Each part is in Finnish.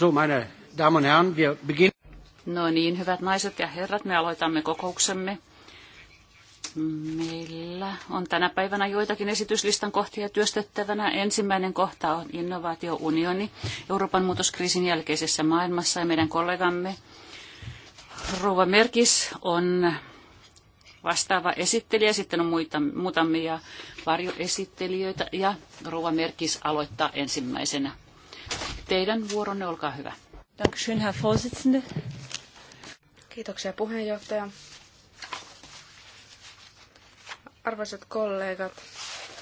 So, meine Damen und Herren, wir beginnen. No niin, hyvät naiset ja herrat, me aloitamme kokouksemme. Meillä on tänä päivänä joitakin esityslistan kohtia työstettävänä. Ensimmäinen kohta on innovaatiounioni Euroopan muutoskriisin jälkeisessä maailmassa ja meidän kollegamme Rouva Merkis on vastaava esittelijä. Sitten on muita, muutamia varjoesittelijöitä ja Rouva Merkis aloittaa ensimmäisenä teidän vuoronne, olkaa hyvä. Dankeschön, Herr Vorsitzende. Kiitoksia puheenjohtaja. Arvoisat kollegat,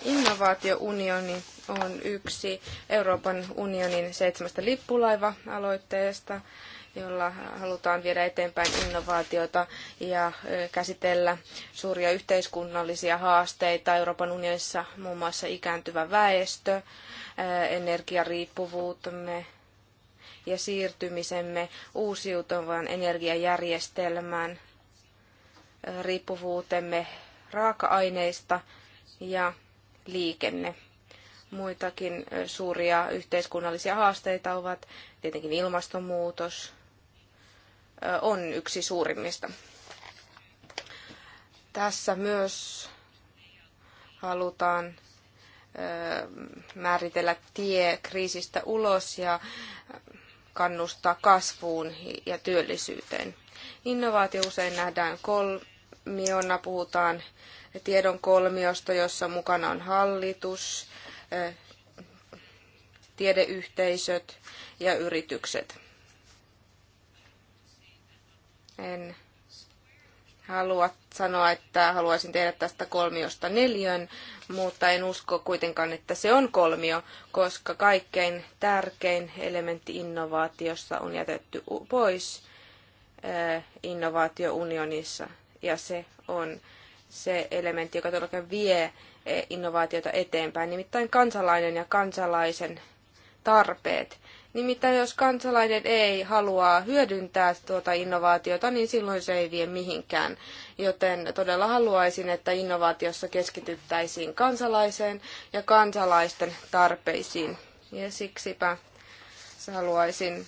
innovaatiounioni on yksi Euroopan unionin seitsemästä lippulaiva-aloitteesta, jolla halutaan viedä eteenpäin innovaatiota ja käsitellä suuria yhteiskunnallisia haasteita Euroopan unionissa, muun muassa ikääntyvä väestö, energiariippuvuutemme ja siirtymisemme uusiutuvan energiajärjestelmään, riippuvuutemme raaka-aineista ja liikenne. Muitakin suuria yhteiskunnallisia haasteita ovat tietenkin ilmastonmuutos, on yksi suurimmista. Tässä myös halutaan määritellä tie kriisistä ulos ja kannustaa kasvuun ja työllisyyteen. Innovaatio usein nähdään kolmiona, puhutaan tiedon kolmiosta, jossa mukana on hallitus, tiedeyhteisöt ja yritykset. En haluat sanoa, että haluaisin tehdä tästä kolmiosta neljön, mutta en usko kuitenkaan, että se on kolmio, koska kaikkein tärkein elementti innovaatiossa on jätetty pois eh, innovaatiounionissa. Ja se on se elementti, joka todellakin vie eh, innovaatiota eteenpäin, nimittäin kansalainen ja kansalaisen tarpeet. Nimittäin jos kansalainen ei halua hyödyntää tuota innovaatiota, niin silloin se ei vie mihinkään. Joten todella haluaisin, että innovaatiossa keskityttäisiin kansalaiseen ja kansalaisten tarpeisiin. Ja siksipä haluaisin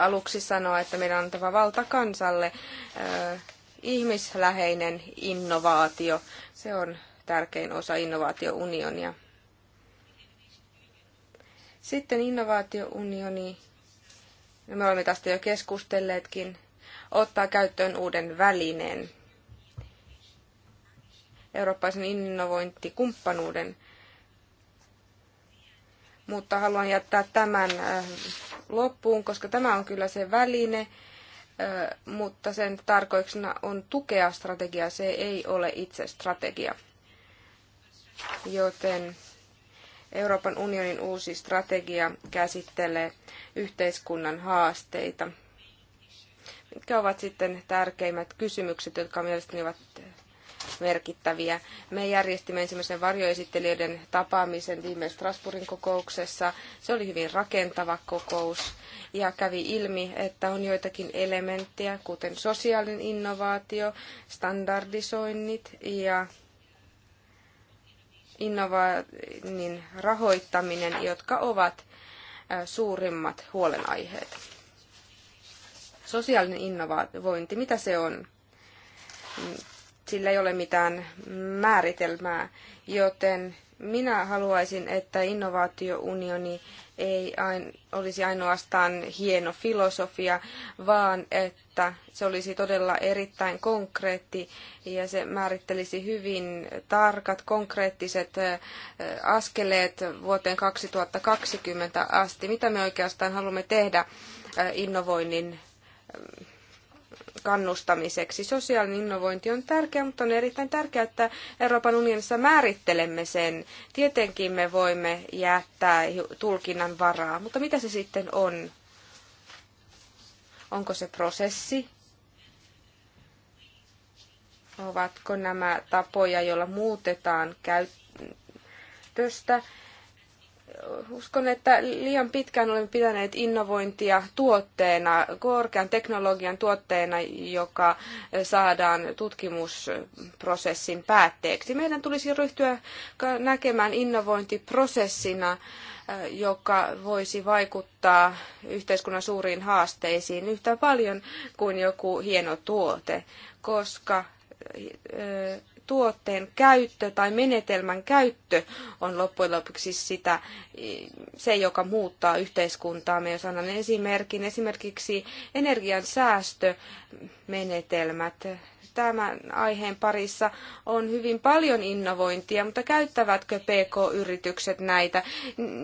aluksi sanoa, että meidän on antava valta kansalle ihmisläheinen innovaatio. Se on tärkein osa innovaatiounionia. Sitten innovaatiounioni, me olemme tästä jo keskustelleetkin, ottaa käyttöön uuden välineen, eurooppaisen innovointikumppanuuden. Mutta haluan jättää tämän loppuun, koska tämä on kyllä se väline, mutta sen tarkoituksena on tukea strategiaa, se ei ole itse strategia. Joten Euroopan unionin uusi strategia käsittelee yhteiskunnan haasteita. Mitkä ovat sitten tärkeimmät kysymykset, jotka mielestäni ovat merkittäviä. Me järjestimme ensimmäisen varjoesittelijöiden tapaamisen viime Strasbourgin kokouksessa. Se oli hyvin rakentava kokous ja kävi ilmi, että on joitakin elementtejä, kuten sosiaalinen innovaatio, standardisoinnit ja innovoinnin rahoittaminen, jotka ovat suurimmat huolenaiheet. Sosiaalinen innovointi, mitä se on? Mm, sillä ei ole mitään määritelmää, joten minä haluaisin, että innovaatiounioni ei ain, olisi ainoastaan hieno filosofia, vaan että se olisi todella erittäin konkreetti ja se määrittelisi hyvin tarkat, konkreettiset askeleet vuoteen 2020 asti. Mitä me oikeastaan haluamme tehdä innovoinnin kannustamiseksi. Sosiaalinen innovointi on tärkeä, mutta on erittäin tärkeää, että Euroopan unionissa määrittelemme sen. Tietenkin me voimme jättää tulkinnan varaa, mutta mitä se sitten on? Onko se prosessi? Ovatko nämä tapoja, joilla muutetaan käyttöstä? uskon, että liian pitkään olemme pitäneet innovointia tuotteena, korkean teknologian tuotteena, joka saadaan tutkimusprosessin päätteeksi. Meidän tulisi ryhtyä näkemään innovointiprosessina, eh, joka voisi vaikuttaa yhteiskunnan suuriin haasteisiin yhtä paljon kuin joku hieno tuote, koska eh, tuotteen käyttö tai menetelmän käyttö on loppujen lopuksi sitä, se, joka muuttaa yhteiskuntaa Jos annan esimerkin, esimerkiksi energiansäästömenetelmät, tämän aiheen parissa on hyvin paljon innovointia, mutta käyttävätkö PK-yritykset näitä?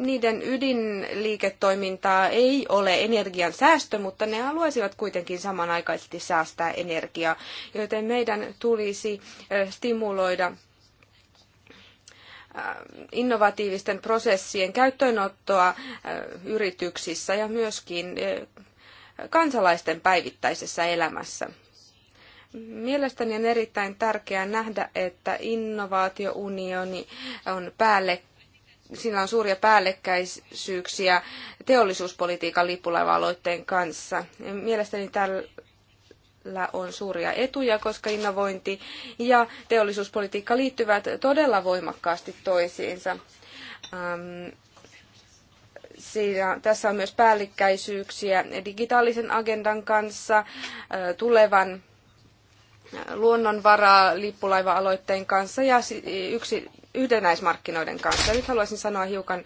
Niiden ydinliiketoimintaa ei ole energian säästö, mutta ne haluaisivat kuitenkin samanaikaisesti säästää energiaa, joten meidän tulisi stimuloida innovatiivisten prosessien käyttöönottoa yrityksissä ja myöskin kansalaisten päivittäisessä elämässä. Mielestäni on erittäin tärkeää nähdä, että innovaatiounioni on päälle sillä on suuria päällekkäisyyksiä teollisuuspolitiikan lippulaiva-aloitteen kanssa. Mielestäni tällä on suuria etuja, koska innovointi ja teollisuuspolitiikka liittyvät todella voimakkaasti toisiinsa. Siinä, tässä on myös päällikkäisyyksiä digitaalisen agendan kanssa, tulevan luonnonvaraa lippulaiva-aloitteen kanssa ja yksi, yhtenäismarkkinoiden kanssa. Nyt haluaisin sanoa hiukan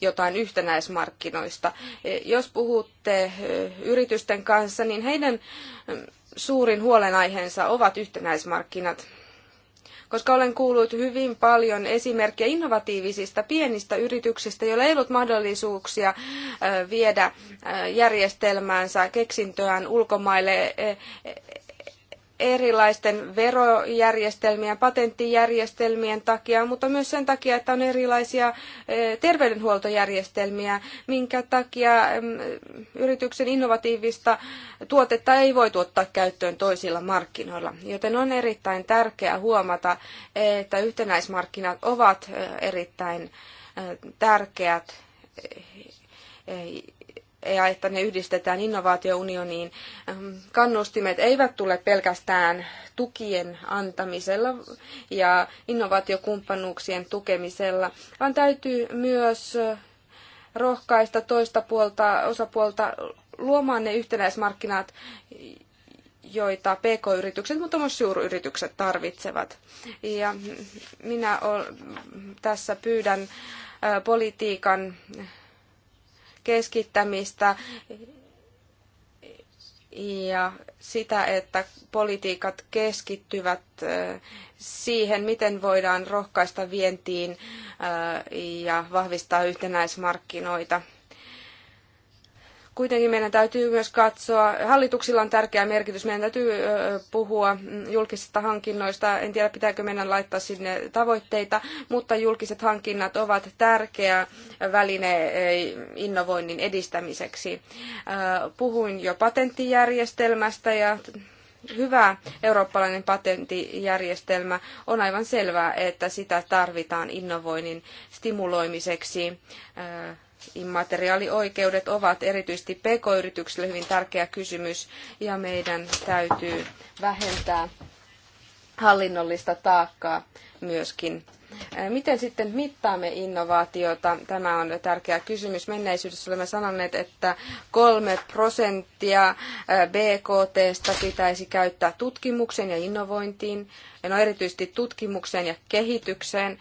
jotain yhtenäismarkkinoista. E, jos puhutte e, yritysten kanssa, niin heidän e, suurin huolenaiheensa ovat yhtenäismarkkinat koska olen kuullut hyvin paljon esimerkkejä innovatiivisista pienistä yrityksistä, joilla ei ollut mahdollisuuksia viedä järjestelmäänsä, keksintöään ulkomaille, erilaisten verojärjestelmien, patenttijärjestelmien takia, mutta myös sen takia, että on erilaisia eh, terveydenhuoltojärjestelmiä, minkä takia yrityksen innovatiivista tuotetta ei voi tuottaa käyttöön toisilla markkinoilla. Joten on erittäin tärkeää huomata, että yhtenäismarkkinat ovat eh, erittäin eh, tärkeät ja että ne yhdistetään innovaatiounioniin. Kannustimet eivät tule pelkästään tukien antamisella ja innovaatiokumppanuuksien tukemisella, vaan täytyy myös rohkaista toista puolta, osapuolta luomaan ne yhtenäismarkkinat, joita pk-yritykset, mutta myös suuryritykset tarvitsevat. Ja minä tässä pyydän politiikan keskittämistä ja sitä, että politiikat keskittyvät siihen, miten voidaan rohkaista vientiin ja vahvistaa yhtenäismarkkinoita. Kuitenkin meidän täytyy myös katsoa, hallituksilla on tärkeä merkitys, meidän täytyy puhua mm, julkisista hankinnoista, en tiedä pitääkö meidän laittaa sinne tavoitteita, mutta julkiset hankinnat ovat tärkeä väline innovoinnin edistämiseksi. Puhuin jo patenttijärjestelmästä ja hyvä eurooppalainen patenttijärjestelmä, on aivan selvää, että sitä tarvitaan innovoinnin stimuloimiseksi immateriaalioikeudet ovat erityisesti pk-yrityksille hyvin tärkeä kysymys ja meidän täytyy vähentää hallinnollista taakkaa myöskin. Miten sitten mittaamme innovaatiota? Tämä on tärkeä kysymys. Menneisyydessä olemme sanoneet, että kolme prosenttia BKTstä pitäisi käyttää tutkimukseen ja innovointiin, no erityisesti tutkimukseen ja kehitykseen.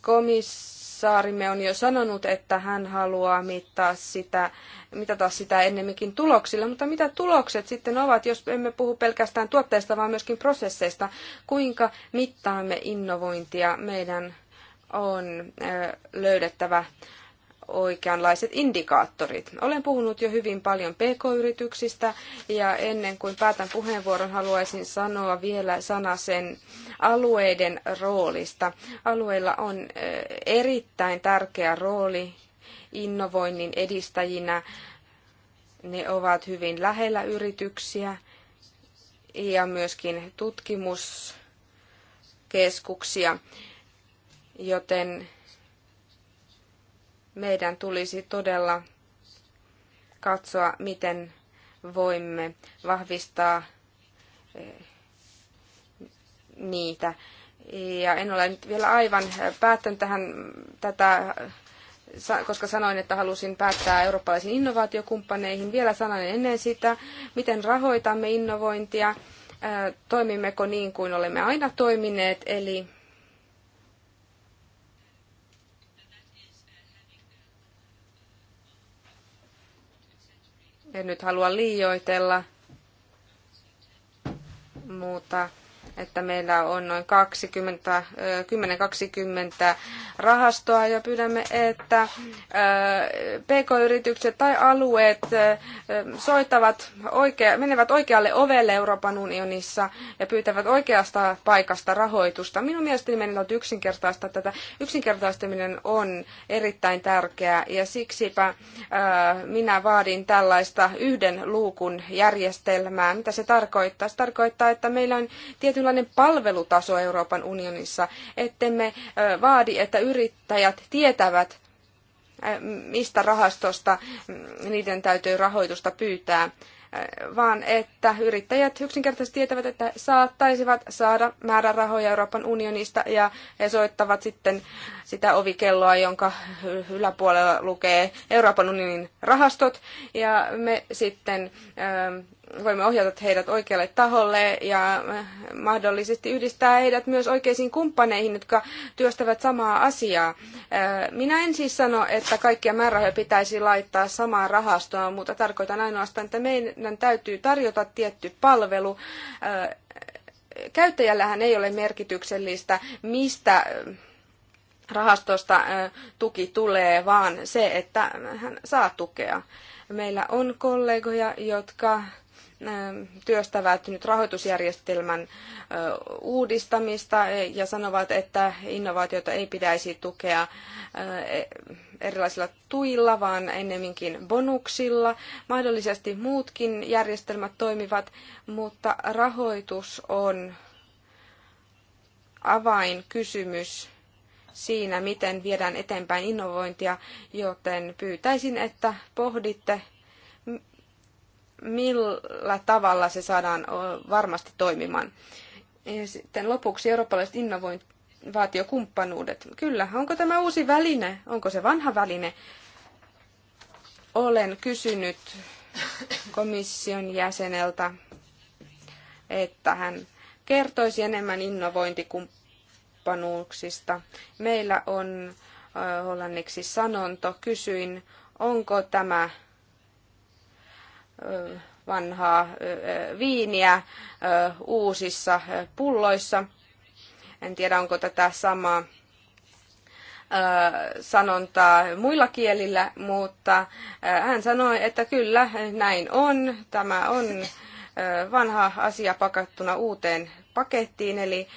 Komissio komissaarimme on jo sanonut, että hän haluaa mittaa sitä, mitata sitä ennemminkin tuloksilla, mutta mitä tulokset sitten ovat, jos emme puhu pelkästään tuotteista, vaan myöskin prosesseista, kuinka mittaamme innovointia meidän on löydettävä oikeanlaiset indikaattorit. Olen puhunut jo hyvin paljon pk-yrityksistä ja ennen kuin päätän puheenvuoron haluaisin sanoa vielä sana sen alueiden roolista. Alueilla on eh, erittäin tärkeä rooli innovoinnin edistäjinä. Ne ovat hyvin lähellä yrityksiä ja myöskin tutkimuskeskuksia, joten meidän tulisi todella katsoa, miten voimme vahvistaa eh, niitä. Ja en ole nyt vielä aivan eh, päättänyt tähän tätä, eh, koska sanoin, että halusin päättää eurooppalaisiin innovaatiokumppaneihin. Vielä sanan ennen sitä, miten rahoitamme innovointia, toimimmeko niin kuin olemme aina toimineet, eli En nyt halua liioitella, mutta että meillä on noin 10-20 rahastoa ja pyydämme, että PK-yritykset tai alueet soittavat oikea, menevät oikealle ovelle Euroopan unionissa ja pyytävät oikeasta paikasta rahoitusta. Minun mielestäni meidän on yksinkertaista tätä. Yksinkertaistaminen on erittäin tärkeää ja siksipä minä vaadin tällaista yhden luukun järjestelmää. Mitä se tarkoittaa? Se tarkoittaa, että meillä on tietynlaista sellainen palvelutaso Euroopan unionissa, ettemme vaadi, että yrittäjät tietävät, mistä rahastosta niiden täytyy rahoitusta pyytää, vaan että yrittäjät yksinkertaisesti tietävät, että saattaisivat saada määrärahoja Euroopan unionista ja he soittavat sitten sitä ovikelloa, jonka yläpuolella lukee Euroopan unionin rahastot ja me sitten voimme ohjata heidät oikealle taholle ja mahdollisesti yhdistää heidät myös oikeisiin kumppaneihin, jotka työstävät samaa asiaa. Äh, minä en siis sano, että kaikkia määrärahoja pitäisi laittaa samaan rahastoon, mutta tarkoitan ainoastaan, että meidän täytyy tarjota tietty palvelu äh, käyttäjällähän ei ole merkityksellistä, mistä äh, rahastosta tuki tulee, vaan se, että hän saa tukea. Meillä on kollegoja, jotka Ähm, työstävät nyt rahoitusjärjestelmän uudistamista e, ja sanovat, että innovaatiota ei pitäisi tukea e, erilaisilla tuilla, vaan ennemminkin bonuksilla. Mahdollisesti muutkin järjestelmät toimivat, mutta rahoitus on avainkysymys siinä, miten viedään eteenpäin innovointia, joten pyytäisin, että pohditte millä tavalla se saadaan varmasti toimimaan. Ja sitten lopuksi eurooppalaiset innovaatiokumppanuudet. Kyllä, onko tämä uusi väline? Onko se vanha väline? Olen kysynyt komission jäseneltä, että hän kertoisi enemmän innovointikumppanuuksista. Meillä on hollanniksi sanonto. Kysyin, onko tämä vanhaa viiniä uusissa pulloissa. En tiedä, onko tätä samaa sanontaa muilla kielillä, mutta hän sanoi, että kyllä, näin on. Tämä on vanha asia pakattuna uuteen pakettiin, eli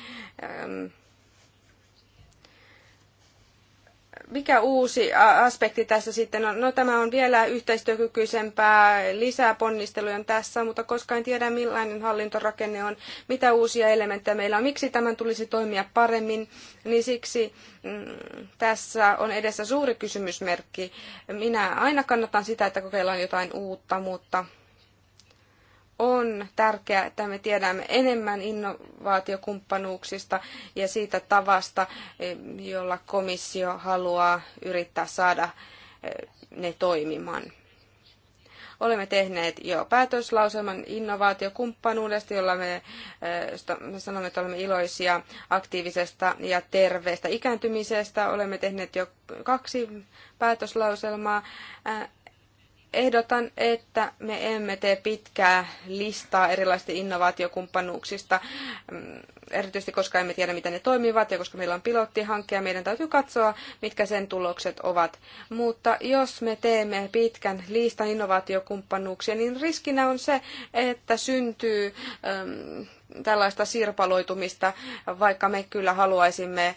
mikä uusi aspekti tässä sitten on? No tämä on vielä yhteistyökykyisempää, lisää ponnisteluja on tässä, mutta koska en tiedä millainen hallintorakenne on, mitä uusia elementtejä meillä on, miksi tämän tulisi toimia paremmin, niin siksi mm, tässä on edessä suuri kysymysmerkki. Minä aina kannatan sitä, että kokeillaan jotain uutta, mutta on tärkeää, että me tiedämme enemmän innovaatiokumppanuuksista ja siitä tavasta, eh, jolla komissio haluaa yrittää saada eh, ne toimimaan. Olemme tehneet jo päätöslauselman innovaatiokumppanuudesta, jolla me, eh, me sanomme, että olemme iloisia aktiivisesta ja terveestä ikääntymisestä. Olemme tehneet jo kaksi päätöslauselmaa ehdotan, että me emme tee pitkää listaa erilaisista innovaatiokumppanuuksista, mm, erityisesti koska emme tiedä, miten ne toimivat ja koska meillä on pilottihanke ja meidän täytyy katsoa, mitkä sen tulokset ovat. Mutta jos me teemme pitkän listan innovaatiokumppanuuksia, niin riskinä on se, että syntyy mm, tällaista sirpaloitumista, vaikka me kyllä haluaisimme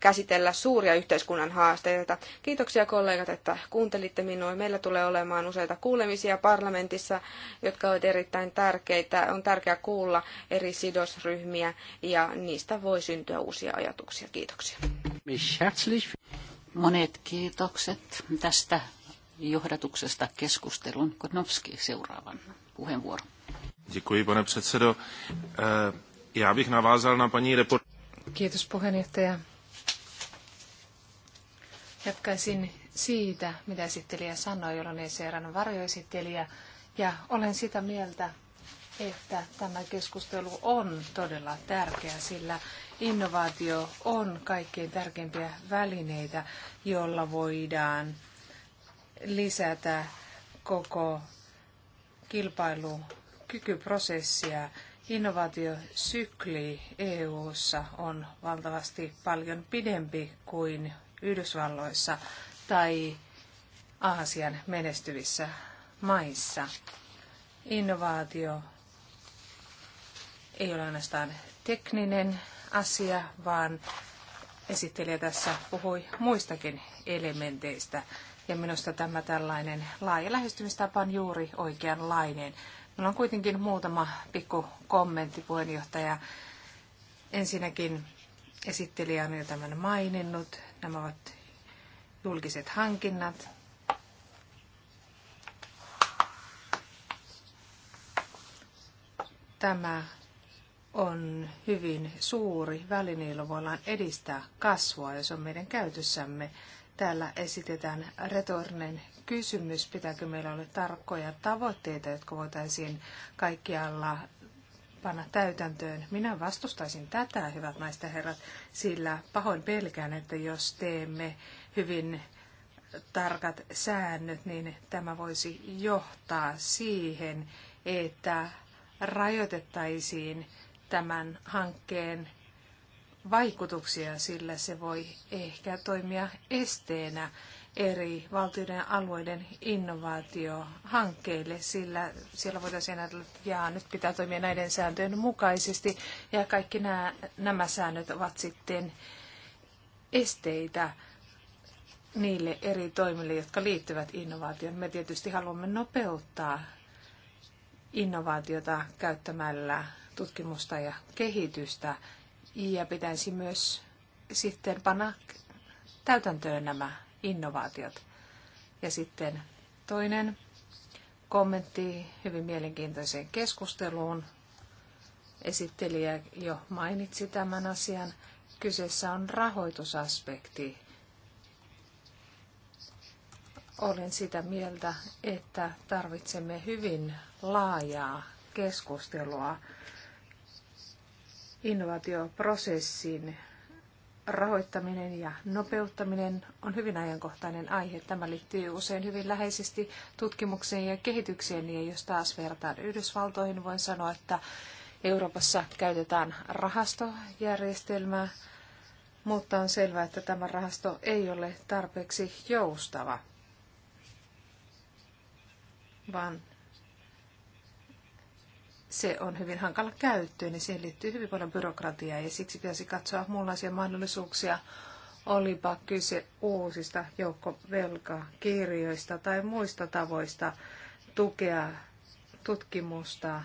käsitellä suuria yhteiskunnan haasteita. Kiitoksia kollegat, että kuuntelitte minua. Meillä tulee olemaan useita kuulemisia parlamentissa, jotka ovat erittäin tärkeitä. On tärkeää kuulla eri sidosryhmiä ja niistä voi syntyä uusia ajatuksia. Kiitoksia. Monet kiitokset tästä johdatuksesta keskustelun. Kodnovski seuraavan puheenvuoron. Děkuji, pane předsedo. Eh, já bych navázal na paní report... Kiitos puheenjohtaja. Jatkaisin siitä, mitä esittelijä sanoi, jolloin ECRn varjoesittelijä. Ja olen sitä mieltä, että tämä keskustelu on todella tärkeä, sillä innovaatio on kaikkein tärkeimpiä välineitä, jolla voidaan lisätä koko kilpailu kilpailukykyprosessia. Innovaatiosykli EU:ssa on valtavasti paljon pidempi kuin Yhdysvalloissa tai Aasian menestyvissä maissa. Innovaatio ei ole ainoastaan tekninen asia, vaan esittelijä tässä puhui muistakin elementeistä. Ja minusta tämä tällainen laaja lähestymistapa on juuri oikeanlainen. Minulla on kuitenkin muutama pikku kommentti puheenjohtaja. Ensinnäkin esittelijä on jo tämän maininnut. Nämä ovat julkiset hankinnat. Tämä on hyvin suuri väline, jolla voidaan edistää kasvua, jos on meidän käytössämme. Täällä esitetään retornen kysymys, pitääkö meillä olla tarkkoja tavoitteita, jotka voitaisiin kaikkialla panna täytäntöön. Minä vastustaisin tätä, hyvät naiset ja herrat, sillä pahoin pelkään, että jos teemme hyvin tarkat säännöt, niin tämä voisi johtaa siihen, että rajoitettaisiin tämän hankkeen vaikutuksia, sillä se voi ehkä toimia esteenä eri valtioiden ja alueiden innovaatiohankkeille, sillä siellä voitaisiin ajatella, että jaa, nyt pitää toimia näiden sääntöjen mukaisesti, ja kaikki nämä, nämä säännöt ovat sitten esteitä niille eri toimille, jotka liittyvät innovaatioon. Me tietysti haluamme nopeuttaa innovaatiota käyttämällä tutkimusta ja kehitystä, ja pitäisi myös sitten panna täytäntöön nämä innovaatiot. Ja sitten toinen kommentti hyvin mielenkiintoiseen keskusteluun. Esittelijä jo mainitsi tämän asian. Kyseessä on rahoitusaspekti. Olen sitä mieltä, että tarvitsemme hyvin laajaa keskustelua innovaatioprosessin rahoittaminen ja nopeuttaminen on hyvin ajankohtainen aihe. Tämä liittyy usein hyvin läheisesti tutkimukseen ja kehitykseen, ja jos taas vertaan Yhdysvaltoihin, voin sanoa, että Euroopassa käytetään rahastojärjestelmää, mutta on selvää, että tämä rahasto ei ole tarpeeksi joustava, vaan se on hyvin hankala käyttöön niin siihen liittyy hyvin paljon byrokratiaa ja siksi pitäisi katsoa muunlaisia mahdollisuuksia, olipa kyse uusista joukkovelkakirjoista tai muista tavoista tukea tutkimusta,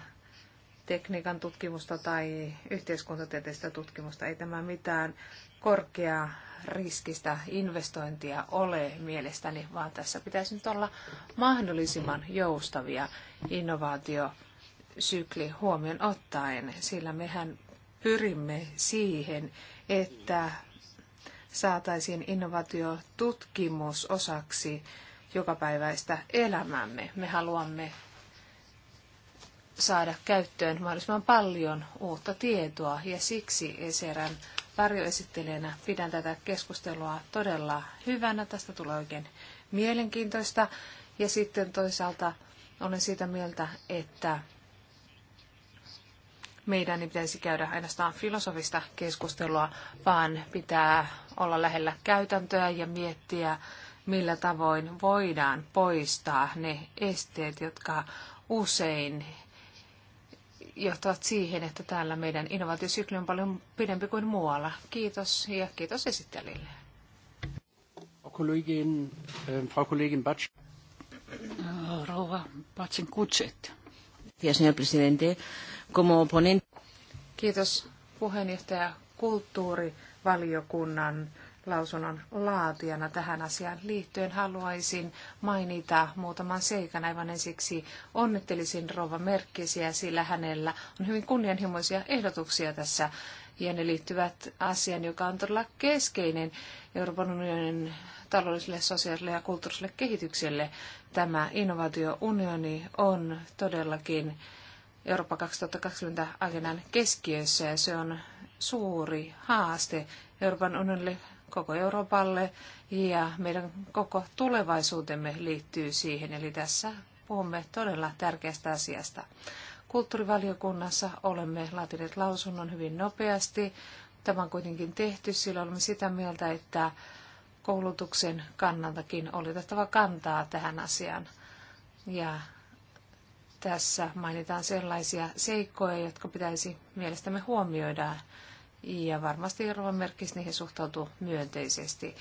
tekniikan tutkimusta tai yhteiskuntatieteistä tutkimusta. Ei tämä mitään korkeaa riskistä investointia ole mielestäni, vaan tässä pitäisi nyt olla mahdollisimman joustavia innovaatio sykli huomioon ottaen, sillä mehän pyrimme siihen, että saataisiin innovaatiotutkimus osaksi jokapäiväistä elämämme. Me haluamme saada käyttöön mahdollisimman paljon uutta tietoa ja siksi ESERän varjoesittelijänä pidän tätä keskustelua todella hyvänä. Tästä tulee oikein mielenkiintoista. Ja sitten toisaalta olen siitä mieltä, että meidän ei pitäisi käydä ainoastaan filosofista keskustelua, vaan pitää olla lähellä käytäntöä ja miettiä, millä tavoin voidaan poistaa ne esteet, jotka usein johtavat siihen, että täällä meidän innovaatiosykli on paljon pidempi kuin muualla. Kiitos ja kiitos esittelijälle. Frau Kollegin ähm, Rouva Batsin Kutset. Ja, señor presidente como Kiitos puheenjohtaja kulttuurivaliokunnan lausunnon laatijana tähän asiaan liittyen haluaisin mainita muutaman seikan. Aivan ensiksi onnettelisin Rova Merkkisiä, sillä hänellä on hyvin kunnianhimoisia ehdotuksia tässä ja ne liittyvät asian, joka on todella keskeinen Euroopan unionin taloudelliselle, sosiaaliselle ja kulttuuriselle kehitykselle. Tämä innovaatiounioni on todellakin Eurooppa 2020 agendan keskiössä ja se on suuri haaste Euroopan unionille, koko Euroopalle ja meidän koko tulevaisuutemme liittyy siihen. Eli tässä puhumme todella tärkeästä asiasta. Kulttuurivaliokunnassa olemme laatineet lausunnon hyvin nopeasti. Tämä on kuitenkin tehty, sillä olemme sitä mieltä, että koulutuksen kannaltakin oli otettava kantaa tähän asiaan. Ja tässä mainitaan sellaisia seikkoja, jotka pitäisi mielestämme huomioida ja varmasti Euroopan merkis niihin suhtautuu myönteisesti.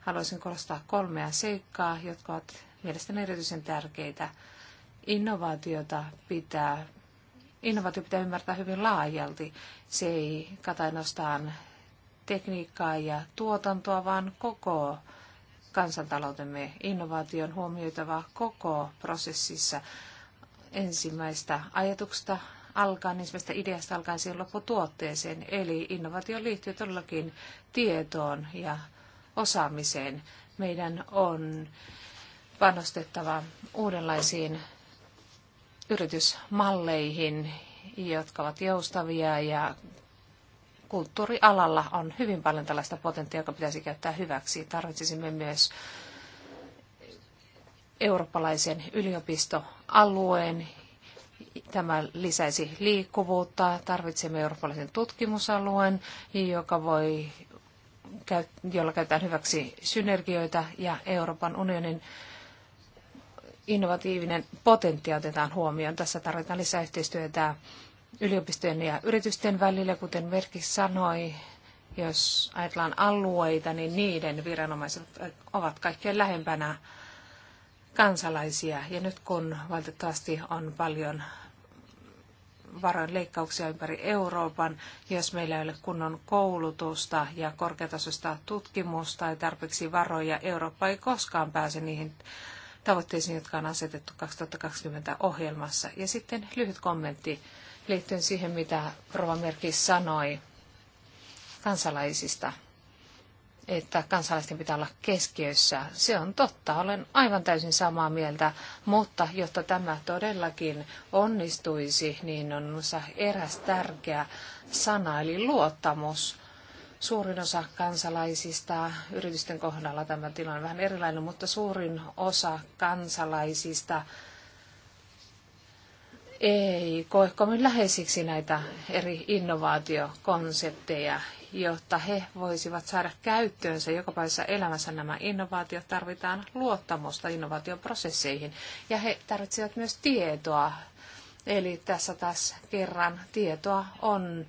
Haluaisin korostaa kolmea seikkaa, jotka ovat mielestäni erityisen tärkeitä. Innovaatiota pitää, innovaatio pitää ymmärtää hyvin laajalti. Se ei kata ainoastaan tekniikkaa ja tuotantoa, vaan koko kansantaloutemme innovaation huomioitava koko prosessissa ensimmäistä ajatuksesta alkaen, ensimmäistä ideasta alkaen siihen lopputuotteeseen. Eli innovaatio liittyy todellakin tietoon ja osaamiseen. Meidän on panostettava uudenlaisiin yritysmalleihin, jotka ovat joustavia ja kulttuurialalla on hyvin paljon tällaista potentiaa, joka pitäisi käyttää hyväksi. Tarvitsisimme myös eurooppalaisen yliopistoalueen. Tämä lisäisi liikkuvuutta. Tarvitsemme eurooppalaisen tutkimusalueen, joka voi, jolla käytetään hyväksi synergioita ja Euroopan unionin innovatiivinen potentiaali otetaan huomioon. Tässä tarvitaan lisää yhteistyötä yliopistojen ja yritysten välillä, kuten Merkki sanoi, jos ajatellaan alueita, niin niiden viranomaiset ovat kaikkein lähempänä kansalaisia. Ja nyt kun valitettavasti on paljon varojen leikkauksia ympäri Euroopan, jos meillä ei ole kunnon koulutusta ja korkeatasoista tutkimusta ja tarpeeksi varoja, Eurooppa ei koskaan pääse niihin tavoitteisiin, jotka on asetettu 2020 ohjelmassa. Ja sitten lyhyt kommentti liittyen siihen, mitä Rova Merki sanoi kansalaisista että kansalaisten pitää olla keskiössä. Se on totta, olen aivan täysin samaa mieltä, mutta jotta tämä todellakin onnistuisi, niin on eräs tärkeä sana, eli luottamus suurin osa kansalaisista, yritysten kohdalla tämä tilanne on vähän erilainen, mutta suurin osa kansalaisista ei koe kovin läheisiksi näitä eri innovaatiokonsepteja jotta he voisivat saada käyttöönsä jokapäiväisessä elämässä nämä innovaatiot, tarvitaan luottamusta innovaatioprosesseihin. Ja he tarvitsevat myös tietoa. Eli tässä taas kerran tietoa on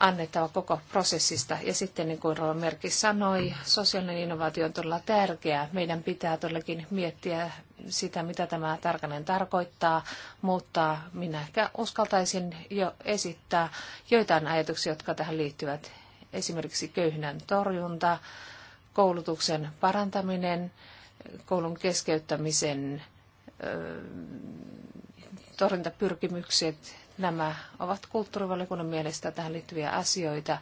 annettava koko prosessista. Ja sitten, niin kuin Rova Merki sanoi, sosiaalinen innovaatio on todella tärkeää. Meidän pitää todellakin miettiä sitä, mitä tämä tarkanen tarkoittaa, mutta minä ehkä uskaltaisin jo esittää joitain ajatuksia, jotka tähän liittyvät. Esimerkiksi köyhyyden torjunta, koulutuksen parantaminen, koulun keskeyttämisen torjuntapyrkimykset Nämä ovat kulttuurivaliokunnan mielestä tähän liittyviä asioita.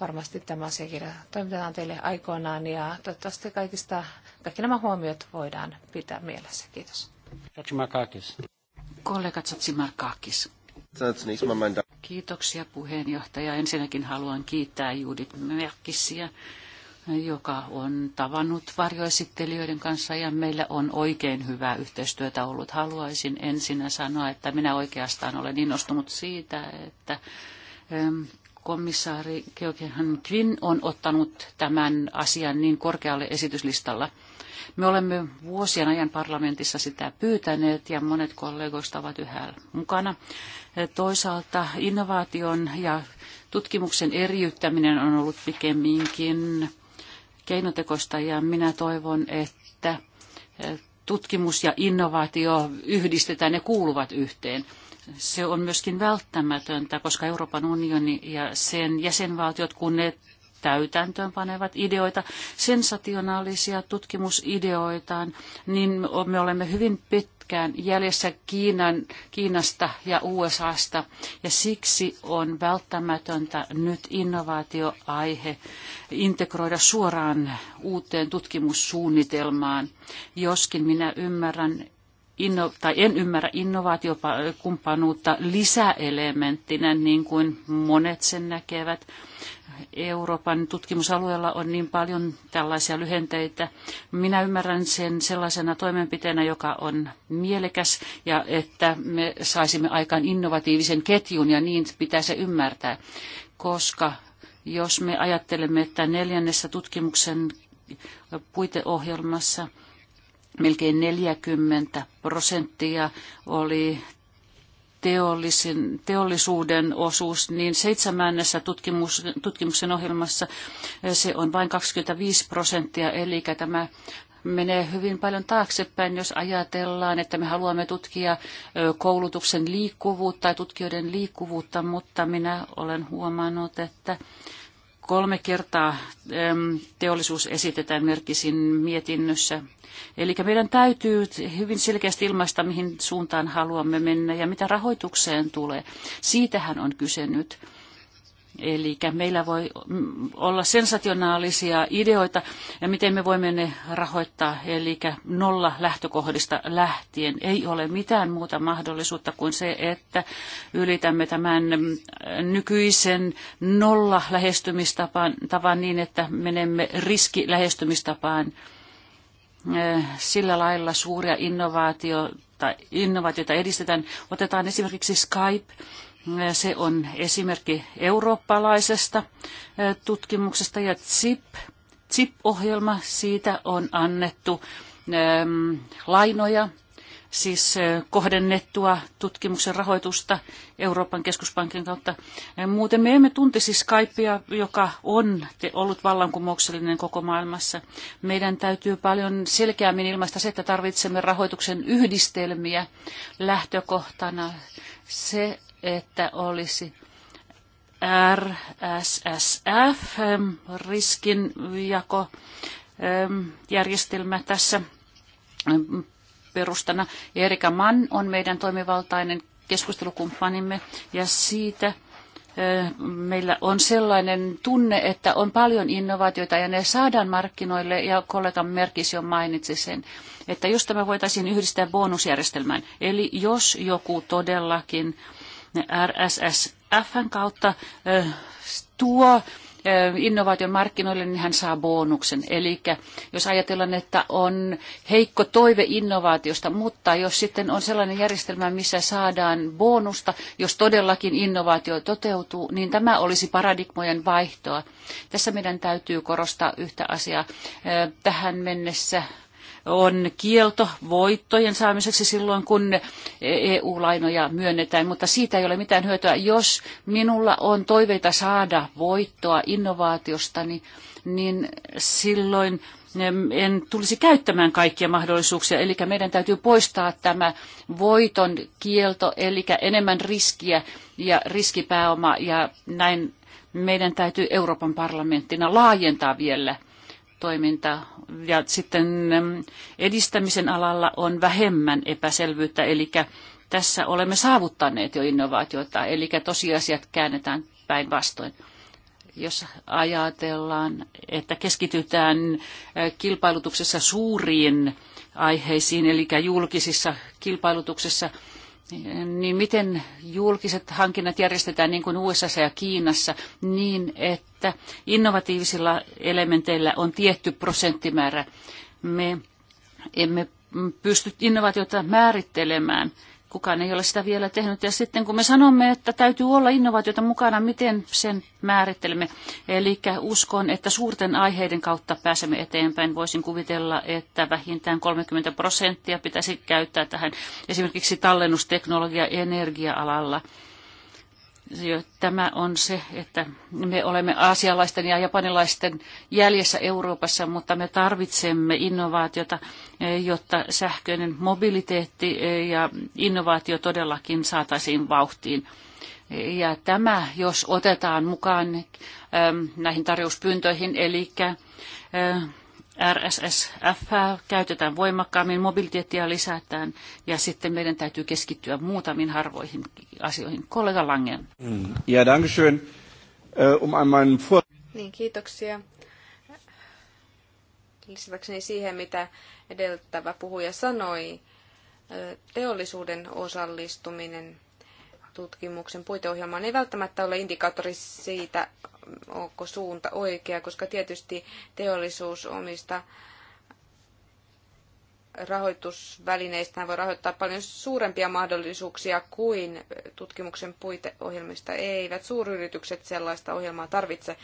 Varmasti tämä asiakirja toimitetaan teille aikoinaan ja toivottavasti kaikista, kaikki nämä huomiot voidaan pitää mielessä. Kiitos. Kollega Tsatsimarkakis. Kiitoksia puheenjohtaja. Ensinnäkin haluan kiittää Judith merkissiä joka on tavannut varjoesittelijöiden kanssa ja meillä on oikein hyvää yhteistyötä ollut. Haluaisin ensinnä sanoa, että minä oikeastaan olen innostunut siitä, että komissaari keokehan Quinn on ottanut tämän asian niin korkealle esityslistalla. Me olemme vuosien ajan parlamentissa sitä pyytäneet ja monet kollegoista ovat yhä mukana. Toisaalta innovaation ja tutkimuksen eriyttäminen on ollut pikemminkin keinotekoista ja minä toivon, että eh, tutkimus ja innovaatio yhdistetään ja kuuluvat yhteen. Se on myöskin välttämätöntä, koska Euroopan unioni ja sen jäsenvaltiot, kun ne täytäntöönpanevat ideoita, sensationaalisia tutkimusideoitaan, niin me olemme hyvin pitkään jäljessä Kiinan, Kiinasta ja USAsta. Ja siksi on välttämätöntä nyt innovaatioaihe integroida suoraan uuteen tutkimussuunnitelmaan, joskin minä ymmärrän, inno, tai en ymmärrä innovaatiokumppanuutta lisäelementtinä, niin kuin monet sen näkevät. Euroopan tutkimusalueella on niin paljon tällaisia lyhenteitä. Minä ymmärrän sen sellaisena toimenpiteenä, joka on mielekäs ja että me saisimme aikaan innovatiivisen ketjun ja niin pitää se ymmärtää, koska jos me ajattelemme, että neljännessä tutkimuksen puiteohjelmassa – melkein 40 prosenttia oli teollisuuden osuus, niin seitsemännessä tutkimus, tutkimuksen ohjelmassa eh, se on vain 25 prosenttia, eli tämä menee hyvin paljon taaksepäin, jos ajatellaan, että me haluamme tutkia eh, koulutuksen liikkuvuutta tai tutkijoiden liikkuvuutta, mutta minä olen huomannut, että Kolme kertaa teollisuus esitetään merkisin mietinnössä. Eli meidän täytyy hyvin selkeästi ilmaista, mihin suuntaan haluamme mennä ja mitä rahoitukseen tulee. Siitähän on kyse nyt. Eli meillä voi olla sensationaalisia ideoita ja miten me voimme ne rahoittaa. Eli nolla lähtökohdista lähtien ei ole mitään muuta mahdollisuutta kuin se, että ylitämme tämän nykyisen nolla lähestymistapaan tavan niin, että menemme riski lähestymistapaan sillä lailla suuria innovaatioita, innovaatioita edistetään. Otetaan esimerkiksi Skype se on esimerkki eurooppalaisesta tutkimuksesta ja CIP, CIP-ohjelma, siitä on annettu äm, lainoja, siis kohdennettua tutkimuksen rahoitusta Euroopan keskuspankin kautta. Äh, muuten me emme tuntisi siis Skypea, joka on ollut vallankumouksellinen koko maailmassa. Meidän täytyy paljon selkeämmin ilmaista se, että tarvitsemme rahoituksen yhdistelmiä lähtökohtana. Se että olisi RSSF, ähm, riskinjakojärjestelmä ähm, tässä ähm, perustana. Erika Mann on meidän toimivaltainen keskustelukumppanimme ja siitä äh, meillä on sellainen tunne, että on paljon innovaatioita ja ne saadaan markkinoille ja kollega Merkis jo mainitsi sen, että jos tämä voitaisiin yhdistää bonusjärjestelmään, eli jos joku todellakin RSSFn kautta tuo innovaation markkinoille, niin hän saa bonuksen. Eli jos ajatellaan, että on heikko toive innovaatiosta, mutta jos sitten on sellainen järjestelmä, missä saadaan bonusta, jos todellakin innovaatio toteutuu, niin tämä olisi paradigmojen vaihtoa. Tässä meidän täytyy korostaa yhtä asiaa. Tähän mennessä on kielto voittojen saamiseksi silloin, kun EU-lainoja myönnetään, mutta siitä ei ole mitään hyötyä. Jos minulla on toiveita saada voittoa innovaatiostani, niin, niin silloin en tulisi käyttämään kaikkia mahdollisuuksia. Eli meidän täytyy poistaa tämä voiton kielto, eli enemmän riskiä ja riskipääoma, ja näin meidän täytyy Euroopan parlamenttina laajentaa vielä – toiminta. Ja sitten edistämisen alalla on vähemmän epäselvyyttä, eli tässä olemme saavuttaneet jo innovaatioita, eli tosiasiat käännetään päinvastoin. Jos ajatellaan, että keskitytään kilpailutuksessa suuriin aiheisiin, eli julkisissa kilpailutuksessa – niin miten julkiset hankinnat järjestetään niin kuin USA ja Kiinassa niin, että innovatiivisilla elementeillä on tietty prosenttimäärä. Me emme pysty innovaatiota määrittelemään Kukaan ei ole sitä vielä tehnyt. Ja sitten kun me sanomme, että täytyy olla innovaatiota mukana, miten sen määrittelemme? Eli uskon, että suurten aiheiden kautta pääsemme eteenpäin. Voisin kuvitella, että vähintään 30 prosenttia pitäisi käyttää tähän esimerkiksi tallennusteknologia energia-alalla Tämä on se, että me olemme aasialaisten ja japanilaisten jäljessä Euroopassa, mutta me tarvitsemme innovaatiota, e, jotta sähköinen mobiliteetti e, ja innovaatio todellakin saataisiin vauhtiin. E, ja tämä, jos otetaan mukaan näihin tarjouspyyntöihin, eli RSSF käytetään voimakkaammin, mobiliteettia lisätään ja sitten meidän täytyy keskittyä muutamiin harvoihin asioihin. Kollega Langen. Ja, danke schön. Äh, um einmal... Niin, kiitoksia. Lisätäkseni siihen, mitä edeltävä puhuja sanoi, äh, teollisuuden osallistuminen – tutkimuksen puiteohjelmaan ei välttämättä ole indikaattori siitä, onko suunta oikea, koska tietysti teollisuus omista rahoitusvälineistä voi rahoittaa paljon suurempia mahdollisuuksia kuin tutkimuksen puiteohjelmista. Eivät suuryritykset sellaista ohjelmaa tarvitse.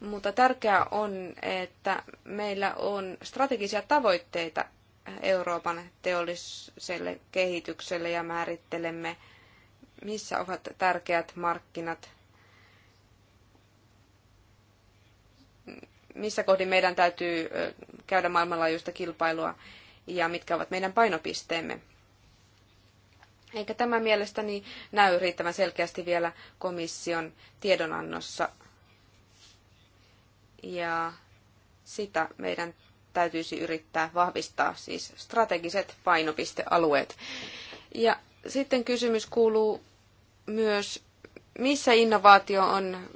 Mutta tärkeää on, että meillä on strategisia tavoitteita Euroopan teolliselle kehitykselle ja määrittelemme missä ovat tärkeät markkinat, missä kohdin meidän täytyy käydä maailmanlaajuista kilpailua ja mitkä ovat meidän painopisteemme. Eikä tämä mielestäni näy riittävän selkeästi vielä komission tiedonannossa. Ja sitä meidän täytyisi yrittää vahvistaa, siis strategiset painopistealueet. Ja sitten kysymys kuuluu, myös, missä innovaatio on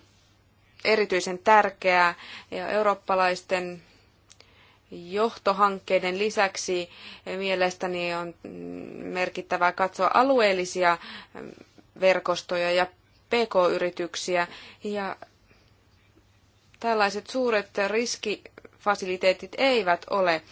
erityisen tärkeää ja eurooppalaisten johtohankkeiden lisäksi mielestäni on merkittävää katsoa alueellisia verkostoja ja pk-yrityksiä ja tällaiset suuret riskifasiliteetit eivät ole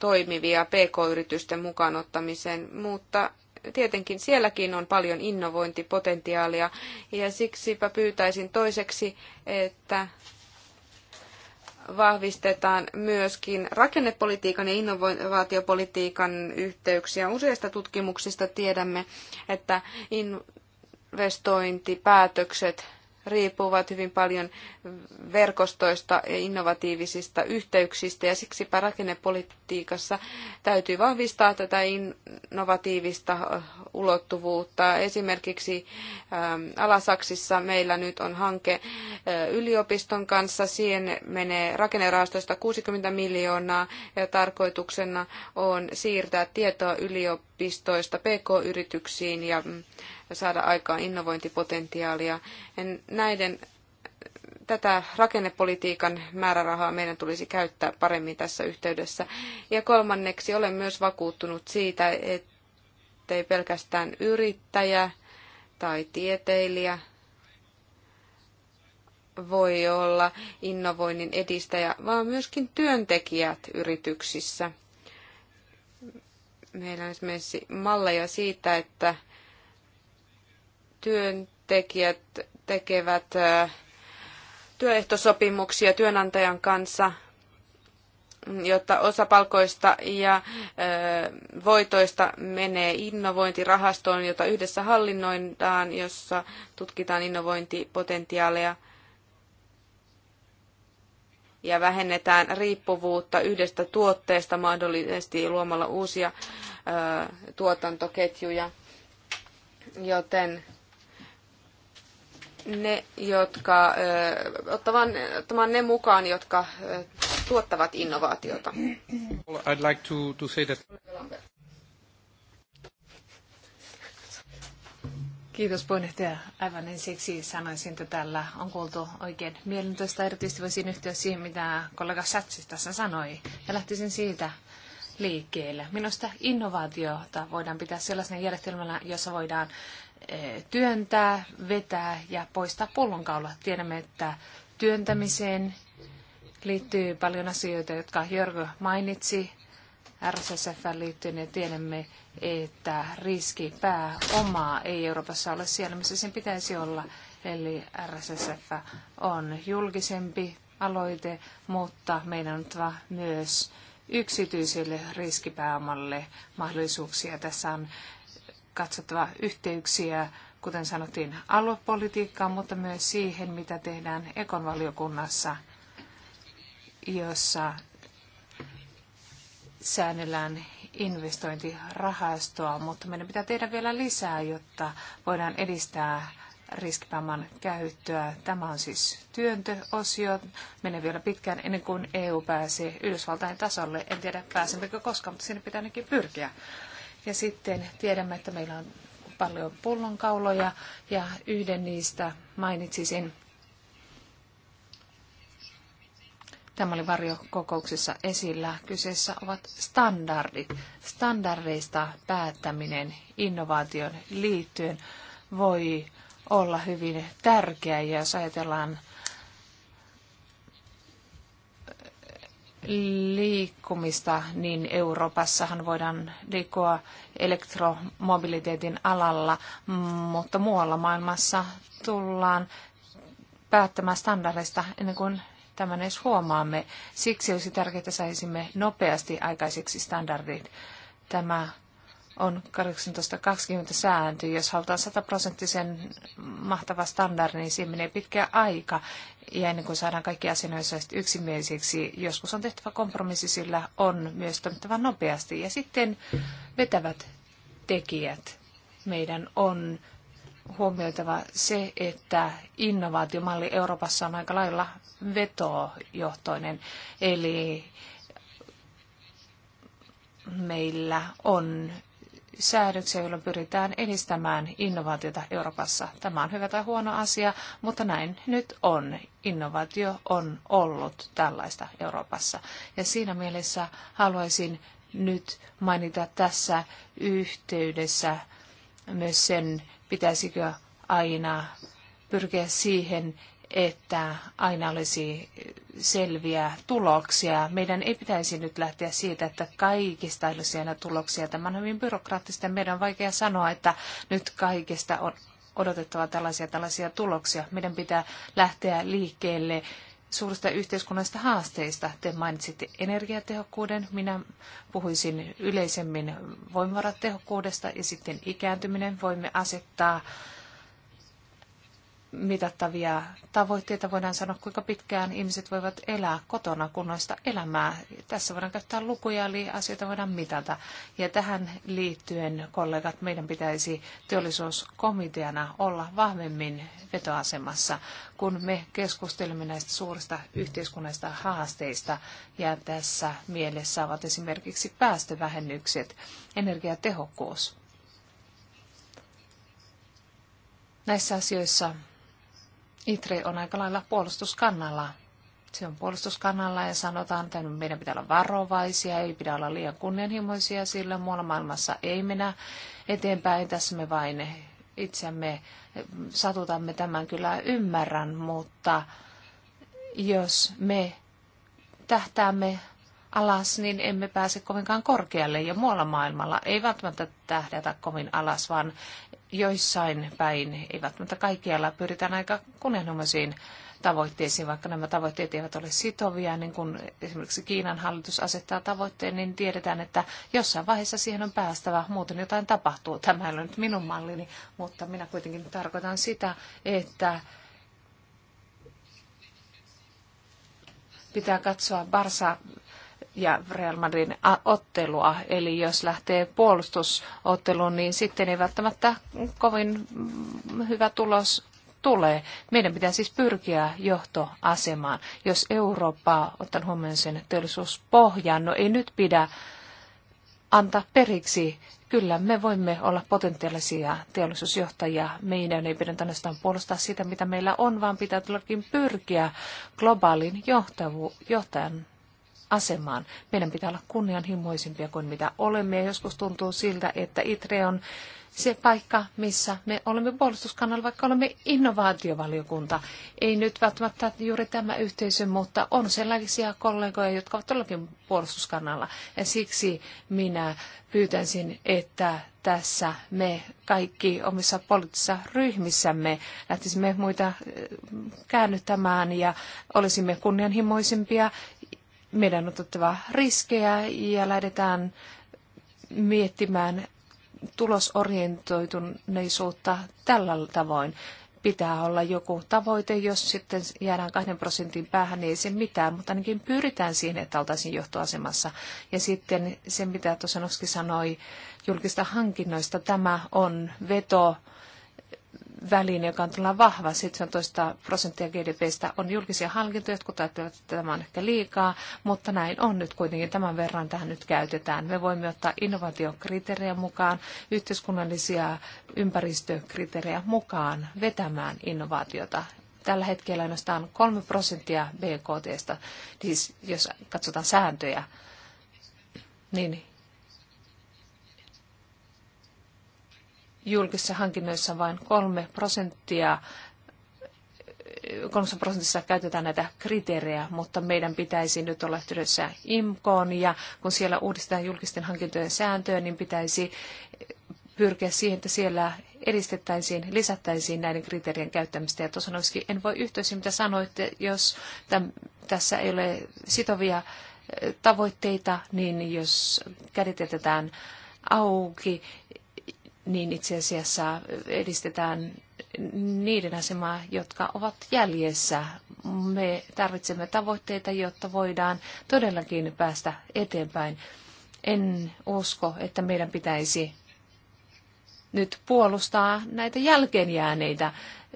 toimivia pk-yritysten mukaan ottamiseen, mutta tietenkin sielläkin on paljon innovointipotentiaalia ja siksipä pyytäisin toiseksi, että vahvistetaan myöskin rakennepolitiikan ja innovaatiopolitiikan yhteyksiä. Useista tutkimuksista tiedämme, että investointipäätökset riippuvat hyvin paljon verkostoista ja innovatiivisista yhteyksistä ja siksipä rakennepolitiikassa täytyy vahvistaa tätä innovatiivista ulottuvuutta. Esimerkiksi Alasaksissa meillä nyt on hanke yliopiston kanssa. Siihen menee rakennerahastoista 60 miljoonaa ja tarkoituksena on siirtää tietoa yliopistoista pk-yrityksiin ja mm, saada aikaan innovointipotentiaalia. Näiden tätä rakennepolitiikan määrärahaa meidän tulisi käyttää paremmin tässä yhteydessä. Ja kolmanneksi olen myös vakuuttunut siitä, ettei pelkästään yrittäjä tai tieteilijä voi olla innovoinnin edistäjä, vaan myöskin työntekijät yrityksissä. Meillä on esimerkiksi malleja siitä, että työntekijät tekevät työehtosopimuksia työnantajan kanssa, jotta osa palkoista ja voitoista menee innovointirahastoon, jota yhdessä hallinnoidaan, jossa tutkitaan innovointipotentiaaleja ja vähennetään riippuvuutta yhdestä tuotteesta mahdollisesti luomalla uusia tuotantoketjuja. Joten ne, jotka, ottamaan, ottamaan ne mukaan, jotka tuottavat innovaatiota. I'd like to, to say that... Kiitos puheenjohtaja. Aivan ensiksi sanoisin, että tällä on kuultu oikein mielentoista. Erityisesti voisin yhtyä siihen, mitä kollega Satsi tässä sanoi. Ja lähtisin siitä liikkeelle. Minusta innovaatiota voidaan pitää sellaisena järjestelmällä, jossa voidaan Eh, työntää, vetää ja poistaa pullonkaula. Tiedämme, että työntämiseen liittyy paljon asioita, jotka Jörgö mainitsi RSSF liittyen ja tiedämme, että riski pääomaa ei Euroopassa ole siellä, missä sen pitäisi olla. Eli RSSF on julkisempi aloite, mutta meidän on oltava myös yksityiselle riskipääomalle mahdollisuuksia. Tässä on katsottava yhteyksiä, kuten sanottiin, aluepolitiikkaan, mutta myös siihen, mitä tehdään ekonvaliokunnassa, jossa säännellään investointirahastoa, mutta meidän pitää tehdä vielä lisää, jotta voidaan edistää riskipääoman käyttöä. Tämä on siis työntöosio. Menee vielä pitkään ennen kuin EU pääsee Yhdysvaltain tasolle. En tiedä pääsemmekö koskaan, mutta sinne pitää ainakin pyrkiä. Ja sitten tiedämme, että meillä on paljon pullonkauloja ja yhden niistä mainitsisin. Tämä oli varjokokouksessa esillä. Kyseessä ovat standardit. Standardeista päättäminen innovaation liittyen voi olla hyvin tärkeä. Ja jos ajatellaan liikkumista, niin Euroopassahan voidaan liikkua elektromobiliteetin alalla, mutta muualla maailmassa tullaan päättämään standardeista ennen kuin tämän edes huomaamme. Siksi olisi tärkeää, että saisimme nopeasti aikaiseksi standardit. Tämä on 1820 sääntö. Jos halutaan sataprosenttisen mahtava standardi, niin siihen menee pitkä aika. Ja ennen kuin saadaan kaikki asianosaiset yksimielisiksi, joskus on tehtävä kompromissi, sillä on myös toimittava nopeasti. Ja sitten vetävät tekijät. Meidän on huomioitava se, että innovaatiomalli Euroopassa on aika lailla vetojohtoinen. Eli meillä on säädöksiä, joilla pyritään edistämään innovaatiota Euroopassa. Tämä on hyvä tai huono asia, mutta näin nyt on. Innovaatio on ollut tällaista Euroopassa. Ja siinä mielessä haluaisin nyt mainita tässä yhteydessä myös sen, pitäisikö aina pyrkiä siihen, että aina olisi selviä tuloksia. Meidän ei pitäisi nyt lähteä siitä, että kaikista olisi aina tuloksia. Tämä on hyvin byrokraattista. Meidän on vaikea sanoa, että nyt kaikista on odotettava tällaisia tällaisia tuloksia. Meidän pitää lähteä liikkeelle suurista yhteiskunnallisista haasteista. Te mainitsitte energiatehokkuuden, minä puhuisin yleisemmin voimavaratehokkuudesta ja sitten ikääntyminen. Voimme asettaa mitattavia tavoitteita. Voidaan sanoa, kuinka pitkään ihmiset voivat elää kotona kunnoista elämää. Tässä voidaan käyttää lukuja, eli asioita voidaan mitata. Ja tähän liittyen, kollegat, meidän pitäisi teollisuuskomiteana olla vahvemmin vetoasemassa, kun me keskustelemme näistä suurista yhteiskunnallisista haasteista. Ja tässä mielessä ovat esimerkiksi päästövähennykset, energiatehokkuus. Näissä asioissa ITRE on aika lailla puolustuskannalla. Se on puolustuskannalla ja sanotaan, että meidän pitää olla varovaisia, ei pidä olla liian kunnianhimoisia, sillä muualla maailmassa ei mennä eteenpäin. Tässä me vain itsemme satutamme tämän kyllä ymmärrän, mutta jos me tähtäämme alas, niin emme pääse kovinkaan korkealle. Ja muualla maailmalla ei välttämättä tähdätä kovin alas, vaan joissain päin, ei välttämättä kaikkialla, pyritään aika kunnianhimoisiin tavoitteisiin, vaikka nämä tavoitteet eivät ole sitovia, niin kun esimerkiksi Kiinan hallitus asettaa tavoitteen, niin tiedetään, että jossain vaiheessa siihen on päästävä, muuten jotain tapahtuu. Tämä ei ole nyt minun mallini, mutta minä kuitenkin tarkoitan sitä, että pitää katsoa Barsa ja Real Madridin ottelua. Eli jos lähtee puolustusotteluun, niin sitten ei välttämättä kovin hyvä tulos tulee. Meidän pitää siis pyrkiä johtoasemaan. Jos Eurooppa ottan huomioon sen teollisuuspohjaan, no ei nyt pidä antaa periksi. Kyllä me voimme olla potentiaalisia teollisuusjohtajia. Meidän ei pidä ainoastaan puolustaa sitä, mitä meillä on, vaan pitää todellakin pyrkiä globaalin johtavu, johtajan asemaan. Meidän pitää olla kunnianhimoisimpia kuin mitä olemme ja joskus tuntuu siltä, että ITRE on se paikka, missä me olemme puolustuskannalla, vaikka olemme innovaatiovaliokunta. Ei nyt välttämättä juuri tämä yhteisö, mutta on sellaisia kollegoja, jotka ovat todellakin puolustuskannalla. Ja siksi minä pyytäisin, että tässä me kaikki omissa poliittisissa ryhmissämme lähtisimme muita eh, käännyttämään ja olisimme kunnianhimoisempia meidän on otettava riskejä ja lähdetään miettimään tulosorientoituneisuutta tällä tavoin. Pitää olla joku tavoite, jos sitten jäädään kahden prosentin päähän, niin ei se mitään, mutta ainakin pyritään siihen, että oltaisiin johtoasemassa. Ja sitten se, mitä Tosanovski sanoi julkista hankinnoista, tämä on veto väline, joka on todella vahva, 17 prosenttia GDPstä on julkisia hankintoja, jotkut ajattelevat, että tämä on ehkä liikaa, mutta näin on nyt kuitenkin tämän verran tähän nyt käytetään. Me voimme ottaa innovaatiokriteerejä mukaan, yhteiskunnallisia ympäristökriteerejä mukaan vetämään innovaatiota tällä hetkellä ainoastaan 3 prosenttia BKTstä, siis jos katsotaan sääntöjä, niin julkisissa hankinnoissa vain 3 prosenttia 30 prosentissa käytetään näitä kriteerejä, mutta meidän pitäisi nyt olla yhteydessä IMKOon ja kun siellä uudistetaan julkisten hankintojen sääntöjä, niin pitäisi pyrkiä siihen, että siellä edistettäisiin, lisättäisiin näiden kriteerien käyttämistä. Ja tuossa olisikin, en voi yhtyä mitä sanoitte, jos täm, tässä ei ole sitovia eh, tavoitteita, niin jos kädet auki niin itse asiassa edistetään niiden asemaa, jotka ovat jäljessä. Me tarvitsemme tavoitteita, jotta voidaan todellakin päästä eteenpäin. En usko, että meidän pitäisi nyt puolustaa näitä jälkeenjääneitä.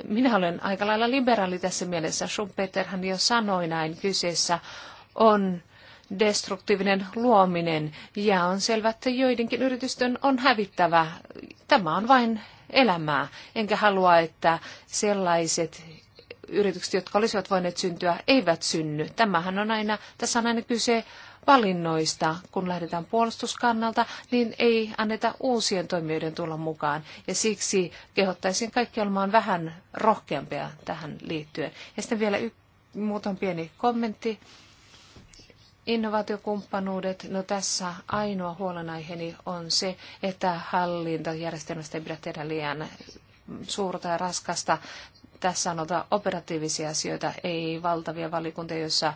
Minä olen aika lailla liberaali tässä mielessä. Schumpeterhan jo sanoi näin. Kyseessä on destruktiivinen luominen ja on selvää, että joidenkin yritysten on hävittävä. Tämä on vain elämää. Enkä halua, että sellaiset yritykset, jotka olisivat voineet syntyä, eivät synny. Tämähän on aina, tässä on aina kyse valinnoista, kun lähdetään puolustuskannalta, niin ei anneta uusien toimijoiden tulla mukaan. Ja siksi kehottaisin kaikki olemaan vähän rohkeampia tähän liittyen. Ja sitten vielä y- muutama pieni kommentti. Innovaatiokumppanuudet, no tässä ainoa huolenaiheeni on se, että hallintojärjestelmästä ei pidä tehdä liian suurta ja raskasta. Tässä on operatiivisia asioita, ei valtavia valikuntia, joissa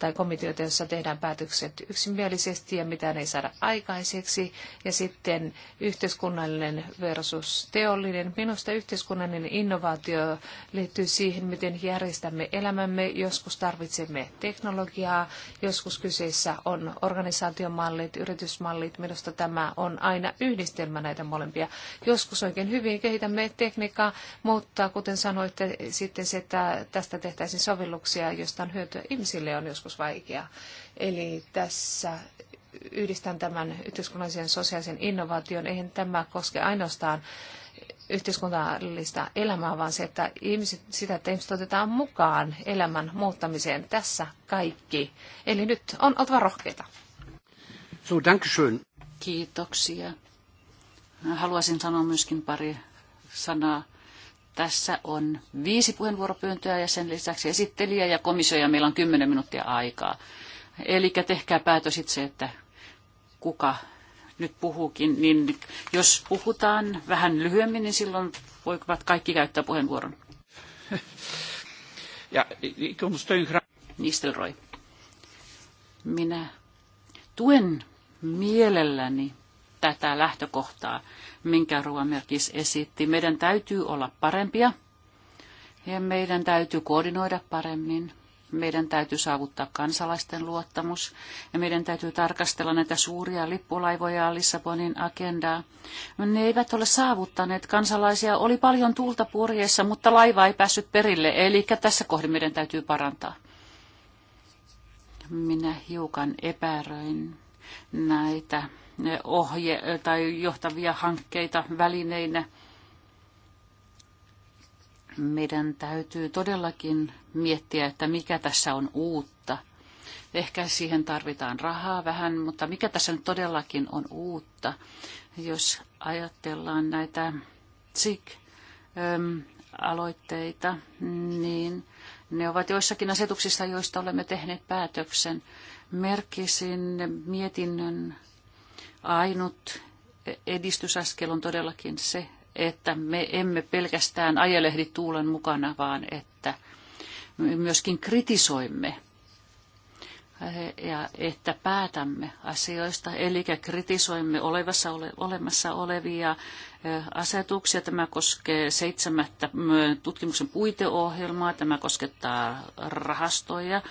tai komiteoita, joissa tehdään päätökset yksimielisesti ja mitä ei saada aikaiseksi. Ja sitten yhteiskunnallinen versus teollinen. Minusta yhteiskunnallinen innovaatio liittyy siihen, miten järjestämme elämämme. Joskus tarvitsemme teknologiaa, joskus kyseessä on organisaatiomallit, yritysmallit. Minusta tämä on aina yhdistelmä näitä molempia. Joskus oikein hyvin kehitämme tekniikkaa, mutta kuten sanoitte, sitten se, että tästä tehtäisiin sovelluksia, joista on hyötyä ihmisille, on joskus joskus vaikea. Eli tässä yhdistän tämän yhteiskunnallisen sosiaalisen innovaation. Eihän tämä koske ainoastaan yhteiskunnallista elämää, vaan se, että ihmiset, sitä, että ihmiset otetaan mukaan elämän muuttamiseen. Tässä kaikki. Eli nyt on oltava rohkeita. So, Kiitoksia. Haluaisin sanoa myöskin pari sanaa tässä on viisi puheenvuoropyyntöä ja sen lisäksi esittelijä ja komissio ja meillä on kymmenen minuuttia aikaa. Eli tehkää päätös itse, että kuka nyt puhuukin, niin jos puhutaan vähän lyhyemmin, niin silloin voivat kaikki käyttää puheenvuoron. Ja, Nistelroi. Minä tuen mielelläni tätä lähtökohtaa, minkä Ruomerkis esitti. Meidän täytyy olla parempia ja meidän täytyy koordinoida paremmin. Meidän täytyy saavuttaa kansalaisten luottamus ja meidän täytyy tarkastella näitä suuria lippulaivoja Lissabonin agendaa. Ne eivät ole saavuttaneet kansalaisia. Oli paljon tulta purjeessa, mutta laiva ei päässyt perille, eli tässä kohdassa meidän täytyy parantaa. Minä hiukan epäröin näitä ohje tai johtavia hankkeita välineinä. Meidän täytyy todellakin miettiä, että mikä tässä on uutta. Ehkä siihen tarvitaan rahaa vähän, mutta mikä tässä nyt todellakin on uutta, jos ajatellaan näitä sik ähm, aloitteita niin ne ovat joissakin asetuksissa, joista olemme tehneet päätöksen. Merkisin mietinnön Ainut edistysaskel on todellakin se, että me emme pelkästään ajelehdi tuulen mukana, vaan että myöskin kritisoimme ja että päätämme asioista, eli kritisoimme olevassa, ole, olemassa olevia asetuksia. Tämä koskee seitsemättä tutkimuksen puiteohjelmaa, tämä koskettaa rahastoja,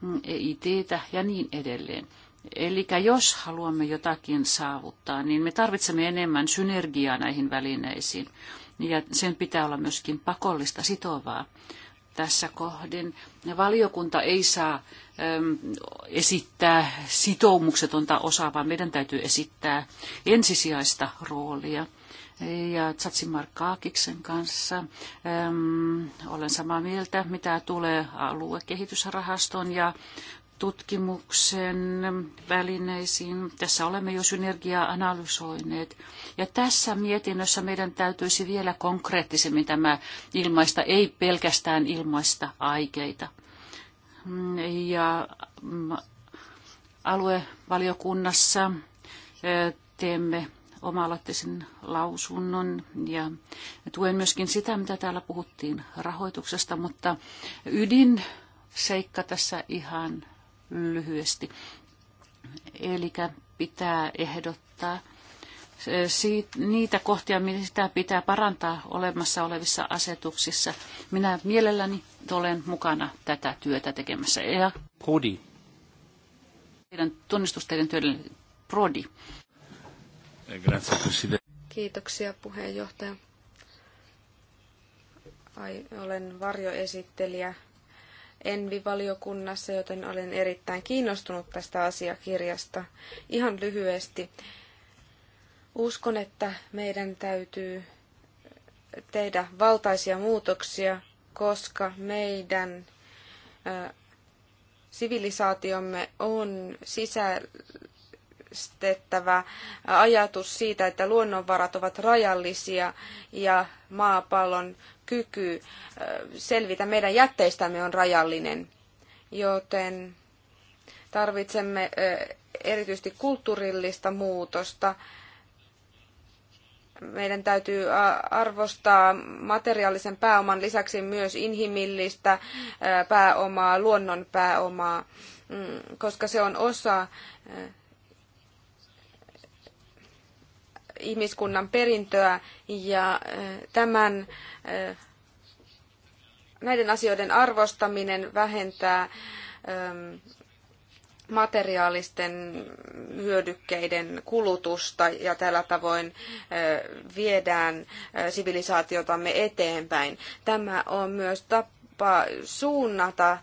mm, ITtä ja niin edelleen. Eli jos haluamme jotakin saavuttaa, niin me tarvitsemme enemmän synergiaa näihin välineisiin. Ja sen pitää olla myöskin pakollista sitovaa tässä kohdin. Valiokunta ei saa äm, esittää sitoumuksetonta osaa, vaan meidän täytyy esittää ensisijaista roolia. Ja Tsatsimar Kaakiksen kanssa äm, olen samaa mieltä, mitä tulee aluekehitysrahaston ja tutkimuksen välineisiin. Tässä olemme jo synergiaa analysoineet. Ja tässä mietinnössä meidän täytyisi vielä konkreettisemmin tämä ilmaista, ei pelkästään ilmaista aikeita. Ja mm, aluevaliokunnassa teemme oma-aloitteisen lausunnon ja tuen myöskin sitä, mitä täällä puhuttiin rahoituksesta, mutta ydin seikka tässä ihan lyhyesti. Eli pitää ehdottaa niitä kohtia, mitä pitää parantaa olemassa olevissa asetuksissa. Minä mielelläni olen mukana tätä työtä tekemässä. Ja Prodi. Teidän tunnistusteiden työn Prodi. Kiitoksia puheenjohtaja. Ai, olen varjoesittelijä Envi-valiokunnassa, joten olen erittäin kiinnostunut tästä asiakirjasta. Ihan lyhyesti. Uskon, että meidän täytyy tehdä valtaisia muutoksia, koska meidän sivilisaatiomme on sisällä yhdistettävä ajatus siitä, että luonnonvarat ovat rajallisia ja maapallon kyky selvitä meidän jätteistämme on rajallinen. Joten tarvitsemme erityisesti kulttuurillista muutosta. Meidän täytyy arvostaa materiaalisen pääoman lisäksi myös inhimillistä pääomaa, luonnon pääomaa, mm, koska se on osa ihmiskunnan perintöä ja tämän, näiden asioiden arvostaminen vähentää materiaalisten hyödykkeiden kulutusta ja tällä tavoin viedään sivilisaatiotamme eteenpäin. Tämä on myös tapa jopa suunnata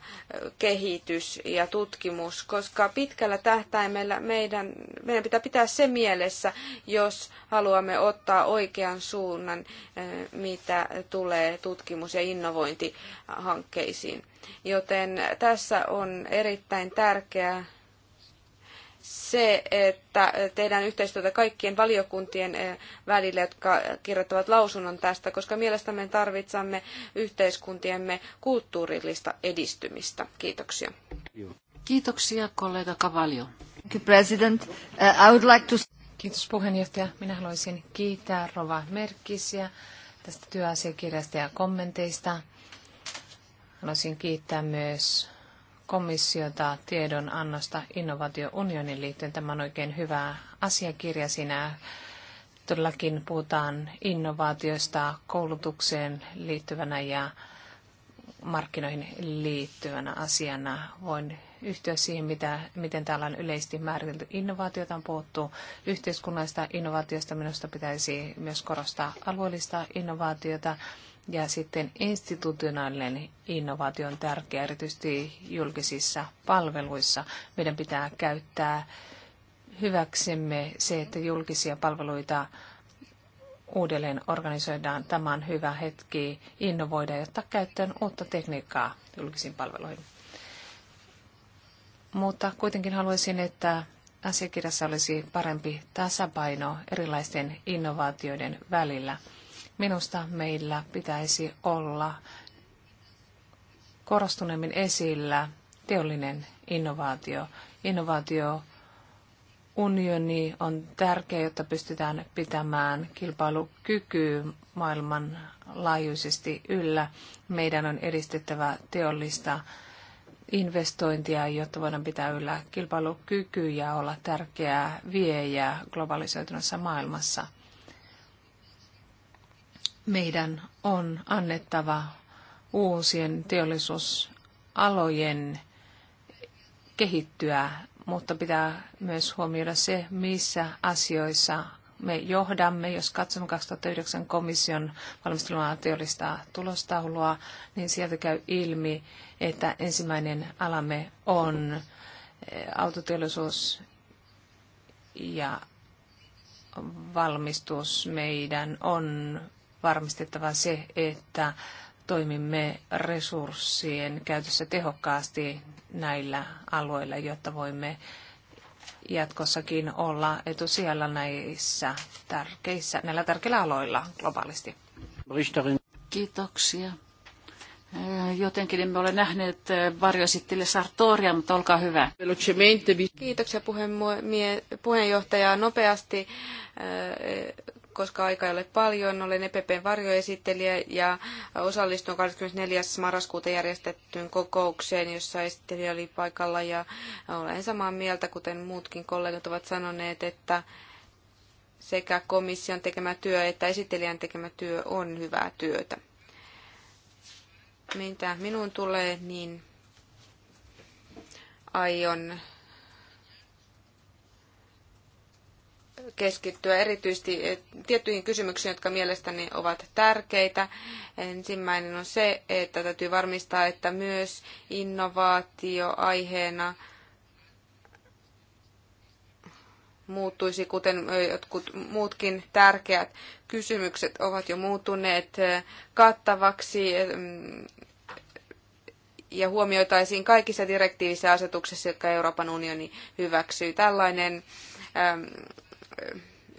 kehitys ja tutkimus, koska pitkällä tähtäimellä meidän, meidän pitää pitää se mielessä, jos haluamme ottaa oikean suunnan, mitä tulee tutkimus- ja innovointihankkeisiin. Joten tässä on erittäin tärkeää se, että tehdään yhteistyötä kaikkien valiokuntien eh, välillä, jotka kirjoittavat lausunnon tästä, koska mielestämme tarvitsemme yhteiskuntiemme kulttuurillista edistymistä. Kiitoksia. Kiitoksia, kollega Kavalio. President. Uh, I would like to... Kiitos puheenjohtaja. Minä haluaisin kiittää Rova Merkisiä tästä työasiakirjasta ja kommenteista. Haluaisin kiittää myös komissiota tiedon annosta innovaatiounionin liittyen. Tämä on oikein hyvä asiakirja. sinä. todellakin puhutaan innovaatioista koulutukseen liittyvänä ja markkinoihin liittyvänä asiana. Voin yhtyä siihen, mitä, miten täällä on yleisesti määritelty innovaatiota on puhuttu. Yhteiskunnallista innovaatiosta minusta pitäisi myös korostaa alueellista innovaatiota ja sitten institutionaalinen innovaatio on tärkeä erityisesti julkisissa palveluissa. Meidän pitää käyttää hyväksemme se, että julkisia palveluita uudelleen organisoidaan. Tämä on hyvä hetki innovoida ja ottaa käyttöön uutta tekniikkaa julkisiin palveluihin. Mutta kuitenkin haluaisin, että asiakirjassa olisi parempi tasapaino erilaisten innovaatioiden välillä – Minusta meillä pitäisi olla korostuneemmin esillä teollinen innovaatio. Innovaatio unioni on tärkeä, jotta pystytään pitämään kilpailukyky maailmanlaajuisesti yllä. Meidän on edistettävä teollista investointia, jotta voidaan pitää yllä kilpailukykyä ja olla tärkeää viejä globalisoituneessa maailmassa meidän on annettava uusien teollisuusalojen kehittyä, mutta pitää myös huomioida se, missä asioissa me johdamme. Jos katsomme 2009 komission valmistelua teollista tulostaulua, niin sieltä käy ilmi, että ensimmäinen alamme on eh, autoteollisuus ja valmistus. Meidän on varmistettava se, että toimimme resurssien käytössä tehokkaasti näillä alueilla, jotta voimme jatkossakin olla etusijalla näissä tärkeissä, näillä tärkeillä aloilla globaalisti. Kiitoksia. Jotenkin emme ole nähneet varjoesittelijä Sartoria, mutta olkaa hyvä. Kiitoksia puheenjohtaja. Nopeasti koska aika ei ole paljon. Olen EPPn varjoesittelijä ja osallistun 24. marraskuuta järjestettyyn kokoukseen, jossa esittelijä oli paikalla ja olen samaa mieltä, kuten muutkin kollegat ovat sanoneet, että sekä komission tekemä työ että esittelijän tekemä työ on hyvää työtä. Mitä minun tulee, niin aion keskittyä erityisesti eh, tiettyihin kysymyksiin, jotka mielestäni ovat tärkeitä. Ensimmäinen on se, että täytyy varmistaa, että myös innovaatio aiheena muuttuisi, kuten eh, jotkut muutkin tärkeät kysymykset ovat jo muuttuneet eh, kattavaksi mm, ja huomioitaisiin kaikissa direktiivissä ja asetuksissa, jotka Euroopan unioni hyväksyy. Tällainen ehm,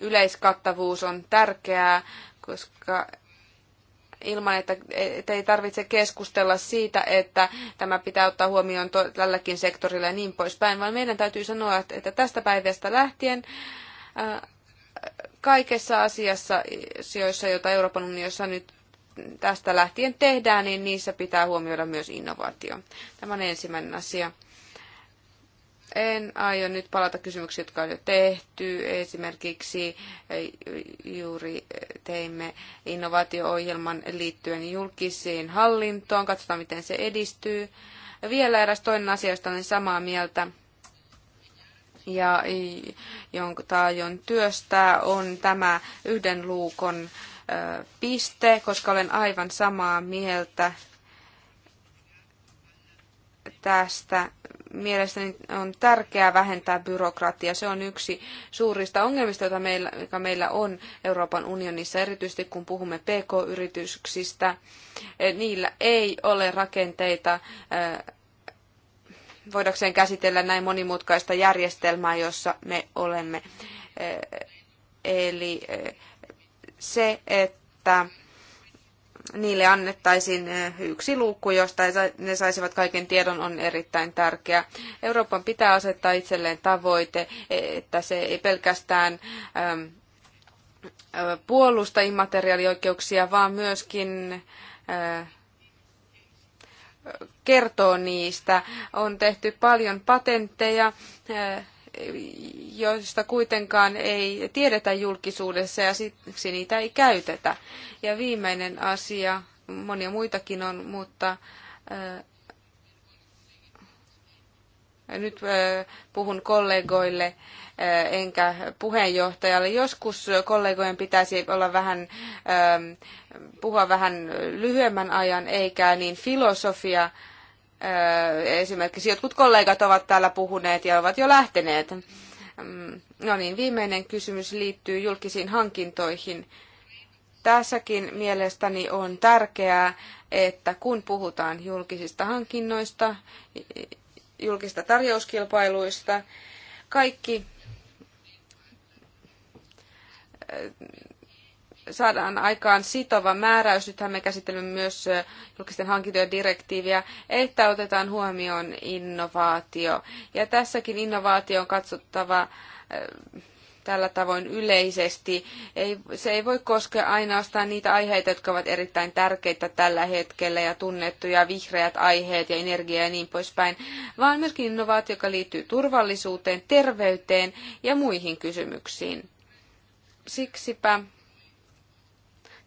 yleiskattavuus on tärkeää, koska ilman, että, että ei tarvitse keskustella siitä, että tämä pitää ottaa huomioon to, tälläkin sektorilla ja niin poispäin, vaan meidän täytyy sanoa, että, että tästä päivästä lähtien ää, äh, kaikessa asiassa, joissa, joita Euroopan unionissa nyt tästä lähtien tehdään, niin niissä pitää huomioida myös innovaatio. Tämä on ensimmäinen asia. En aio nyt palata kysymyksiin, jotka on jo tehty. Esimerkiksi eh, juuri eh, teimme innovaatio-ohjelman liittyen julkisiin hallintoon. Katsotaan, miten se edistyy. Vielä eräs toinen asia, josta olen samaa mieltä ja jonka aion työstää, on tämä yhden luukon eh, piste, koska olen aivan samaa mieltä tästä, mielestäni on tärkeää vähentää byrokratiaa. Se on yksi suurista ongelmista, joita meillä, joka meillä on Euroopan unionissa, erityisesti kun puhumme PK-yrityksistä. E, niillä ei ole rakenteita e, voidakseen käsitellä näin monimutkaista järjestelmää, jossa me olemme. E, eli se, että niille annettaisiin eh, yksi luukku, josta ne saisivat kaiken tiedon, on erittäin tärkeä. Euroopan pitää asettaa itselleen tavoite, eh, että se ei pelkästään puolusta immateriaalioikeuksia, vaan myöskin kertoo niistä. On tehty paljon patentteja joista kuitenkaan ei tiedetä julkisuudessa ja siksi niitä ei käytetä. Ja viimeinen asia, monia muitakin on, mutta äh, nyt äh, puhun kollegoille äh, enkä puheenjohtajalle. Joskus kollegojen pitäisi olla vähän, ähm, puhua vähän lyhyemmän ajan, eikä niin filosofia Esimerkiksi jotkut kollegat ovat täällä puhuneet ja ovat jo lähteneet. Mm, no niin, viimeinen kysymys liittyy julkisiin hankintoihin. Tässäkin mielestäni on tärkeää, että kun puhutaan julkisista hankinnoista, julkista tarjouskilpailuista, kaikki saadaan aikaan sitova määräys, nythän me käsittelemme myös julkisten hankintojen direktiiviä, että otetaan huomioon innovaatio. Ja tässäkin innovaatio on katsottava tällä tavoin yleisesti. Ei, se ei voi koskea ainoastaan niitä aiheita, jotka ovat erittäin tärkeitä tällä hetkellä ja tunnettuja vihreät aiheet ja energia ja niin poispäin, vaan myöskin innovaatio, joka liittyy turvallisuuteen, terveyteen ja muihin kysymyksiin. Siksipä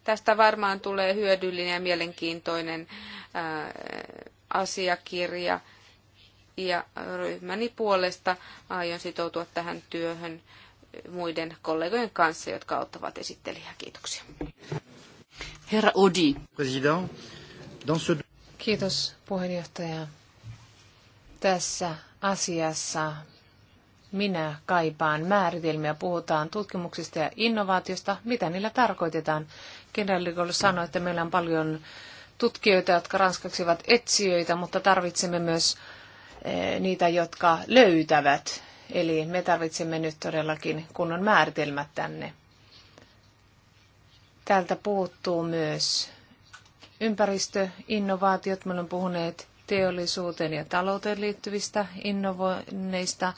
Tästä varmaan tulee hyödyllinen ja mielenkiintoinen äh, asiakirja ja ryhmäni puolesta aion sitoutua tähän työhön muiden kollegojen kanssa, jotka auttavat esittelijää. Kiitoksia. Herra Odi. Kiitos puheenjohtaja. Tässä asiassa minä kaipaan määritelmiä. Puhutaan tutkimuksista ja innovaatiosta. Mitä niillä tarkoitetaan? Kenraalikolle sanoi, että meillä on paljon tutkijoita, jotka ranskaksivat etsijöitä, mutta tarvitsemme myös eh, niitä, jotka löytävät. Eli me tarvitsemme nyt todellakin kunnon määritelmät tänne. Täältä puuttuu myös ympäristöinnovaatiot. Me olemme puhuneet teollisuuteen ja talouteen liittyvistä innovoinneista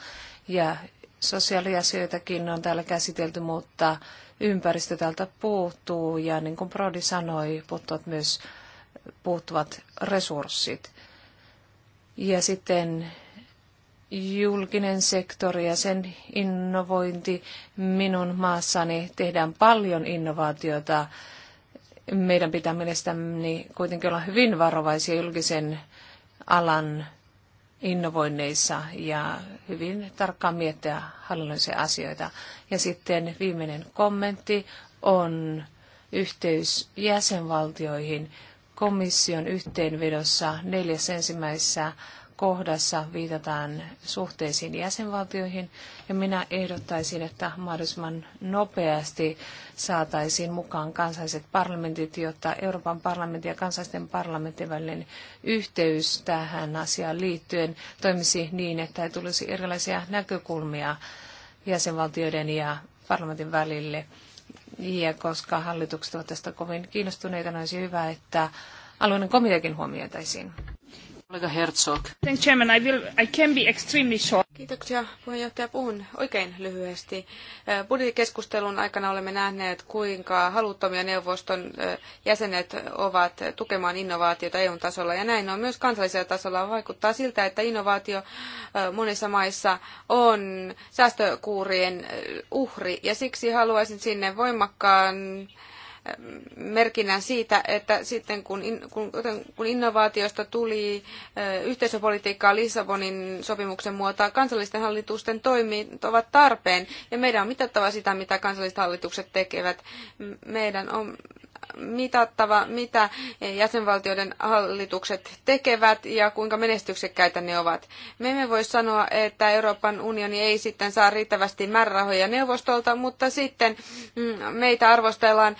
ja sosiaaliasioitakin on täällä käsitelty, mutta ympäristö täältä puuttuu ja niin kuin Brody sanoi, puuttuvat myös puuttuvat resurssit. Ja sitten julkinen sektori ja sen innovointi. Minun maassani tehdään paljon innovaatiota. Meidän pitää mielestäni kuitenkin olla hyvin varovaisia julkisen alan innovoinneissa ja hyvin tarkkaan miettiä hallinnollisia asioita. Ja sitten viimeinen kommentti on yhteys jäsenvaltioihin komission yhteenvedossa neljäs ensimmäisessä kohdassa viitataan suhteisiin jäsenvaltioihin, ja minä ehdottaisin, että mahdollisimman nopeasti saataisiin mukaan kansalliset parlamentit, jotta Euroopan parlamentin ja kansallisten parlamentin välinen yhteys tähän asiaan liittyen toimisi niin, että ei tulisi erilaisia näkökulmia jäsenvaltioiden ja parlamentin välille. Ja koska hallitukset ovat tästä kovin kiinnostuneita, niin olisi hyvä, että alueellinen komiteakin huomioitaisiin. Kollega Herzog. Chairman. I, will, I can be extremely short. Kiitoksia puheenjohtaja. Puhun oikein lyhyesti. Äh, budjettikeskustelun aikana olemme nähneet, kuinka haluttomia neuvoston äh, jäsenet ovat tukemaan innovaatiota EU-tasolla. Ja näin on myös kansallisella tasolla. Vaikuttaa siltä, että innovaatio äh, monissa maissa on säästökuurien uhri. Ja siksi haluaisin sinne voimakkaan merkinnän siitä, että sitten kun, kun, kun innovaatiosta tuli yhteisöpolitiikkaa Lissabonin sopimuksen muotoa, kansallisten hallitusten toimit ovat tarpeen ja meidän on mitattava sitä, mitä kansalliset hallitukset tekevät. Meidän on mitattava, mitä jäsenvaltioiden hallitukset tekevät ja kuinka menestyksekkäitä ne ovat. Me emme voi sanoa, että Euroopan unioni ei sitten saa riittävästi määrärahoja neuvostolta, mutta sitten mm, meitä arvostellaan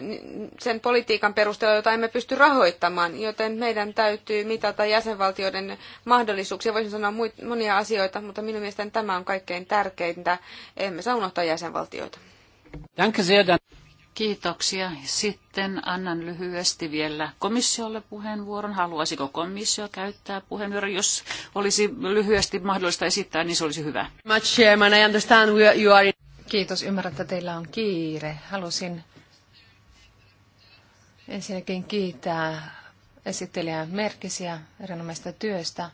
mm, sen politiikan perusteella, jota emme pysty rahoittamaan, joten meidän täytyy mitata jäsenvaltioiden mahdollisuuksia. Voisin sanoa monia asioita, mutta minun mielestäni tämä on kaikkein tärkeintä. Emme saa unohtaa jäsenvaltioita. Danke sehr, Kiitoksia. Sitten annan lyhyesti vielä komissiolle puheenvuoron. Haluaisiko komissio käyttää puheenvuoron? Jos olisi lyhyesti mahdollista esittää, niin se olisi hyvä. Kiitos. Ymmärrän, että teillä on kiire. Halusin ensinnäkin kiittää esittelijän Merkisiä erinomaista työstä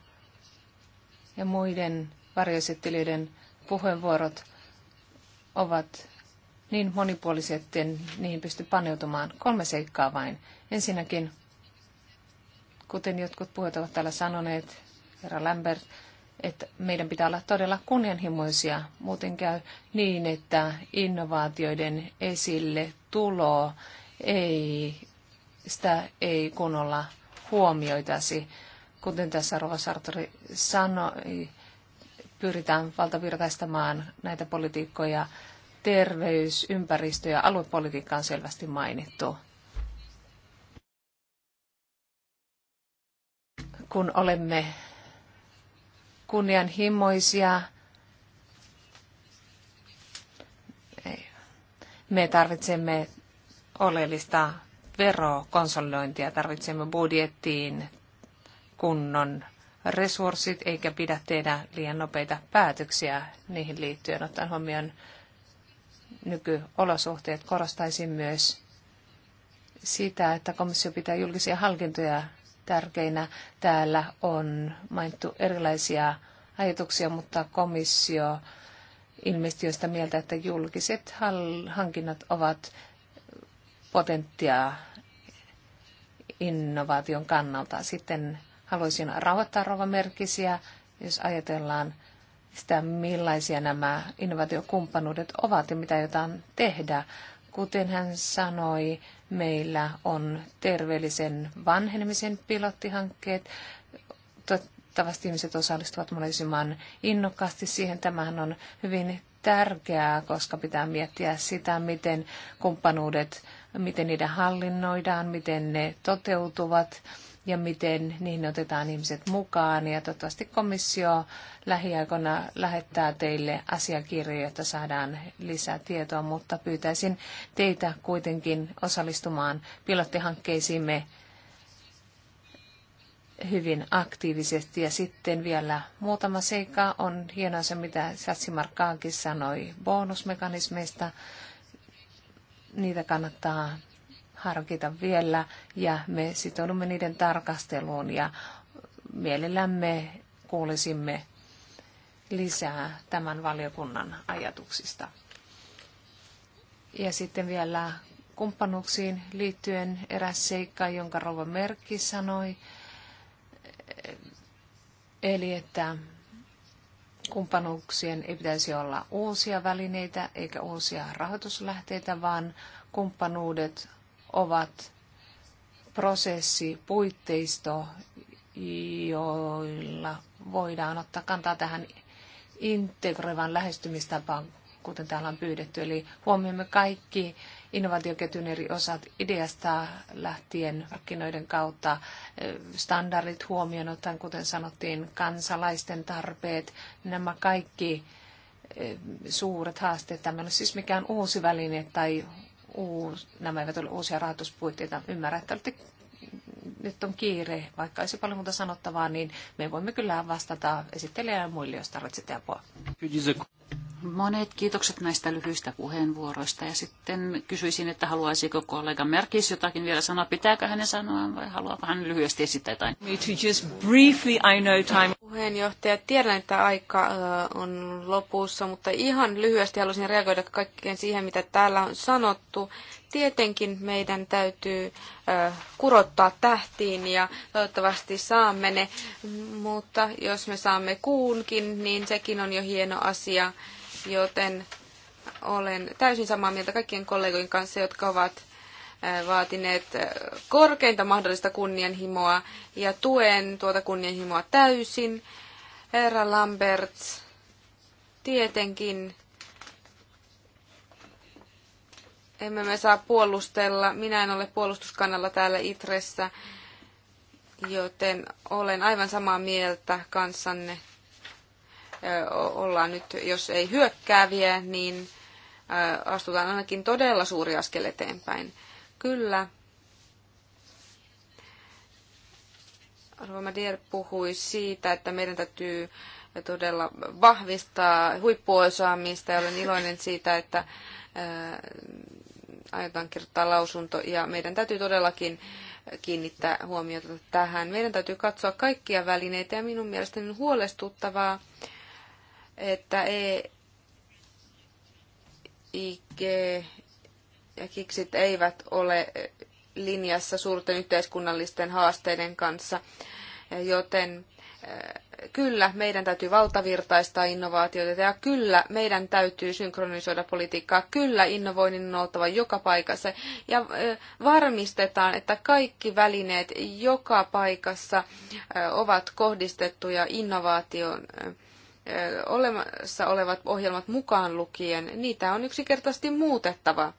ja muiden varjoesittelijöiden puheenvuorot ovat niin monipuolisia, en niihin pysty paneutumaan. Kolme seikkaa vain. Ensinnäkin, kuten jotkut puhujat ovat täällä sanoneet, herra Lambert, että meidän pitää olla todella kunnianhimoisia. Muuten käy niin, että innovaatioiden esille tulo ei, sitä ei kunnolla huomioitaisi. Kuten tässä Rova Sartori sanoi, pyritään valtavirtaistamaan näitä politiikkoja terveys, ympäristö ja aluepolitiikka on selvästi mainittu. Kun olemme kunnianhimoisia, me tarvitsemme oleellista verokonsolidointia, tarvitsemme budjettiin kunnon resurssit, eikä pidä tehdä liian nopeita päätöksiä niihin liittyen, ottaen huomioon nykyolosuhteet. Korostaisin myös sitä, että komissio pitää julkisia hankintoja tärkeinä. Täällä on mainittu erilaisia ajatuksia, mutta komissio ilmeisesti on sitä mieltä, että julkiset hankinnat ovat potentiaa innovaation kannalta. Sitten haluaisin rauhoittaa merkisiä, jos ajatellaan sitä, millaisia nämä innovaatiokumppanuudet ovat ja mitä jotain tehdä. Kuten hän sanoi, meillä on terveellisen vanhenemisen pilottihankkeet. Toivottavasti ihmiset osallistuvat mahdollisimman innokkaasti siihen. Tämähän on hyvin tärkeää, koska pitää miettiä sitä, miten kumppanuudet, miten niitä hallinnoidaan, miten ne toteutuvat ja miten niihin otetaan ihmiset mukaan. Ja toivottavasti komissio lähiaikoina lähettää teille asiakirjoja, jotta saadaan lisää tietoa, mutta pyytäisin teitä kuitenkin osallistumaan pilottihankkeisiimme hyvin aktiivisesti. Ja sitten vielä muutama seikka on hienoa se, mitä Satsi Markkaankin sanoi bonusmekanismeista. Niitä kannattaa harkita vielä ja me sitoudumme niiden tarkasteluun ja mielellämme kuulisimme lisää tämän valiokunnan ajatuksista. Ja sitten vielä kumppanuuksiin liittyen eräs seikka, jonka Rova Merkki sanoi, eli että kumppanuuksien ei pitäisi olla uusia välineitä eikä uusia rahoituslähteitä, vaan kumppanuudet ovat prosessi, puitteisto, joilla voidaan ottaa kantaa tähän integroivan lähestymistapaan, kuten täällä on pyydetty. Eli huomioimme kaikki innovaatioketjun eri osat ideasta lähtien markkinoiden kautta, standardit huomioon ottaen, kuten sanottiin, kansalaisten tarpeet, nämä kaikki eh, suuret haasteet. Tämä ei ole siis mikään uusi väline tai uus, nämä eivät ole uusia rahoituspuitteita. Ymmärrän, että olette, nyt on kiire, vaikka olisi paljon muuta sanottavaa, niin me voimme kyllä vastata esittelijä ja muille, jos tarvitsette apua monet kiitokset näistä lyhyistä puheenvuoroista. Ja sitten kysyisin, että haluaisiko kollega Merkis jotakin vielä sanoa. Pitääkö hänen sanoa vai haluaako hän lyhyesti esittää jotain? just briefly, I know time. Puheenjohtaja, tiedän, että aika on lopussa, mutta ihan lyhyesti haluaisin reagoida kaikkeen siihen, mitä täällä on sanottu. Tietenkin meidän täytyy kurottaa tähtiin ja toivottavasti saamme ne, mutta jos me saamme kuunkin, niin sekin on jo hieno asia joten olen täysin samaa mieltä kaikkien kollegojen kanssa, jotka ovat vaatineet korkeinta mahdollista kunnianhimoa ja tuen tuota kunnianhimoa täysin. Herra Lambert, tietenkin emme me saa puolustella. Minä en ole puolustuskannalla täällä Itressä, joten olen aivan samaa mieltä kanssanne ollaan nyt, jos ei hyökkääviä, niin astutaan ainakin todella suuri askel eteenpäin. Kyllä. Dier puhui siitä, että meidän täytyy todella vahvistaa huippuosaamista ja olen iloinen siitä, että aiotaan kirjoittaa lausunto ja meidän täytyy todellakin kiinnittää huomiota tähän. Meidän täytyy katsoa kaikkia välineitä ja minun mielestäni on huolestuttavaa, että EIG ja kiksit eivät ole linjassa suurten yhteiskunnallisten haasteiden kanssa, joten eh, kyllä, meidän täytyy valtavirtaistaa innovaatioita ja kyllä, meidän täytyy synkronisoida politiikkaa. Kyllä, innovoinnin on oltava joka paikassa ja eh, varmistetaan, että kaikki välineet joka paikassa eh, ovat kohdistettuja innovaation olemassa olevat ohjelmat mukaan lukien, niitä on yksinkertaisesti muutettava.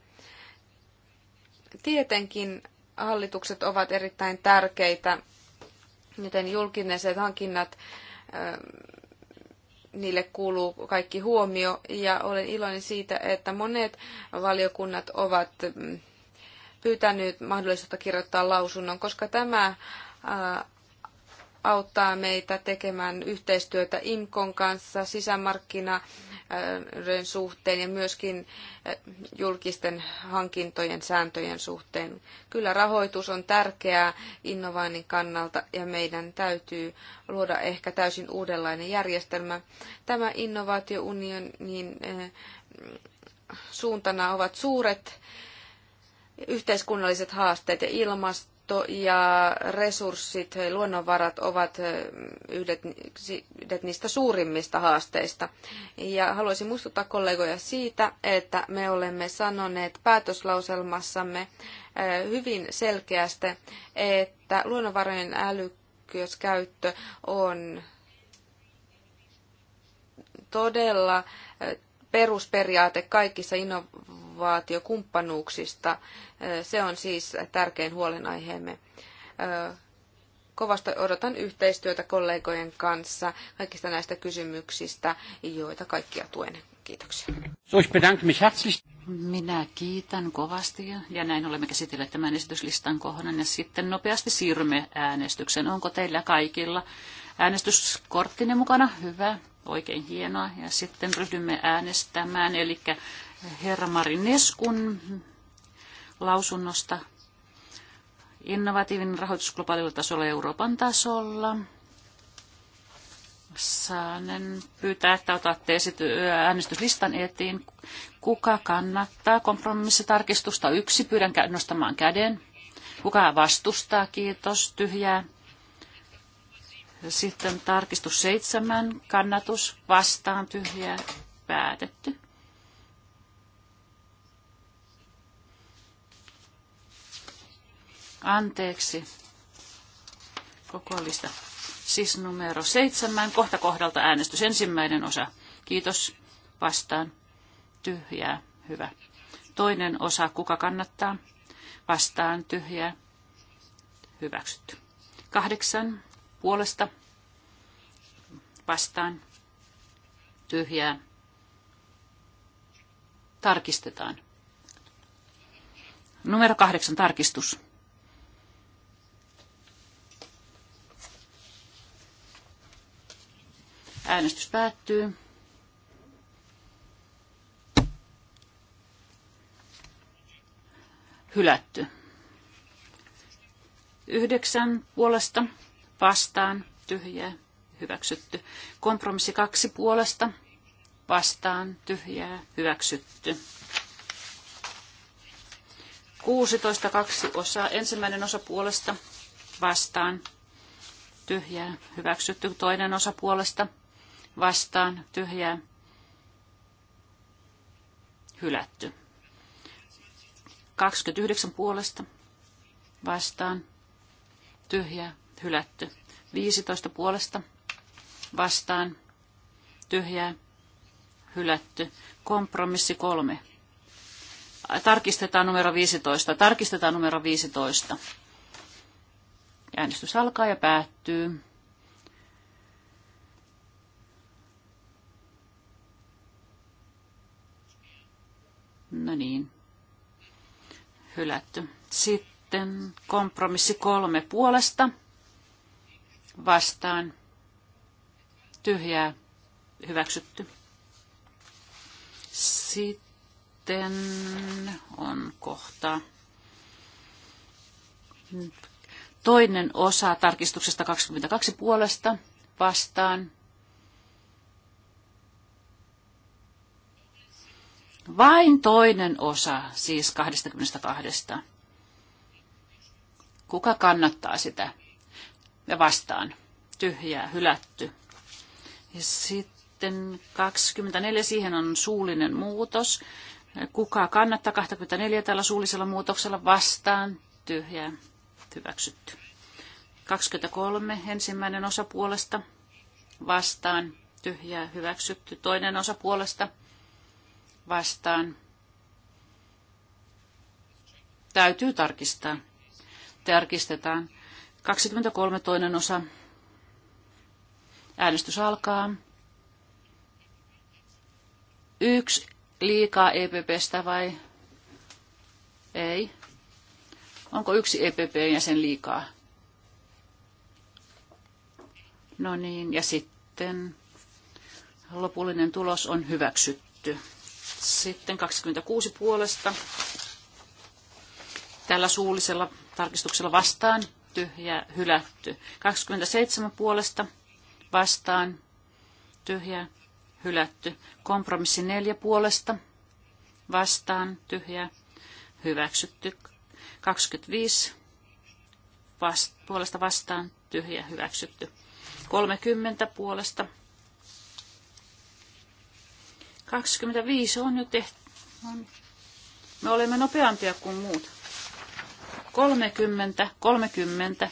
Tietenkin hallitukset ovat erittäin tärkeitä, joten julkiset hankinnat, niille kuuluu kaikki huomio ja olen iloinen siitä, että monet valiokunnat ovat mm, pyytäneet mahdollisuutta kirjoittaa lausunnon, koska tämä auttaa meitä tekemään yhteistyötä IMKON kanssa sisämarkkinoiden suhteen ja myöskin eh, julkisten hankintojen sääntöjen suhteen. Kyllä rahoitus on tärkeää innovaannin kannalta ja meidän täytyy luoda ehkä täysin uudenlainen järjestelmä. Tämä innovaatiounionin eh, suuntana ovat suuret yhteiskunnalliset haasteet ja ilmasto luonto ja resurssit, luonnonvarat ovat yhdet, yhdet niistä suurimmista haasteista. Ja haluaisin muistuttaa kollegoja siitä, että me olemme sanoneet päätöslauselmassamme hyvin selkeästi, että luonnonvarojen älykkyys käyttö on todella perusperiaate kaikissa innovaatioissa innovaatiokumppanuuksista. Se on siis tärkein huolenaiheemme. Kovasti odotan yhteistyötä kollegojen kanssa kaikista näistä kysymyksistä, joita kaikkia tuen. Kiitoksia. So, ich bedanke mich herzlich. Minä kiitän kovasti ja näin olemme käsitelleet tämän esityslistan kohdan ja sitten nopeasti siirrymme äänestykseen. Onko teillä kaikilla äänestyskorttinne mukana? Hyvä, oikein hienoa. Ja sitten ryhdymme äänestämään, eli herra Marineskun lausunnosta innovatiivinen rahoitus globaalilla tasolla Euroopan tasolla. Saanen pyytää, että otatte esity- äänestyslistan etiin. Kuka kannattaa kompromissitarkistusta? Yksi. Pyydän nostamaan käden. Kuka vastustaa? Kiitos. Tyhjää. Sitten tarkistus seitsemän. Kannatus. Vastaan. Tyhjää. Päätetty. Anteeksi. Koko Siis numero seitsemän. Kohta kohdalta äänestys. Ensimmäinen osa. Kiitos. Vastaan. Tyhjää. Hyvä. Toinen osa. Kuka kannattaa? Vastaan. Tyhjää. Hyväksytty. Kahdeksan. Puolesta. Vastaan. Tyhjää. Tarkistetaan. Numero kahdeksan tarkistus. Äänestys päättyy. Hylätty. Yhdeksän puolesta vastaan tyhjää hyväksytty. Kompromissi kaksi puolesta vastaan tyhjää hyväksytty. 16 kaksi osaa. Ensimmäinen osa puolesta vastaan tyhjää hyväksytty. Toinen osa puolesta vastaan tyhjää hylätty. 29 puolesta vastaan tyhjää hylätty. 15 puolesta vastaan tyhjää hylätty. Kompromissi kolme. Tarkistetaan numero 15. Tarkistetaan numero 15. Äänestys alkaa ja päättyy. No niin, hylätty. Sitten kompromissi kolme puolesta vastaan. Tyhjää hyväksytty. Sitten on kohta toinen osa tarkistuksesta 22 puolesta vastaan Vain toinen osa, siis 22. Kuka kannattaa sitä? Ja vastaan. Tyhjää, hylätty. Ja sitten 24, siihen on suullinen muutos. Kuka kannattaa 24 tällä suullisella muutoksella vastaan? Tyhjää, hyväksytty. 23, ensimmäinen osa puolesta vastaan. Tyhjää, hyväksytty. Toinen osa puolesta vastaan. Täytyy tarkistaa. Tarkistetaan. 23 toinen osa. Äänestys alkaa. Yksi liikaa EPPstä vai ei? Onko yksi EPP-jäsen liikaa? No niin, ja sitten lopullinen tulos on hyväksytty. Sitten 26 puolesta. Tällä suullisella tarkistuksella vastaan. Tyhjä hylätty. 27 puolesta vastaan. Tyhjä hylätty. Kompromissi 4 puolesta vastaan. Tyhjä hyväksytty. 25 vast, puolesta vastaan. Tyhjä hyväksytty. 30 puolesta 25 on jo tehty. On. No niin. Me olemme nopeampia kuin muut. 30, 30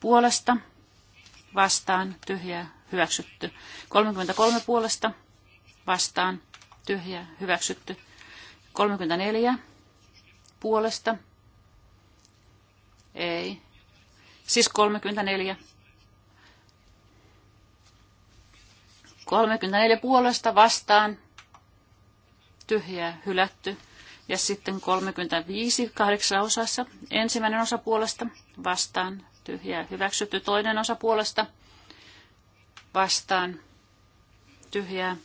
puolesta vastaan tyhjä hyväksytty. 33 puolesta vastaan tyhjä hyväksytty. 34 puolesta ei. Siis 34. 34 puolesta vastaan ja hylätty. Ja sitten 35 kahdeksassa osassa. Ensimmäinen osa puolesta vastaan tyhjää hyväksytty. Toinen osa puolesta vastaan tyhjää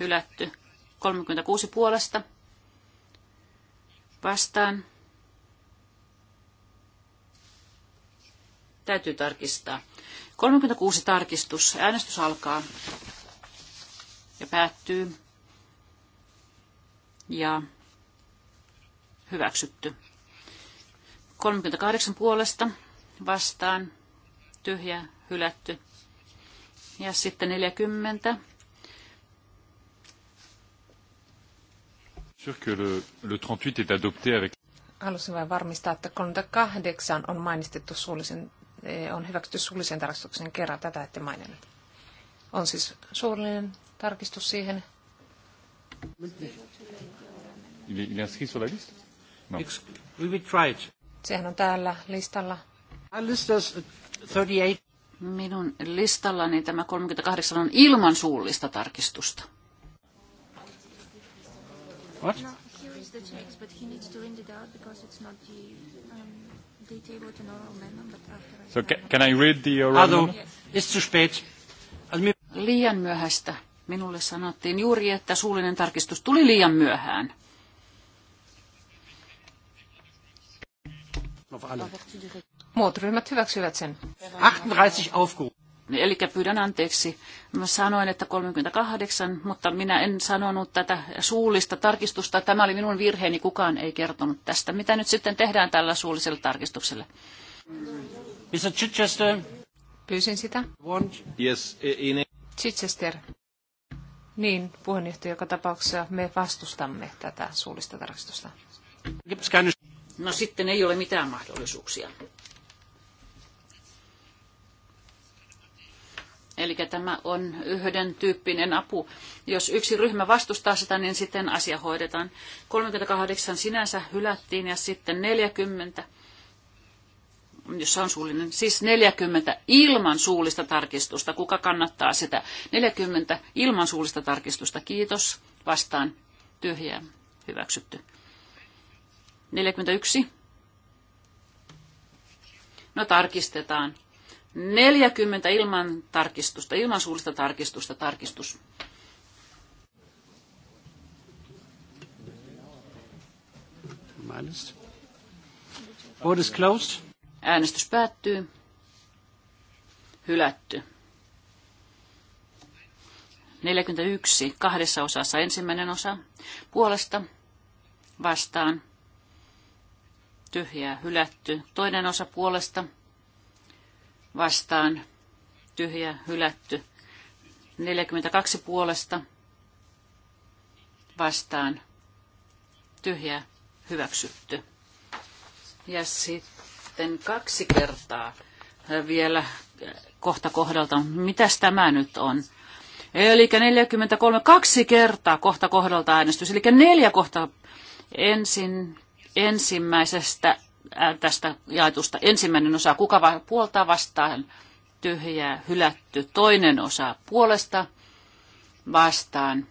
hylätty. 36 puolesta vastaan. Täytyy tarkistaa. 36 tarkistus. Äänestys alkaa ja päättyy ja hyväksytty. 38 puolesta vastaan tyhjä hylätty. Ja sitten 40. Sûr que le, le 38 est adopté avec... Halusin vain varmistaa, että 38 on mainistettu suullisen, eh, on hyväksytty suullisen tarkistuksen kerran. Tätä ette maininnut. On siis suullinen tarkistus siihen il est, il est inscrit sur la liste Non. We will try it. Sehän on täällä listalla. 38. Uh, Minun listallani tämä 38 on ilman suullista tarkistusta. What? No, um, so can, I read the oral Liian myöhäistä. Minulle sanottiin juuri, että suullinen tarkistus tuli liian myöhään. Muut ryhmät hyväksyvät sen. 38 aufgerufen. Eli pyydän anteeksi. Mä sanoin, että 38, mutta minä en sanonut tätä suullista tarkistusta. Tämä oli minun virheeni, kukaan ei kertonut tästä. Mitä nyt sitten tehdään tällä suullisella tarkistuksella? Mr. Chichester. Pyysin sitä. Yes, in... E- e- Chichester. Niin, puheenjohtaja, joka tapauksessa me vastustamme tätä suullista tarkistusta. No sitten ei ole mitään mahdollisuuksia. Eli tämä on yhden tyyppinen apu. Jos yksi ryhmä vastustaa sitä, niin sitten asia hoidetaan. 38 sinänsä hylättiin ja sitten 40, jossa on suullinen, siis 40 ilman suullista tarkistusta. Kuka kannattaa sitä? 40 ilman suullista tarkistusta. Kiitos. Vastaan. Tyhjää. Hyväksytty. 41. No tarkistetaan. 40 ilman tarkistusta, ilman suullista tarkistusta, tarkistus. Vote is closed. Äänestys päättyy. Hylätty. 41. Kahdessa osassa ensimmäinen osa. Puolesta vastaan tyhjää hylätty. Toinen osa puolesta vastaan tyhjää hylätty. 42 puolesta vastaan tyhjää hyväksytty. Ja sitten kaksi kertaa vielä kohta kohdalta, mitäs tämä nyt on? Eli 43, kaksi kertaa kohta kohdalta äänestys, eli neljä kohtaa ensin ensimmäisestä ää, äh, tästä jaetusta ensimmäinen osa, kuka va, puolta vastaan, tyhjää, hylätty. Toinen osa puolesta vastaan,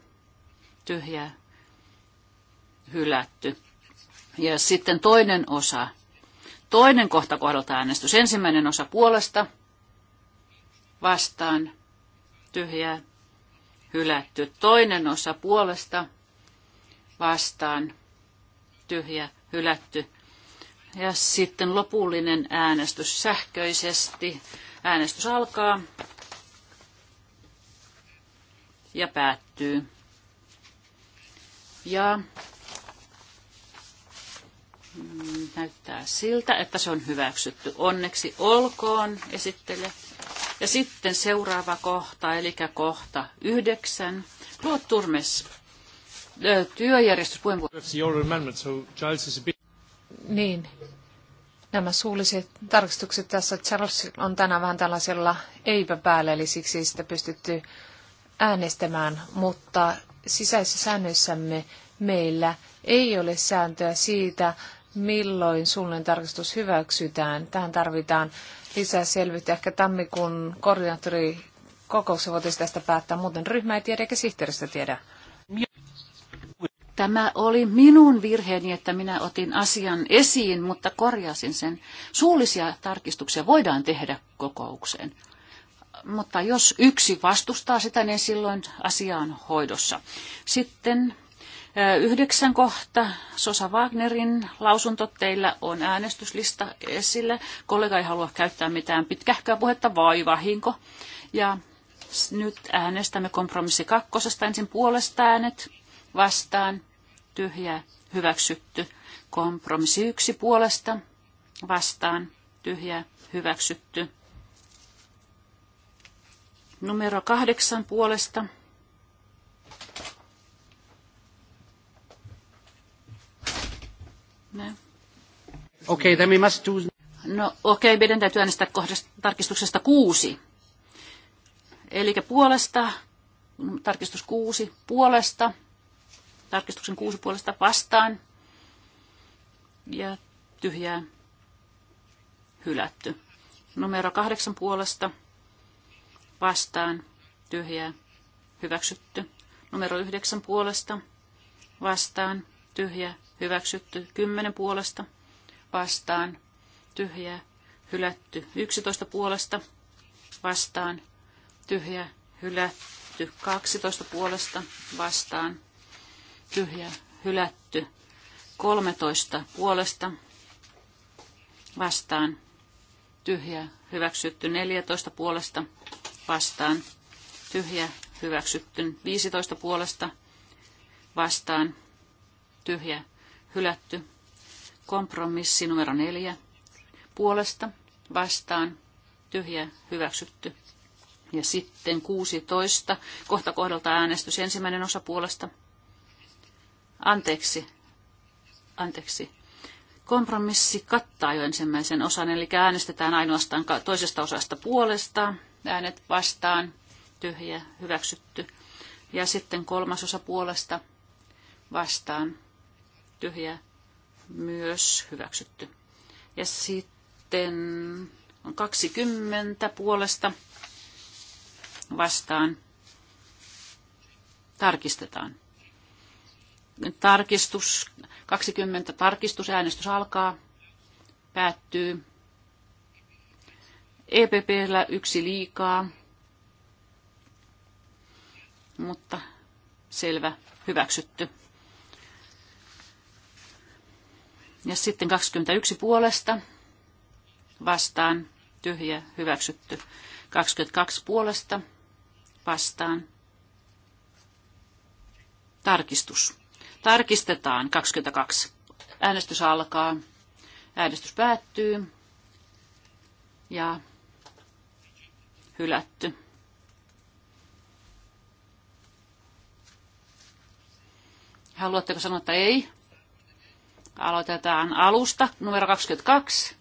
tyhjää, hylätty. Ja sitten toinen osa, toinen kohta kohdalta äänestys. Ensimmäinen osa puolesta vastaan, tyhjää, hylätty. Toinen osa puolesta vastaan, tyhjä, hylätty. Ja sitten lopullinen äänestys sähköisesti. Äänestys alkaa ja päättyy. Ja mm, näyttää siltä, että se on hyväksytty. Onneksi olkoon esittele. Ja sitten seuraava kohta, eli kohta yhdeksän. Claude Turmes työjärjestyspuheenvuoro. Niin, nämä suulliset tarkistukset tässä Charles on tänään vähän tällaisella eipä päällä, eli siksi ei sitä pystytty äänestämään, mutta sisäisissä säännöissämme meillä ei ole sääntöä siitä, milloin suullinen tarkistus hyväksytään. Tähän tarvitaan lisää selvyyttä. Ehkä tammikuun koordinaattori kokouksessa voitaisiin tästä päättää. Muuten ryhmä ei tiedä eikä sihteeristä tiedä. Tämä oli minun virheeni, että minä otin asian esiin, mutta korjasin sen. Suullisia tarkistuksia voidaan tehdä kokoukseen. Mutta jos yksi vastustaa sitä, niin silloin asia on hoidossa. Sitten Yhdeksän kohta. Sosa Wagnerin lausunto teillä on äänestyslista esillä. Kollega ei halua käyttää mitään pitkähköä puhetta, vai vahinko. Ja nyt äänestämme kompromissi kakkosesta ensin puolesta äänet vastaan tyhjä hyväksytty. Kompromissi yksi puolesta vastaan tyhjä hyväksytty. Numero kahdeksan puolesta Okei, okay, then we must do... No okei, okay, meidän täytyy äänestää kohdasta, tarkistuksesta kuusi. Eli puolesta, tarkistus kuusi, puolesta, Tarkistuksen kuusi puolesta vastaan ja tyhjää hylätty. Numero kahdeksan puolesta vastaan tyhjää hyväksytty. Numero yhdeksän puolesta vastaan tyhjää hyväksytty. Kymmenen puolesta vastaan tyhjää hylätty. Yksitoista puolesta vastaan tyhjää hylätty. Kaksitoista puolesta vastaan tyhjä hylätty. 13 puolesta vastaan tyhjä hyväksytty. 14 puolesta vastaan tyhjä hyväksytty. 15 puolesta vastaan tyhjä hylätty. Kompromissi numero 4 puolesta vastaan tyhjä hyväksytty. Ja sitten 16. Kohta kohdalta äänestys ensimmäinen osa puolesta Anteeksi. Anteeksi. Kompromissi kattaa jo ensimmäisen osan, eli äänestetään ainoastaan toisesta osasta puolesta, äänet vastaan, tyhjä, hyväksytty. Ja sitten kolmas osa puolesta vastaan, tyhjä, myös hyväksytty. Ja sitten on 20 puolesta vastaan, tarkistetaan tarkistus, 20 tarkistusäänestys alkaa, päättyy. EPPllä yksi liikaa, mutta selvä, hyväksytty. Ja sitten 21 puolesta vastaan, tyhjä, hyväksytty. 22 puolesta vastaan, tarkistus. Tarkistetaan 22. Äänestys alkaa. Äänestys päättyy. Ja hylätty. Haluatteko sanoa, että ei? Aloitetaan alusta, numero 22.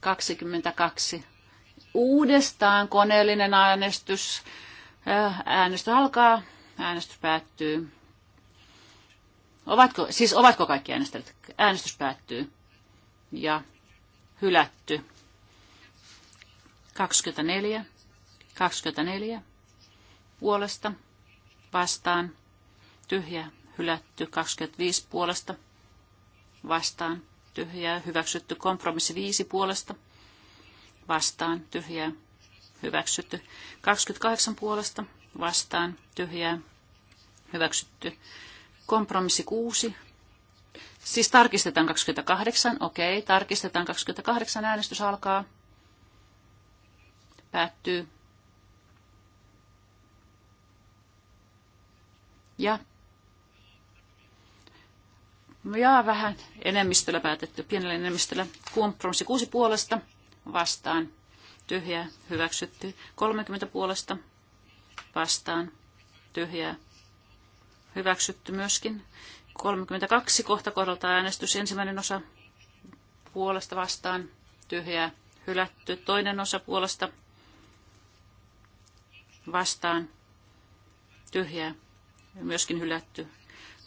22. Uudestaan koneellinen äänestys. Äänestys alkaa, äänestys päättyy. Ovatko, siis ovatko kaikki äänestäneet? Äänestys päättyy ja hylätty. 24, 24 puolesta vastaan, tyhjä, hylätty, 25 puolesta vastaan, tyhjää, hyväksytty, kompromissi 5 puolesta vastaan, tyhjää, hyväksytty, 28 puolesta vastaan, tyhjää, hyväksytty, Kompromissi 6. Siis tarkistetaan 28. Okei, tarkistetaan 28. Äänestys alkaa. Päättyy. Ja, ja vähän enemmistöllä päätetty, pienellä enemmistöllä. Kompromissi 6 puolesta vastaan. Tyhjää hyväksytty. 30 puolesta vastaan. Tyhjää hyväksytty myöskin. 32 kohta kohdalta äänestys ensimmäinen osa puolesta vastaan tyhjää hylätty. Toinen osa puolesta vastaan tyhjää myöskin hylätty.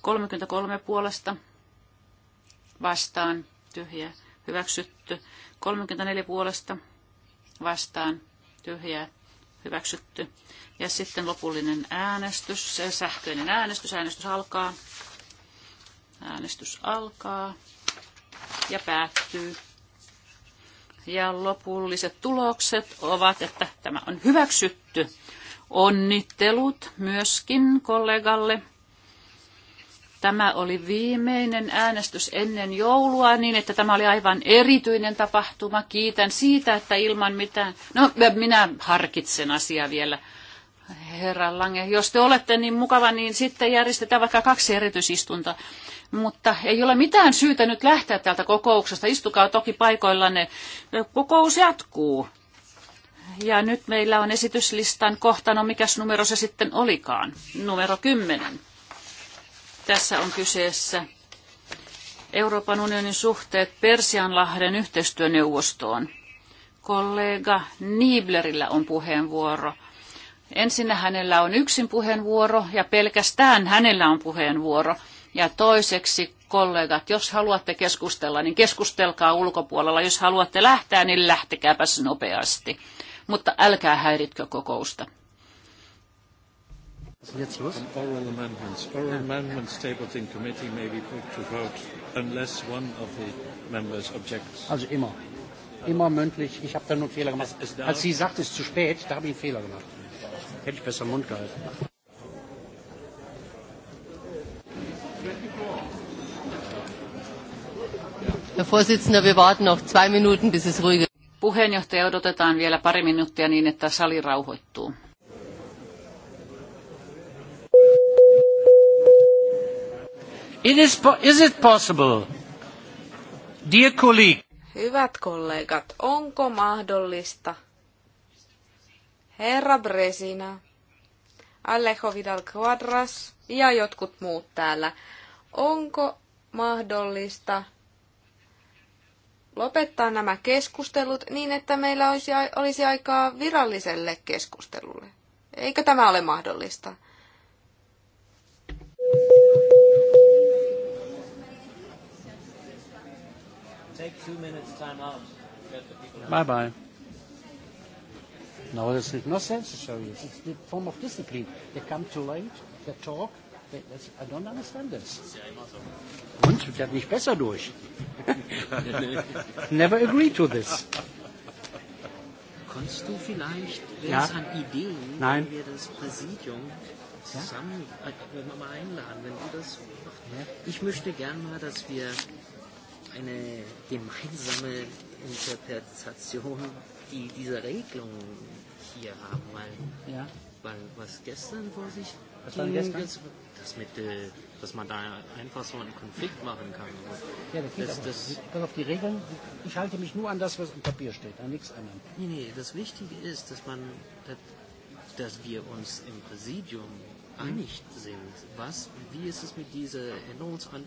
33 puolesta vastaan tyhjää hyväksytty. 34 puolesta vastaan tyhjää hyväksytty. Ja sitten lopullinen äänestys, sähköinen äänestys. Äänestys alkaa. Äänestys alkaa ja päättyy. Ja lopulliset tulokset ovat, että tämä on hyväksytty. Onnittelut myöskin kollegalle. Tämä oli viimeinen äänestys ennen joulua, niin että tämä oli aivan erityinen tapahtuma. Kiitän siitä, että ilman mitään... No, minä harkitsen asiaa vielä herra Lange. Jos te olette niin mukava, niin sitten järjestetään vaikka kaksi erityisistunta. Mutta ei ole mitään syytä nyt lähteä täältä kokouksesta. Istukaa toki paikoillanne. Kokous jatkuu. Ja nyt meillä on esityslistan kohta, no mikäs numero se sitten olikaan? Numero 10. Tässä on kyseessä Euroopan unionin suhteet Persianlahden yhteistyöneuvostoon. Kollega Nieblerillä on puheenvuoro. Ensinnä hänellä on yksin puheenvuoro ja pelkästään hänellä on puheenvuoro. Ja toiseksi kollegat, jos haluatte keskustella, niin keskustelkaa ulkopuolella. Jos haluatte lähteä, niin lähtekääpäs nopeasti. Mutta älkää häiritkö kokousta. Oral amendments. Oral amendments tabled in committee may be put to vote unless one of the members objects. Also immer. Immer mündlich. Ich habe da nur einen Fehler gemacht. Als sie sagt, es ist zu spät, da habe ich einen Fehler gemacht. Hätte ich besser Mund gehalten. Herr Vorsitzender, wir warten noch zwei Minuten, bis es ruhig ist. Puheenjohtaja odotetaan vielä pari minuuttia niin, että sali rauhoittuu. It is, is it possible, dear colleague? Hyvät kollegat, onko mahdollista herra Bresina, Alejo Vidal Quadras ja jotkut muut täällä. Onko mahdollista lopettaa nämä keskustelut niin, että meillä olisi, olisi aikaa viralliselle keskustelulle? Eikö tämä ole mahdollista? Bye bye. No, this is no sense to show you. It's the form of discipline. They come too late, they talk. They, that's, I don't understand this. Und? Der hat nicht besser durch. Never agree to this. Konntest du vielleicht, wenn ja? es an Ideen, Nein. wenn wir das Präsidium zusammen, ja? Äh, wenn wir mal einladen, wenn du das machst. Ja? Ich möchte gerne mal, dass wir eine gemeinsame Interpretation die, dieser Regelung hier haben weil, ja. weil was gestern vor sich was ging, gestern? Das, das mit, äh, dass man da einfach so einen Konflikt machen kann. Ja, das, geht das, das Pass auf die Regeln. Ich halte mich nur an das, was im Papier steht, an nichts anderem. Nee, nee, das Wichtige ist, dass man, dass dass wir uns im Präsidium hm. einig sind. Was, wie ist es mit dieser Änderungsantrag?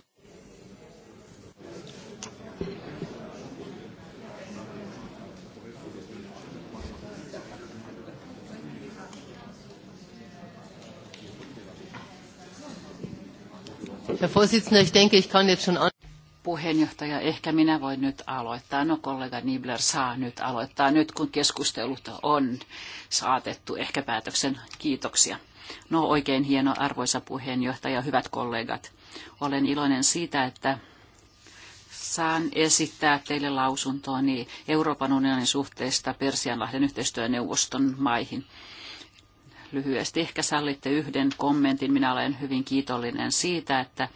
Herr Vorsitzender, ich denke, ich kann jetzt schon an puheenjohtaja, ehkä minä voin nyt aloittaa. No kollega Nibler saa nyt aloittaa, nyt kun keskustelut on saatettu ehkä päätöksen. Kiitoksia. No oikein hieno arvoisa puheenjohtaja, hyvät kollegat. Olen iloinen siitä, että saan esittää teille lausuntoni Euroopan unionin suhteesta Persianlahden yhteistyöneuvoston maihin lyhyesti. Ehkä sallitte yhden kommentin. Minä olen hyvin kiitollinen siitä, että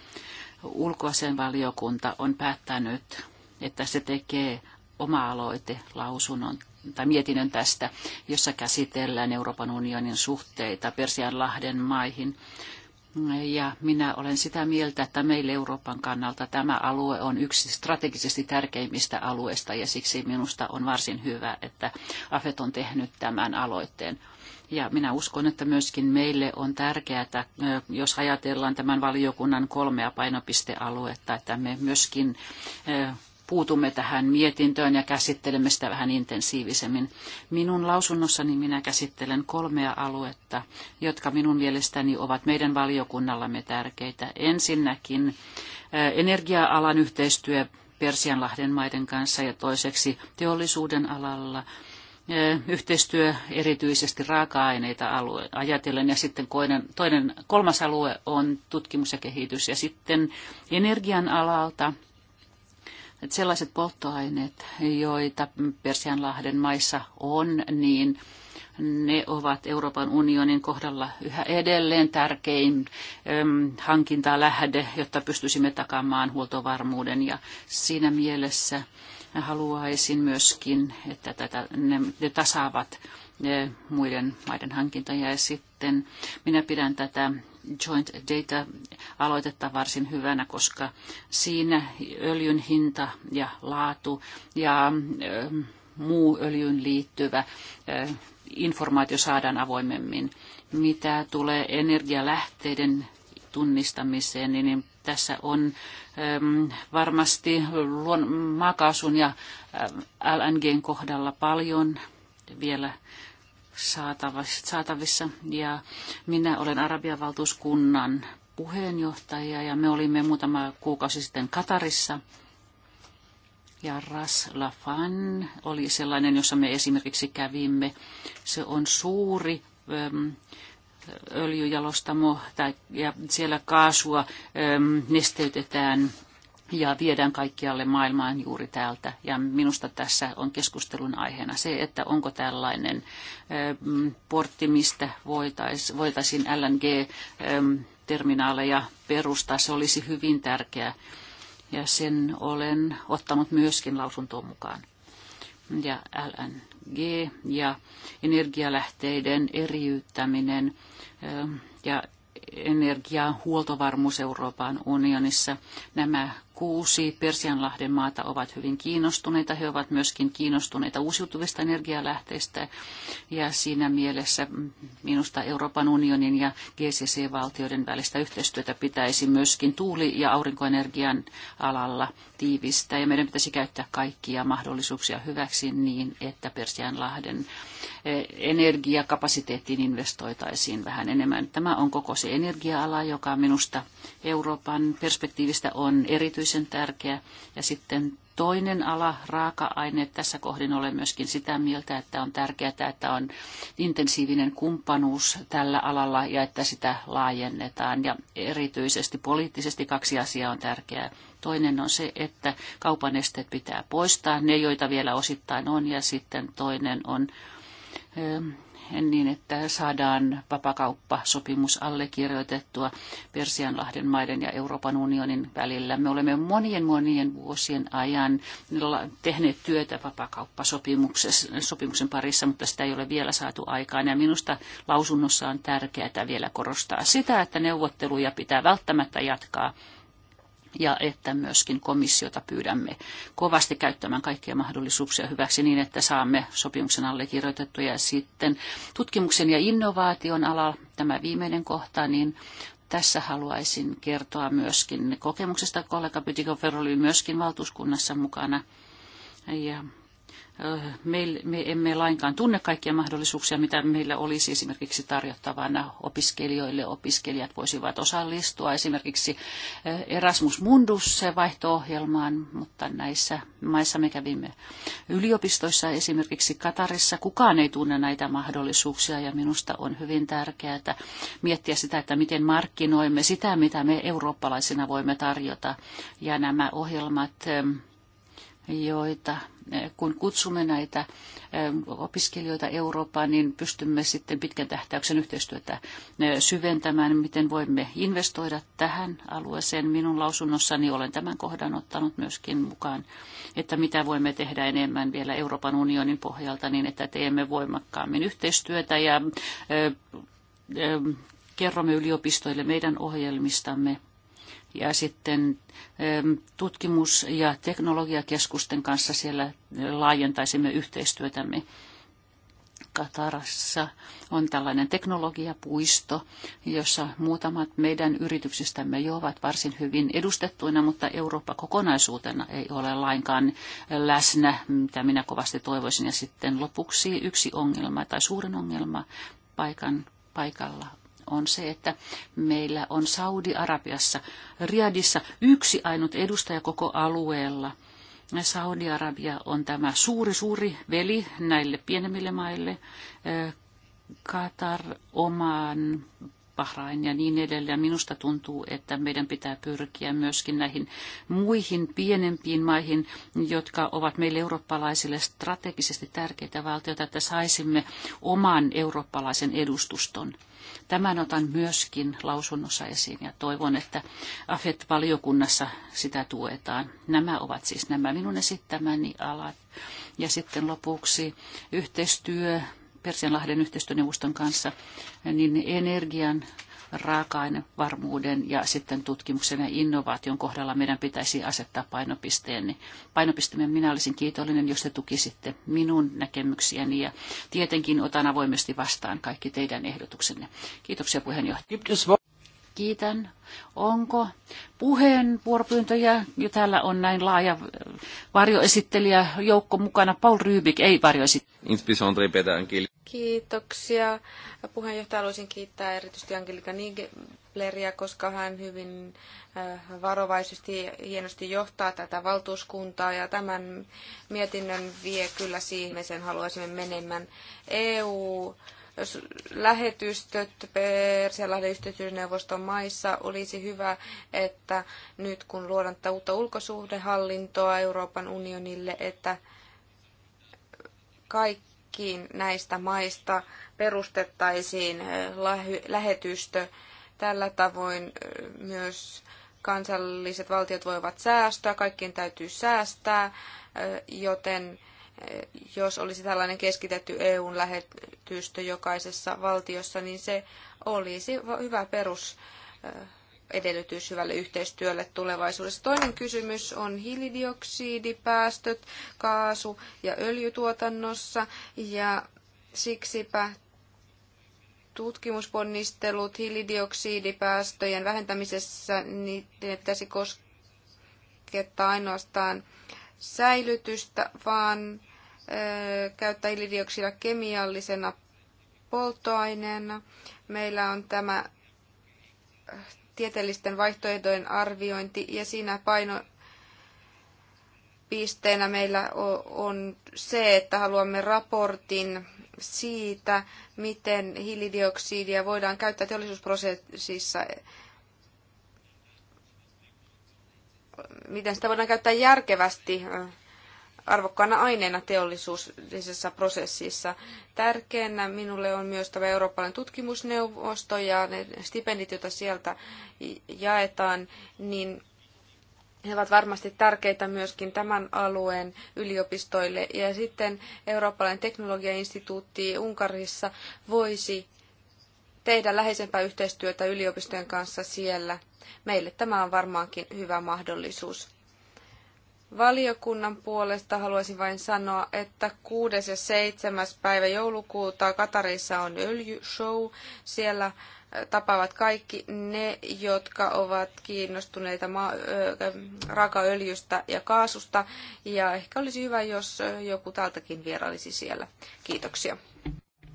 ulkoasianvaliokunta on päättänyt, että se tekee oma-aloite lausunnon tai mietinnön tästä, jossa käsitellään Euroopan unionin suhteita Persianlahden maihin. Ja minä olen sitä mieltä, että meille Euroopan kannalta tämä alue on yksi strategisesti tärkeimmistä alueista ja siksi minusta on varsin hyvä, että AFET on tehnyt tämän aloitteen. Ja minä uskon, että myöskin meille on tärkeää, jos ajatellaan tämän valiokunnan kolmea painopistealuetta, että me myöskin puutumme tähän mietintöön ja käsittelemme sitä vähän intensiivisemmin. Minun lausunnossani minä käsittelen kolmea aluetta, jotka minun mielestäni ovat meidän valiokunnallamme tärkeitä. Ensinnäkin energia-alan yhteistyö Persianlahden maiden kanssa ja toiseksi teollisuuden alalla – yhteistyö erityisesti raaka-aineita alue, ajatellen. Ja sitten toinen, toinen, kolmas alue on tutkimus ja kehitys. Ja sitten energian alalta että sellaiset polttoaineet, joita Persianlahden maissa on, niin ne ovat Euroopan unionin kohdalla yhä edelleen tärkein äm, hankintalähde, jotta pystyisimme takaamaan huoltovarmuuden. Ja siinä mielessä Haluaisin myöskin, että tätä, ne, ne tasaavat muiden maiden hankintoja. Ja sitten minä pidän tätä Joint Data-aloitetta varsin hyvänä, koska siinä öljyn hinta ja laatu ja ähm, muu öljyn liittyvä äh, informaatio saadaan avoimemmin. Mitä tulee energialähteiden tunnistamiseen, niin tässä on ähm, varmasti luon, maakaasun ja äh, LNGn kohdalla paljon vielä saatavissa. Ja minä olen Arabian valtuuskunnan puheenjohtaja ja me olimme muutama kuukausi sitten Katarissa. Ja Ras Lafan oli sellainen, jossa me esimerkiksi kävimme. Se on suuri ähm, öljyjalostamo tai, ja siellä kaasua äm, nesteytetään ja viedään kaikkialle maailmaan juuri täältä. Ja minusta tässä on keskustelun aiheena se, että onko tällainen äm, portti, mistä voitaisiin voitaisiin LNG-terminaaleja ähm, perustaa. Se olisi hyvin tärkeää ja sen olen ottanut myöskin lausuntoon mukaan. Ja LNG ja energialähteiden eriyttäminen ja energia, huoltovarmuus Euroopan unionissa. Nämä kuusi Persianlahden maata ovat hyvin kiinnostuneita. He ovat myöskin kiinnostuneita uusiutuvista energialähteistä ja siinä mielessä minusta Euroopan unionin ja GCC-valtioiden välistä yhteistyötä pitäisi myöskin tuuli- ja aurinkoenergian alalla tiivistää ja meidän pitäisi käyttää kaikkia mahdollisuuksia hyväksi niin, että Persianlahden energiakapasiteettiin investoitaisiin vähän enemmän. Tämä on koko se energia-ala, joka minusta Euroopan perspektiivistä on erityisen tärkeä. Ja sitten toinen ala, raaka-aineet, tässä kohdin olen myöskin sitä mieltä, että on tärkeää, että on intensiivinen kumppanuus tällä alalla ja että sitä laajennetaan. Ja erityisesti poliittisesti kaksi asiaa on tärkeää. Toinen on se, että kaupan esteet pitää poistaa, ne joita vielä osittain on, ja sitten toinen on niin, että saadaan vapakauppasopimus allekirjoitettua Persianlahden maiden ja Euroopan unionin välillä. Me olemme monien monien vuosien ajan tehneet työtä vapakauppasopimuksen parissa, mutta sitä ei ole vielä saatu aikaan. Ja minusta lausunnossa on tärkeää vielä korostaa sitä, että neuvotteluja pitää välttämättä jatkaa ja että myöskin komissiota pyydämme kovasti käyttämään kaikkia mahdollisuuksia hyväksi niin, että saamme sopimuksen allekirjoitettuja. Sitten tutkimuksen ja innovaation ala, tämä viimeinen kohta, niin tässä haluaisin kertoa myöskin kokemuksesta. Kollega Pytikofer oli myöskin valtuuskunnassa mukana ja Äh, me, me emme lainkaan tunne kaikkia mahdollisuuksia, mitä meillä olisi esimerkiksi tarjottavana opiskelijoille. Opiskelijat voisivat osallistua esimerkiksi äh, Erasmus Mundus vaihto-ohjelmaan, mutta näissä maissa me kävimme yliopistoissa esimerkiksi Katarissa. Kukaan ei tunne näitä mahdollisuuksia ja minusta on hyvin tärkeää miettiä sitä, että miten markkinoimme sitä, mitä me eurooppalaisina voimme tarjota. Ja nämä ohjelmat ähm, joita, eh, kun kutsumme näitä eh, opiskelijoita Eurooppaan, niin pystymme sitten pitkän tähtäyksen yhteistyötä eh, syventämään, miten voimme investoida tähän alueeseen. Minun lausunnossani olen tämän kohdan ottanut myöskin mukaan, että mitä voimme tehdä enemmän vielä Euroopan unionin pohjalta, niin että teemme voimakkaammin yhteistyötä ja kerromme yliopistoille meidän ohjelmistamme ja sitten ähm, tutkimus- ja teknologiakeskusten kanssa siellä äh, laajentaisimme yhteistyötämme. Katarassa on tällainen teknologiapuisto, jossa muutamat meidän yrityksistämme jo ovat varsin hyvin edustettuina, mutta Eurooppa kokonaisuutena ei ole lainkaan läsnä, mitä minä kovasti toivoisin. Ja sitten lopuksi yksi ongelma tai suurin ongelma paikan paikalla on se, että meillä on Saudi-Arabiassa, Riadissa yksi ainut edustaja koko alueella. Saudi-Arabia on tämä suuri, suuri veli näille pienemmille maille. Katar oman Bahrain ja niin edelleen. Minusta tuntuu, että meidän pitää pyrkiä myöskin näihin muihin pienempiin maihin, jotka ovat meille eurooppalaisille strategisesti tärkeitä valtioita, että saisimme oman eurooppalaisen edustuston. Tämän otan myöskin lausunnossa esiin ja toivon, että AFET-valiokunnassa sitä tuetaan. Nämä ovat siis nämä minun esittämäni alat. Ja sitten lopuksi yhteistyö Persianlahden yhteistyöneuvoston kanssa, niin energian raaka-ainevarmuuden ja sitten tutkimuksen ja innovaation kohdalla meidän pitäisi asettaa painopisteen. Niin painopisteen minä olisin kiitollinen, jos te tukisitte minun näkemyksiäni ja tietenkin otan avoimesti vastaan kaikki teidän ehdotuksenne. Kiitoksia puheenjohtaja. Kiitän. Onko puheenvuoropyyntöjä? Jo täällä on näin laaja äh, varjoesittelijä joukko mukana. Paul Rybik ei varjoesittelijä. Kiitoksia. Puheenjohtaja haluaisin kiittää erityisesti Angelika Nigleria, koska hän hyvin äh, varovaisesti hienosti johtaa tätä valtuuskuntaa ja tämän mietinnön vie kyllä siihen, sen haluaisimme menemään EU lähetystöt Persianlahden yhteistyöneuvoston maissa. Olisi hyvä, että nyt kun luodaan tätä uutta ulkosuhdehallintoa Euroopan unionille, että kaikkiin näistä maista perustettaisiin eh, lähetystö. Tällä tavoin eh, myös kansalliset valtiot voivat säästää, kaikkien täytyy säästää, eh, joten jos olisi tällainen keskitetty EUn lähetystö jokaisessa valtiossa, niin se olisi hyvä perus eh, edellytys hyvälle yhteistyölle tulevaisuudessa. Toinen kysymys on hiilidioksidipäästöt kaasu- ja öljytuotannossa ja siksipä tutkimusponnistelut hiilidioksidipäästöjen vähentämisessä, niin pitäisi koskettaa ainoastaan säilytystä, vaan käyttää hiilidioksidia kemiallisena polttoaineena. Meillä on tämä äh, tieteellisten vaihtoehtojen arviointi ja siinä paino pisteenä meillä on se, että haluamme raportin siitä, miten hiilidioksidia voidaan käyttää teollisuusprosessissa, miten sitä voidaan käyttää järkevästi arvokkaana aineena teollisuudellisessa prosessissa. Tärkeänä minulle on myös tämä Eurooppalainen tutkimusneuvosto ja ne stipendit, joita sieltä jaetaan, niin he ovat varmasti tärkeitä myöskin tämän alueen yliopistoille. Ja sitten Eurooppalainen teknologiainstituutti Unkarissa voisi tehdä läheisempää yhteistyötä yliopistojen kanssa siellä. Meille tämä on varmaankin hyvä mahdollisuus. Valiokunnan puolesta haluaisin vain sanoa, että 6. ja 7. päivä joulukuuta Katarissa on öljyshow. Siellä äh, tapaavat kaikki ne, jotka ovat kiinnostuneita ma- äh, raakaöljystä ja kaasusta. Ja ehkä olisi hyvä, jos äh, joku täältäkin vierailisi siellä. Kiitoksia.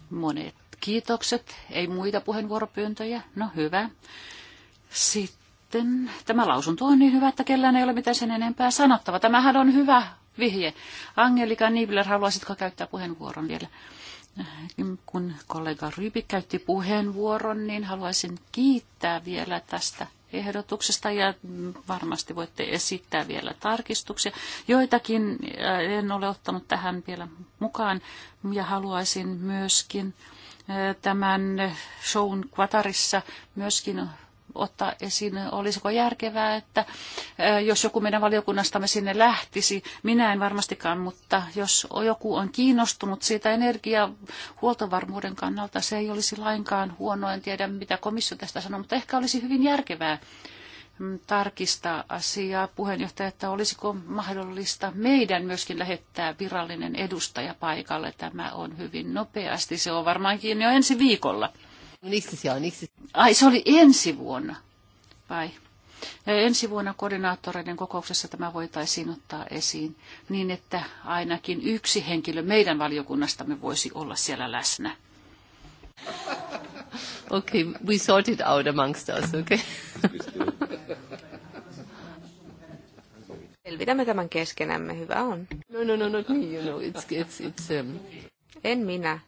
Monet kiitokset. Ei muita puheenvuoropyyntöjä? No hyvä. Sitten sitten tämä lausunto on niin hyvä, että kellään ei ole mitään sen enempää sanottava. Tämähän on hyvä vihje. Angelika Niibler, haluaisitko käyttää puheenvuoron vielä? Kun kollega Ryby käytti puheenvuoron, niin haluaisin kiittää vielä tästä ehdotuksesta ja varmasti voitte esittää vielä tarkistuksia. Joitakin äh, en ole ottanut tähän vielä mukaan ja haluaisin myöskin äh, tämän shown Quatarissa myöskin ottaa esiin, olisiko järkevää, että jos joku meidän valiokunnastamme sinne lähtisi, minä en varmastikaan, mutta jos joku on kiinnostunut siitä energiahuoltovarmuuden kannalta, se ei olisi lainkaan huono, en tiedä mitä komissio tästä sanoo, mutta ehkä olisi hyvin järkevää mm, tarkistaa asiaa puheenjohtaja, että olisiko mahdollista meidän myöskin lähettää virallinen edustaja paikalle. Tämä on hyvin nopeasti, se on varmaankin jo ensi viikolla. Ai, se oli ensi vuonna, vai? Ensi vuonna koordinaattoreiden kokouksessa tämä voitaisiin ottaa esiin niin, että ainakin yksi henkilö meidän valiokunnastamme voisi olla siellä läsnä. Okay, we sort it out amongst us, okay? Selvitämme tämän keskenämme, hyvä on. No, no, no, not me, niin, you know, it's, it's, it's, um... En minä,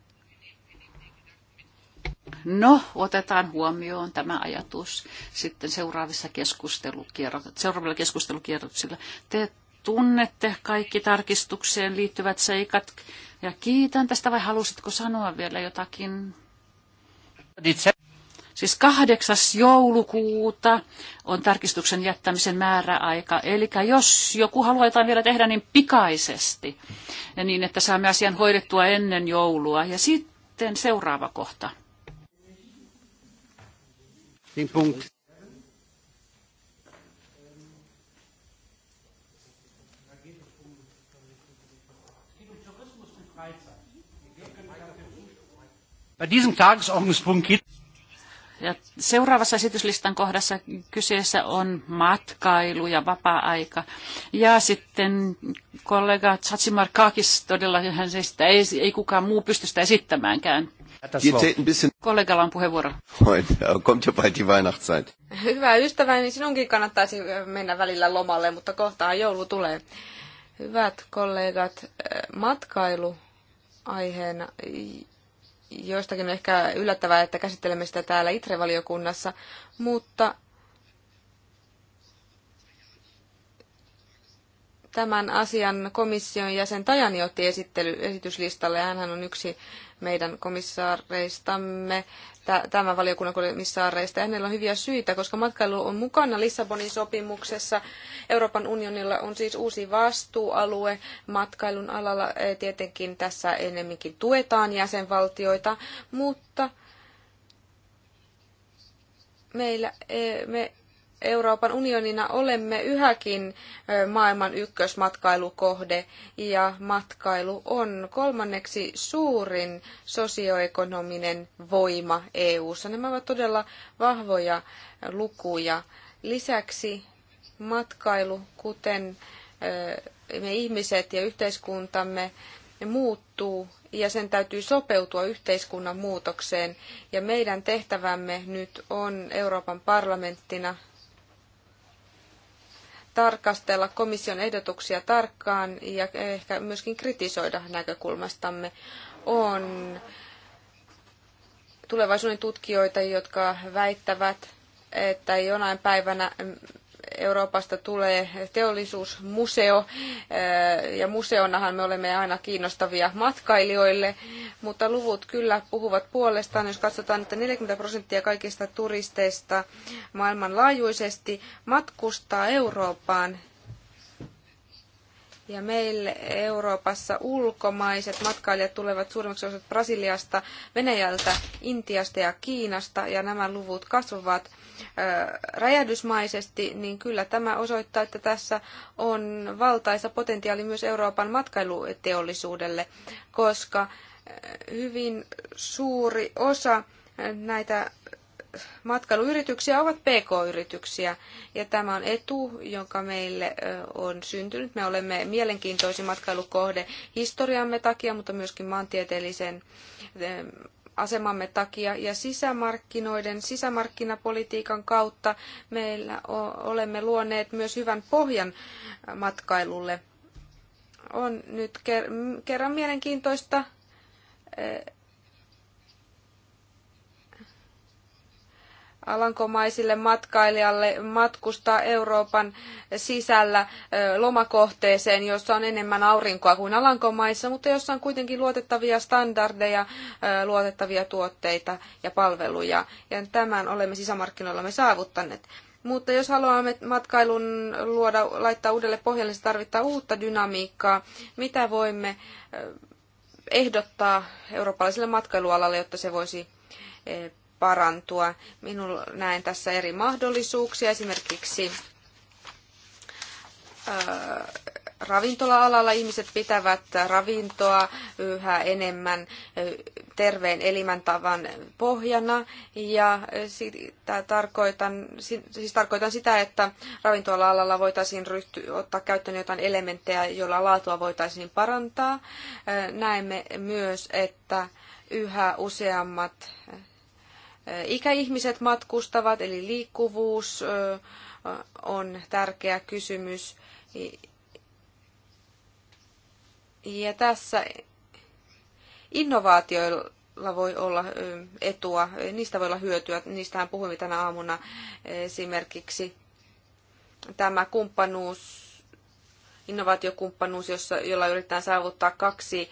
No, otetaan huomioon tämä ajatus sitten seuraavissa keskustelukierroksilla. seuraavilla keskustelukierroksilla. Te tunnette kaikki tarkistukseen liittyvät seikat ja kiitän tästä vai halusitko sanoa vielä jotakin? Siis 8. joulukuuta on tarkistuksen jättämisen määräaika. Eli jos joku haluaa jotain vielä tehdä, niin pikaisesti, ja niin että saamme asian hoidettua ennen joulua. Ja sitten seuraava kohta den Punkt Bei diesem Tagesordnungspunkt geht ja seuraavassa esityslistan kohdassa kyseessä on matkailu ja vapaa-aika. Ja sitten kollega Kakis todella, hän ei, ei kukaan muu pysty sitä esittämäänkään. Kollegalla on puheenvuoro. Kommt jo bald die Weihnachtszeit. Hyvä ystäväni, niin sinunkin kannattaisi mennä välillä lomalle, mutta kohtaan joulu tulee. Hyvät kollegat, eh, matkailu aiheena joistakin on ehkä yllättävää, että käsittelemme sitä täällä ITRE-valiokunnassa, mutta Tämän asian komission jäsen Tajani otti esittely, esityslistalle. Hänhän on yksi meidän komissaareistamme, tämän valiokunnan komissaareista. Ja hänellä on hyviä syitä, koska matkailu on mukana Lissabonin sopimuksessa. Euroopan unionilla on siis uusi vastuualue matkailun alalla. E, tietenkin tässä enemminkin tuetaan jäsenvaltioita, mutta meillä, e, me Euroopan unionina olemme yhäkin maailman ykkösmatkailukohde ja matkailu on kolmanneksi suurin sosioekonominen voima EU:ssa. Nämä ovat todella vahvoja lukuja. Lisäksi matkailu, kuten me ihmiset ja yhteiskuntamme muuttuu ja sen täytyy sopeutua yhteiskunnan muutokseen. Ja meidän tehtävämme nyt on Euroopan parlamenttina tarkastella komission ehdotuksia tarkkaan ja ehkä myöskin kritisoida näkökulmastamme, on tulevaisuuden tutkijoita, jotka väittävät, että jonain päivänä Euroopasta tulee teollisuusmuseo, eh, ja museonahan me olemme aina kiinnostavia matkailijoille, mutta luvut kyllä puhuvat puolestaan. Jos katsotaan, että 40 prosenttia kaikista turisteista maailmanlaajuisesti matkustaa Eurooppaan, ja meille Euroopassa ulkomaiset matkailijat tulevat suurimmaksi osaksi Brasiliasta, Venäjältä, Intiasta ja Kiinasta, ja nämä luvut kasvavat räjähdysmaisesti, niin kyllä tämä osoittaa, että tässä on valtaisa potentiaali myös Euroopan matkailuteollisuudelle, koska hyvin suuri osa näitä matkailuyrityksiä ovat PK-yrityksiä ja tämä on etu, joka meille on syntynyt. Me olemme mielenkiintoisin matkailukohde historiamme takia, mutta myöskin maantieteellisen asemamme takia ja sisämarkkinoiden, sisämarkkinapolitiikan kautta meillä olemme luoneet myös hyvän pohjan matkailulle. On nyt kerran mielenkiintoista eh, alankomaisille matkailijalle matkustaa Euroopan sisällä lomakohteeseen, jossa on enemmän aurinkoa kuin alankomaissa, mutta jossa on kuitenkin luotettavia standardeja, luotettavia tuotteita ja palveluja. Ja tämän olemme sisämarkkinoillamme saavuttaneet. Mutta jos haluamme matkailun luoda, laittaa uudelle pohjalle, se tarvittaa uutta dynamiikkaa. Mitä voimme ehdottaa eurooppalaiselle matkailualalle, jotta se voisi parantua. Minulla näen tässä eri mahdollisuuksia, esimerkiksi ravintola-alalla ihmiset pitävät ravintoa yhä enemmän terveen elämäntavan pohjana. Ja sitä tarkoitan, siis tarkoitan sitä, että ravintola-alalla voitaisiin ryhtyä, ottaa käyttöön jotain elementtejä, joilla laatua voitaisiin parantaa. Näemme myös, että yhä useammat Ikäihmiset matkustavat, eli liikkuvuus on tärkeä kysymys. Ja tässä innovaatioilla voi olla etua, niistä voi olla hyötyä. Niistähän puhuimme tänä aamuna esimerkiksi tämä kumppanuus, innovaatiokumppanuus, jossa, jolla yritetään saavuttaa kaksi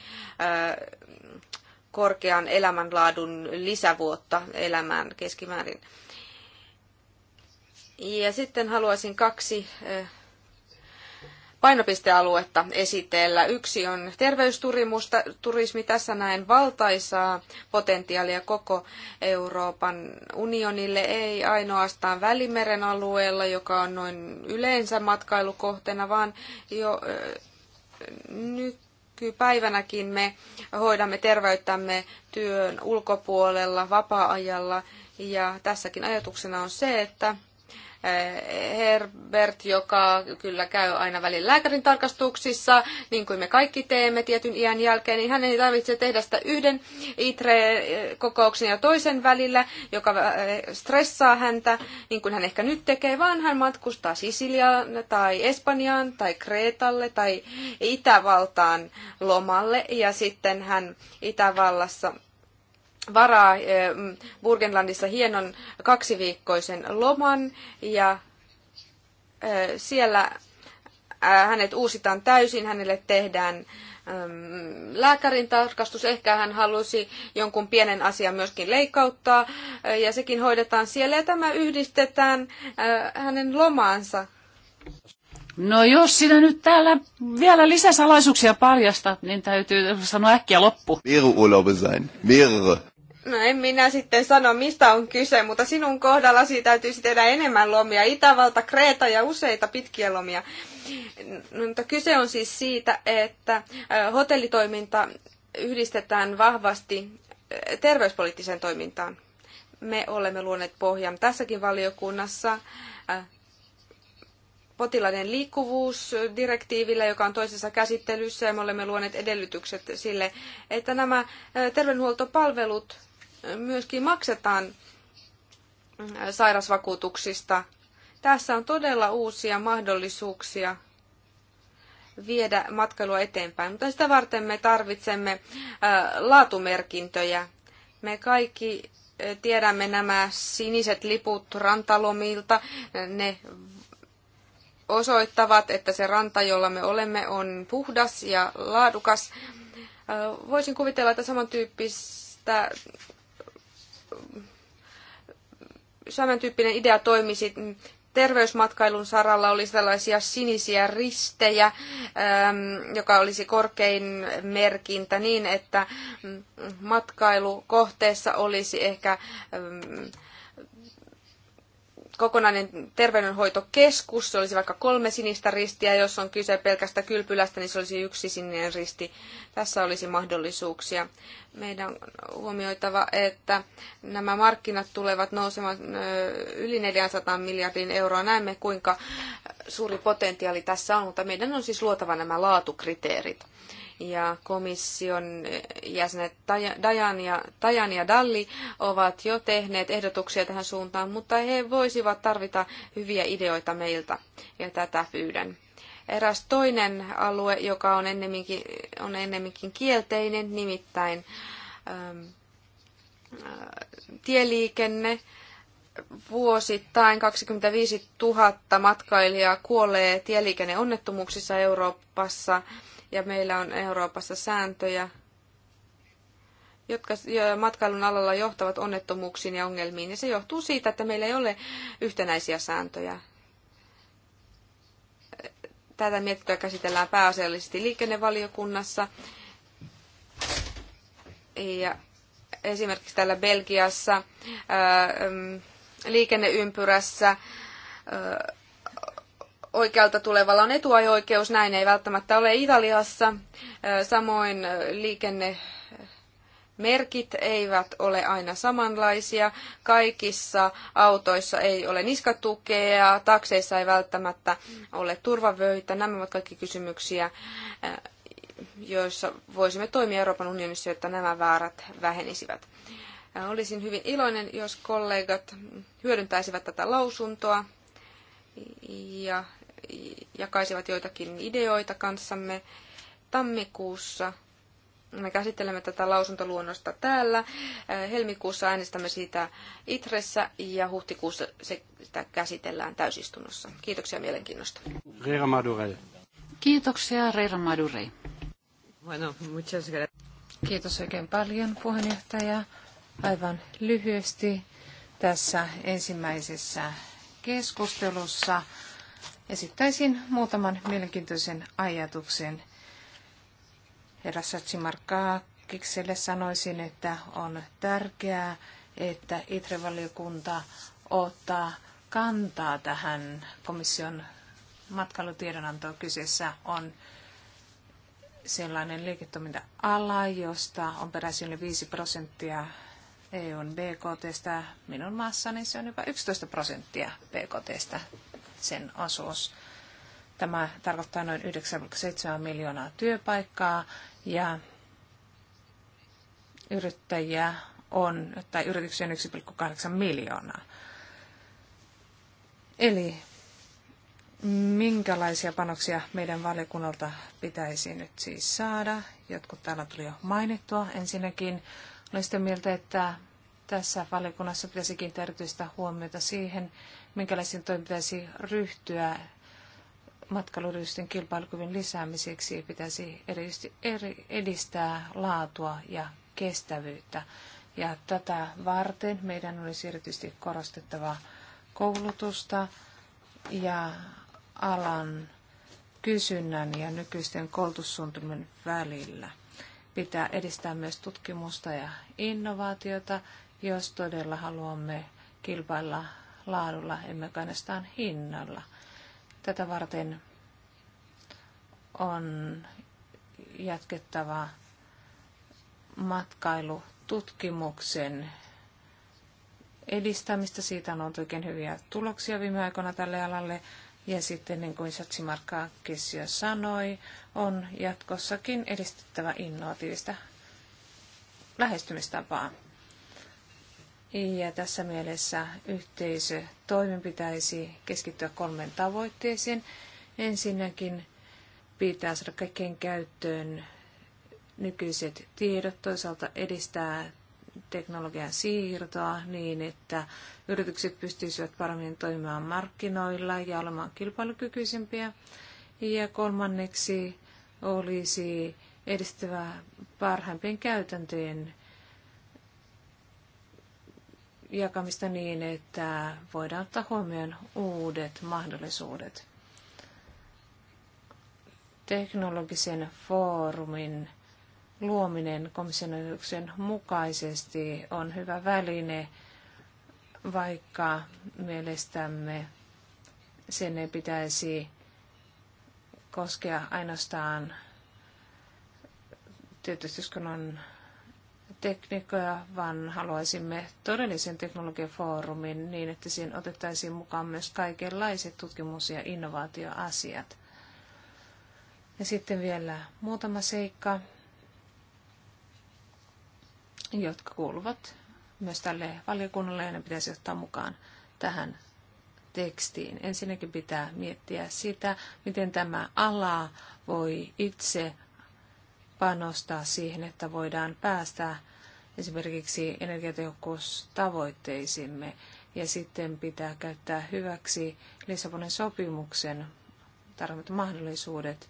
korkean elämänlaadun lisävuotta elämään keskimäärin. Ja sitten haluaisin kaksi painopistealuetta esitellä. Yksi on terveysturismi. Tässä näen valtaisaa potentiaalia koko Euroopan unionille, ei ainoastaan Välimeren alueella, joka on noin yleensä matkailukohteena, vaan jo nyt nykypäivänäkin me hoidamme terveyttämme työn ulkopuolella, vapaa-ajalla. Ja tässäkin ajatuksena on se, että Herbert, joka kyllä käy aina välillä lääkärin tarkastuksissa, niin kuin me kaikki teemme tietyn iän jälkeen, niin hänen ei tarvitse tehdä sitä yhden ITRE-kokouksen ja toisen välillä, joka äh, stressaa häntä, niin kuin hän ehkä nyt tekee, vaan hän matkustaa Sisiliaan tai Espanjaan tai Kreetalle tai Itävaltaan lomalle ja sitten hän Itävallassa varaa eh, Burgenlandissa hienon kaksiviikkoisen loman ja eh, siellä eh, hänet uusitaan täysin, hänelle tehdään mm, lääkärin tarkastus, ehkä hän halusi jonkun pienen asian myöskin leikkauttaa ja sekin hoidetaan siellä ja tämä yhdistetään hänen lomaansa. No jos sinä nyt täällä vielä lisäsalaisuuksia paljastat, niin täytyy sanoa äkkiä loppu. Urlaube sein. Mehrere. No en minä sitten sano, mistä on kyse, mutta sinun kohdallasi täytyisi tehdä enemmän lomia. Itävalta, Kreta ja useita pitkiä lomia. No, mutta kyse on siis siitä, että hotellitoiminta yhdistetään vahvasti terveyspoliittiseen toimintaan. Me olemme luoneet pohjan tässäkin valiokunnassa potilaiden liikkuvuusdirektiivillä, joka on toisessa käsittelyssä, ja me olemme luoneet edellytykset sille, että nämä terveydenhuoltopalvelut myöskin maksetaan sairasvakuutuksista. Tässä on todella uusia mahdollisuuksia viedä matkailua eteenpäin, mutta sitä varten me tarvitsemme laatumerkintöjä. Me kaikki tiedämme nämä siniset liput rantalomilta. Ne osoittavat, että se ranta, jolla me olemme, on puhdas ja laadukas. Voisin kuvitella, että samantyyppistä samantyyppinen idea toimisi terveysmatkailun saralla olisi tällaisia sinisiä ristejä, ähm, joka olisi korkein merkintä niin, että mm, matkailukohteessa olisi ehkä mm, kokonainen terveydenhoitokeskus, se olisi vaikka kolme sinistä ristiä, jos on kyse pelkästä kylpylästä, niin se olisi yksi sininen risti. Tässä olisi mahdollisuuksia. Meidän on huomioitava, että nämä markkinat tulevat nousemaan yli 400 miljardin euroa. Näemme, kuinka suuri potentiaali tässä on, mutta meidän on siis luotava nämä laatukriteerit ja komission jäsenet Dajan ja, ja Dalli ovat jo tehneet ehdotuksia tähän suuntaan, mutta he voisivat tarvita hyviä ideoita meiltä ja tätä pyydän. Eräs toinen alue, joka on ennemminkin, on ennemminkin kielteinen, nimittäin ähm, tieliikenne. Vuosittain 25 000 matkailijaa kuolee tieliikenneonnettomuuksissa Euroopassa ja meillä on Euroopassa sääntöjä, jotka matkailun alalla johtavat onnettomuuksiin ja ongelmiin. Ja se johtuu siitä, että meillä ei ole yhtenäisiä sääntöjä. Tätä mietintöä käsitellään pääasiallisesti liikennevaliokunnassa. Ja esimerkiksi täällä Belgiassa ää, mm, liikenneympyrässä ää, oikealta tulevalla on etuajo-oikeus, näin ei välttämättä ole Italiassa. Samoin liikenne Merkit eivät ole aina samanlaisia. Kaikissa autoissa ei ole niskatukea, takseissa ei välttämättä ole turvavöitä. Nämä ovat kaikki kysymyksiä, joissa voisimme toimia Euroopan unionissa, jotta nämä väärät vähenisivät. Olisin hyvin iloinen, jos kollegat hyödyntäisivät tätä lausuntoa ja jakaisivat joitakin ideoita kanssamme tammikuussa. Me käsittelemme tätä lausuntoluonnosta täällä. Äh, helmikuussa äänestämme siitä Itressä ja huhtikuussa se, sitä käsitellään täysistunnossa. Kiitoksia mielenkiinnosta. Reira Madurell. Kiitoksia Reira Madurell. Bueno, muchas gracias. Kiitos oikein paljon puheenjohtaja. Aivan lyhyesti tässä ensimmäisessä keskustelussa esittäisin muutaman mielenkiintoisen ajatuksen. Herra kikselle sanoisin, että on tärkeää, että ITRE-valiokunta ottaa kantaa tähän komission matkailutiedonantoon. Kyseessä on sellainen liiketoiminta-ala, josta on peräisin yli 5 prosenttia EUn BKTstä. Minun maassani se on jopa 11 prosenttia BKTstä sen osuus. Tämä tarkoittaa noin 9,7 miljoonaa työpaikkaa ja yrittäjiä on, tai yrityksiä on 1,8 miljoonaa. Eli minkälaisia panoksia meidän valiokunnalta pitäisi nyt siis saada? Jotkut täällä tuli jo mainittua. Ensinnäkin olen sitä mieltä, että tässä valiokunnassa pitäisi kiinnittää erityistä huomiota siihen, minkälaisiin toimiin pitäisi ryhtyä matkailuyritysten kilpailukyvyn lisäämiseksi pitäisi erityisesti eri, edistää laatua ja kestävyyttä. Ja tätä varten meidän olisi erityisesti korostettava koulutusta ja alan kysynnän ja nykyisten koulutussuunnitelmien välillä. Pitää edistää myös tutkimusta ja innovaatiota jos todella haluamme kilpailla laadulla, emmekä ainoastaan hinnalla. Tätä varten on jatkettava matkailututkimuksen edistämistä. Siitä on ollut oikein hyviä tuloksia viime aikoina tälle alalle. Ja sitten, niin kuin Satsimarkka Kessio sanoi, on jatkossakin edistettävä innovatiivista lähestymistapaa. Ja tässä mielessä toimen pitäisi keskittyä kolmeen tavoitteeseen. Ensinnäkin pitää saada kaikkien käyttöön nykyiset tiedot, toisaalta edistää teknologian siirtoa niin, että yritykset pystyisivät paremmin toimimaan markkinoilla ja olemaan kilpailukykyisempiä. Ja kolmanneksi olisi edistävä parhaimpien käytäntöjen jakamista niin, että voidaan ottaa huomioon uudet mahdollisuudet. Teknologisen foorumin luominen komission mukaisesti on hyvä väline, vaikka mielestämme sen ei pitäisi koskea ainoastaan tietysti tekniikkoja, vaan haluaisimme todellisen teknologiafoorumin niin, että siihen otettaisiin mukaan myös kaikenlaiset tutkimus- ja innovaatioasiat. Ja sitten vielä muutama seikka, jotka kuuluvat myös tälle valiokunnalle ja ne pitäisi ottaa mukaan tähän tekstiin. Ensinnäkin pitää miettiä sitä, miten tämä ala voi itse panostaa siihen, että voidaan päästä esimerkiksi energiatehokkuustavoitteisimme ja sitten pitää käyttää hyväksi Lissabonin sopimuksen tarvitut mahdollisuudet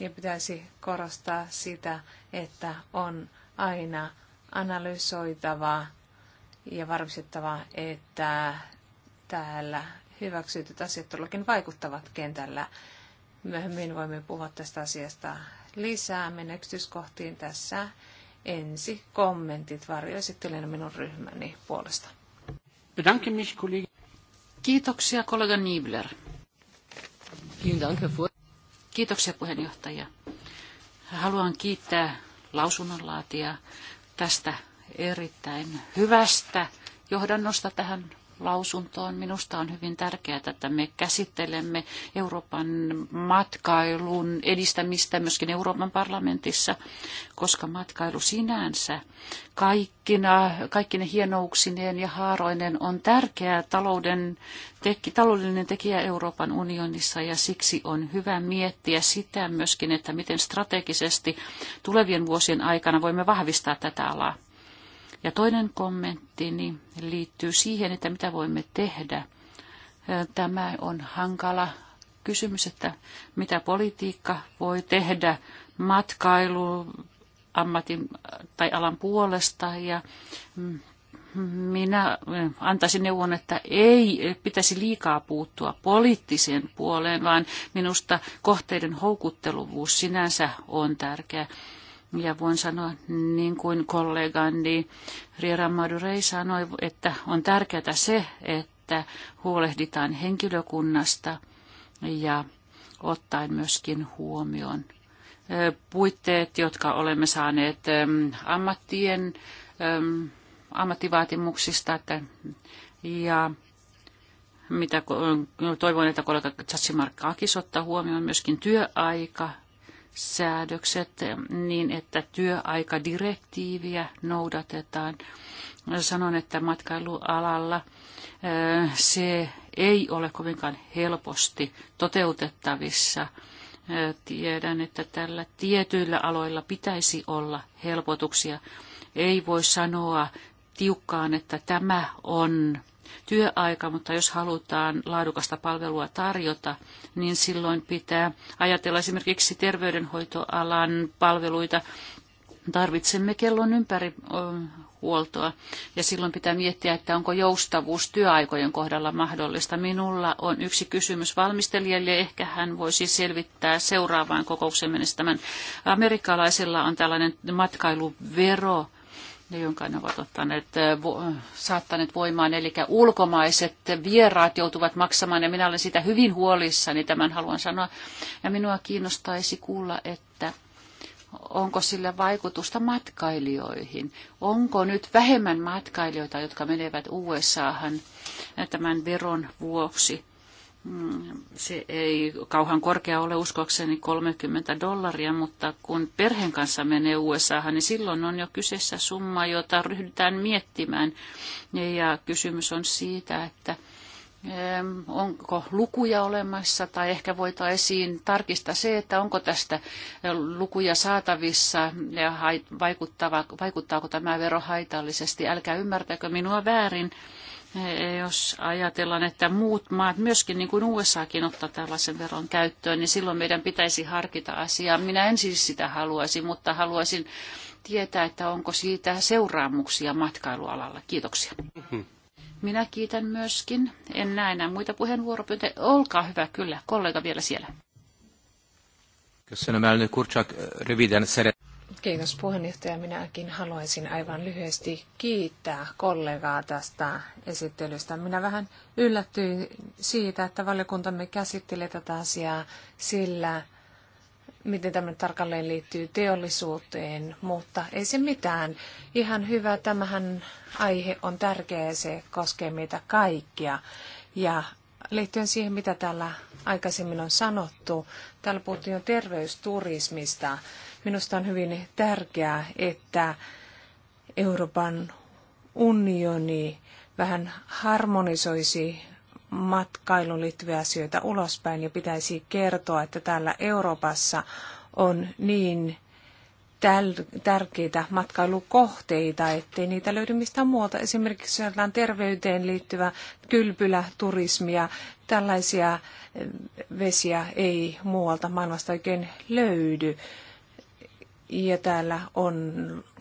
ja pitäisi korostaa sitä, että on aina analysoitava ja varmistettava, että täällä hyväksytyt asiat todellakin vaikuttavat kentällä. Myöhemmin voimme puhua tästä asiasta lisää, Mennään yksityiskohtiin tässä ensi kommentit varjoesittelen minun ryhmäni puolesta. Bedanke mich, Kiitoksia, kollega Niebler. Kiitoksia, puheenjohtaja. Haluan kiittää lausunnonlaatia tästä erittäin hyvästä johdannosta tähän lausuntoon. Minusta on hyvin tärkeää, että me käsittelemme Euroopan matkailun edistämistä myöskin Euroopan parlamentissa, koska matkailu sinänsä kaikkina, kaikkine hienouksineen ja haaroinen on tärkeä talouden, teki, taloudellinen tekijä Euroopan unionissa ja siksi on hyvä miettiä sitä myöskin, että miten strategisesti tulevien vuosien aikana voimme vahvistaa tätä alaa. Ja toinen kommenttini liittyy siihen, että mitä voimme tehdä. Tämä on hankala kysymys, että mitä politiikka voi tehdä matkailu ammatin tai alan puolesta ja mm, minä antaisin neuvon, että ei pitäisi liikaa puuttua poliittiseen puoleen, vaan minusta kohteiden houkutteluvuus sinänsä on tärkeä. Ja voin sanoa, niin kuin kollegani Riera Madurei sanoi, että on tärkeää se, että huolehditaan henkilökunnasta ja ottaen myöskin huomioon puitteet, jotka olemme saaneet ammattien ammattivaatimuksista että, ja mitä toivon, että kollega Tsatsimarkka Akis ottaa huomioon myöskin työaika säädökset niin, että työaikadirektiiviä noudatetaan. Sanon, että matkailualalla se ei ole kovinkaan helposti toteutettavissa. Tiedän, että tällä tietyillä aloilla pitäisi olla helpotuksia. Ei voi sanoa tiukkaan, että tämä on työaika, mutta jos halutaan laadukasta palvelua tarjota, niin silloin pitää ajatella esimerkiksi terveydenhoitoalan palveluita. Tarvitsemme kellon ympäri huoltoa. Ja silloin pitää miettiä, että onko joustavuus työaikojen kohdalla mahdollista. Minulla on yksi kysymys valmistelijalle, ehkä hän voisi selvittää seuraavaan kokoukseen mennessä tämän. Amerikkalaisilla on tällainen matkailuvero, ne, jonka ne ovat ottaneet, saattaneet voimaan, eli ulkomaiset vieraat joutuvat maksamaan, ja minä olen sitä hyvin huolissani, tämän haluan sanoa. Ja minua kiinnostaisi kuulla, että onko sillä vaikutusta matkailijoihin? Onko nyt vähemmän matkailijoita, jotka menevät USAhan tämän veron vuoksi? se ei kauhan korkea ole uskoakseni 30 dollaria, mutta kun perheen kanssa menee USA, niin silloin on jo kyseessä summa, jota ryhdytään miettimään. Ja kysymys on siitä, että onko lukuja olemassa tai ehkä voitaisiin tarkistaa se, että onko tästä lukuja saatavissa ja vaikuttaako tämä vero haitallisesti. Älkää ymmärtäkö minua väärin Eh, jos ajatellaan, että muut maat, myöskin niin kuin USAkin ottaa tällaisen veron käyttöön, niin silloin meidän pitäisi harkita asiaa. Minä en siis sitä haluaisi, mutta haluaisin tietää, että onko siitä seuraamuksia matkailualalla. Kiitoksia. Mm-hmm. Minä kiitän myöskin. En näe enää muita puheenvuoropyyntöjä. Olkaa hyvä, kyllä. Kollega vielä siellä. Köszönöm, elnök úr, csak Kiitos puheenjohtaja. Minäkin haluaisin aivan lyhyesti kiittää kollegaa tästä esittelystä. Minä vähän yllättyin siitä, että valiokuntamme käsittelee tätä asiaa sillä, miten tämä tarkalleen liittyy teollisuuteen, mutta ei se mitään. Ihan hyvä, tämähän aihe on tärkeä se koskee meitä kaikkia. Ja liittyen siihen, mitä täällä aikaisemmin on sanottu, täällä puhuttiin jo terveysturismista Minusta on hyvin tärkeää, että Euroopan unioni vähän harmonisoisi matkailun liittyviä asioita ulospäin ja pitäisi kertoa, että täällä Euroopassa on niin tärkeitä matkailukohteita, ettei niitä löydy mistään muuta. Esimerkiksi siellä on terveyteen liittyvä kylpyläturismia, tällaisia eh, vesiä ei muualta maailmasta oikein löydy. Ja täällä on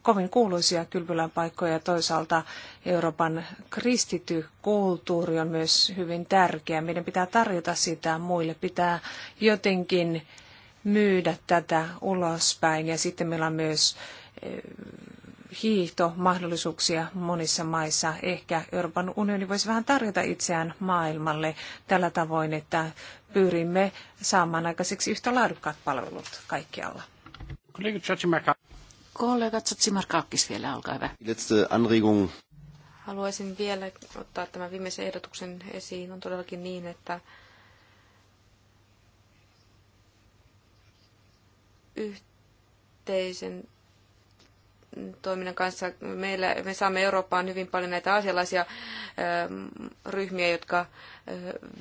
kovin kuuluisia kylpylän paikkoja. Toisaalta Euroopan kristity kulttuuri on myös hyvin tärkeä. Meidän pitää tarjota sitä muille. Pitää jotenkin myydä tätä ulospäin. Ja sitten meillä on myös eh, hiihtomahdollisuuksia monissa maissa. Ehkä Euroopan unioni voisi vähän tarjota itseään maailmalle tällä tavoin, että pyrimme saamaan aikaiseksi yhtä laadukkaat palvelut kaikkialla. Kollega Tsatsimarkakis vielä, olkaa hyvä. Letzte Anregung. Haluaisin vielä ottaa tämän viimeisen ehdotuksen esiin. On todellakin niin, että yhteisen toiminnan kanssa. Meillä, me saamme Eurooppaan hyvin paljon näitä asialaisia ähm, ryhmiä, jotka äh,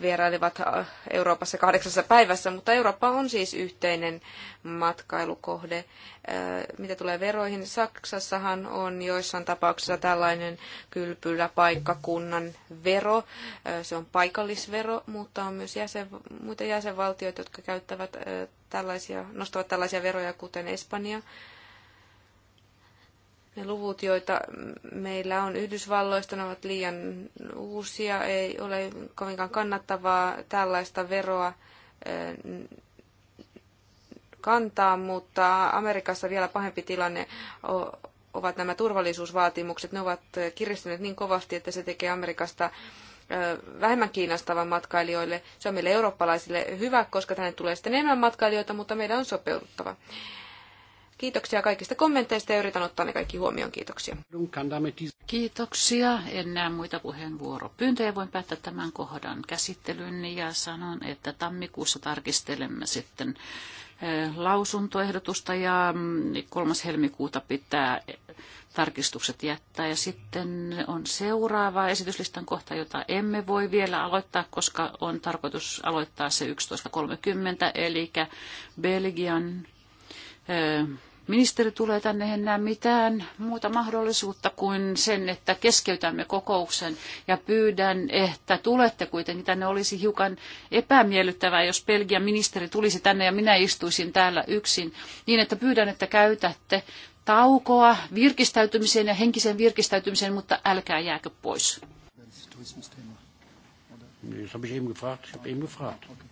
vierailevat äh, Euroopassa kahdeksassa päivässä, mutta Eurooppa on siis yhteinen matkailukohde. Äh, mitä tulee veroihin, Saksassahan on joissain tapauksissa tällainen kylpyläpaikkakunnan vero. Se on paikallisvero, mutta on myös jäsen, muita jäsenvaltioita, jotka käyttävät tällaisia, nostavat tällaisia veroja, kuten Espanja. Ne luvut, joita meillä on Yhdysvalloista, ne ovat liian uusia, ei ole kovinkaan kannattavaa tällaista veroa kantaa, mutta Amerikassa vielä pahempi tilanne ovat nämä turvallisuusvaatimukset. Ne ovat kiristyneet niin kovasti, että se tekee Amerikasta vähemmän kiinnostavan matkailijoille. Se on meille eurooppalaisille hyvä, koska tänne tulee sitten enemmän matkailijoita, mutta meidän on sopeuduttava. Kiitoksia kaikista kommenteista ja yritän ottaa ne kaikki huomioon. Kiitoksia. Kiitoksia. En näe muita puheenvuoropyyntöjä. Voin päättää tämän kohdan käsittelyn ja sanon, että tammikuussa tarkistelemme sitten eh, lausuntoehdotusta ja mm, kolmas helmikuuta pitää eh, tarkistukset jättää. Ja sitten on seuraava esityslistan kohta, jota emme voi vielä aloittaa, koska on tarkoitus aloittaa se 11.30, eli Belgian eh, ministeri tulee tänne, enää mitään muuta mahdollisuutta kuin sen, että keskeytämme kokouksen ja pyydän, että tulette kuitenkin tänne. Olisi hiukan epämiellyttävää, jos Belgian ministeri tulisi tänne ja minä istuisin täällä yksin, niin että pyydän, että käytätte taukoa virkistäytymiseen ja henkisen virkistäytymiseen, mutta älkää jääkö pois. Das habe ich eben gefragt. Ich habe eben gefragt. Okay.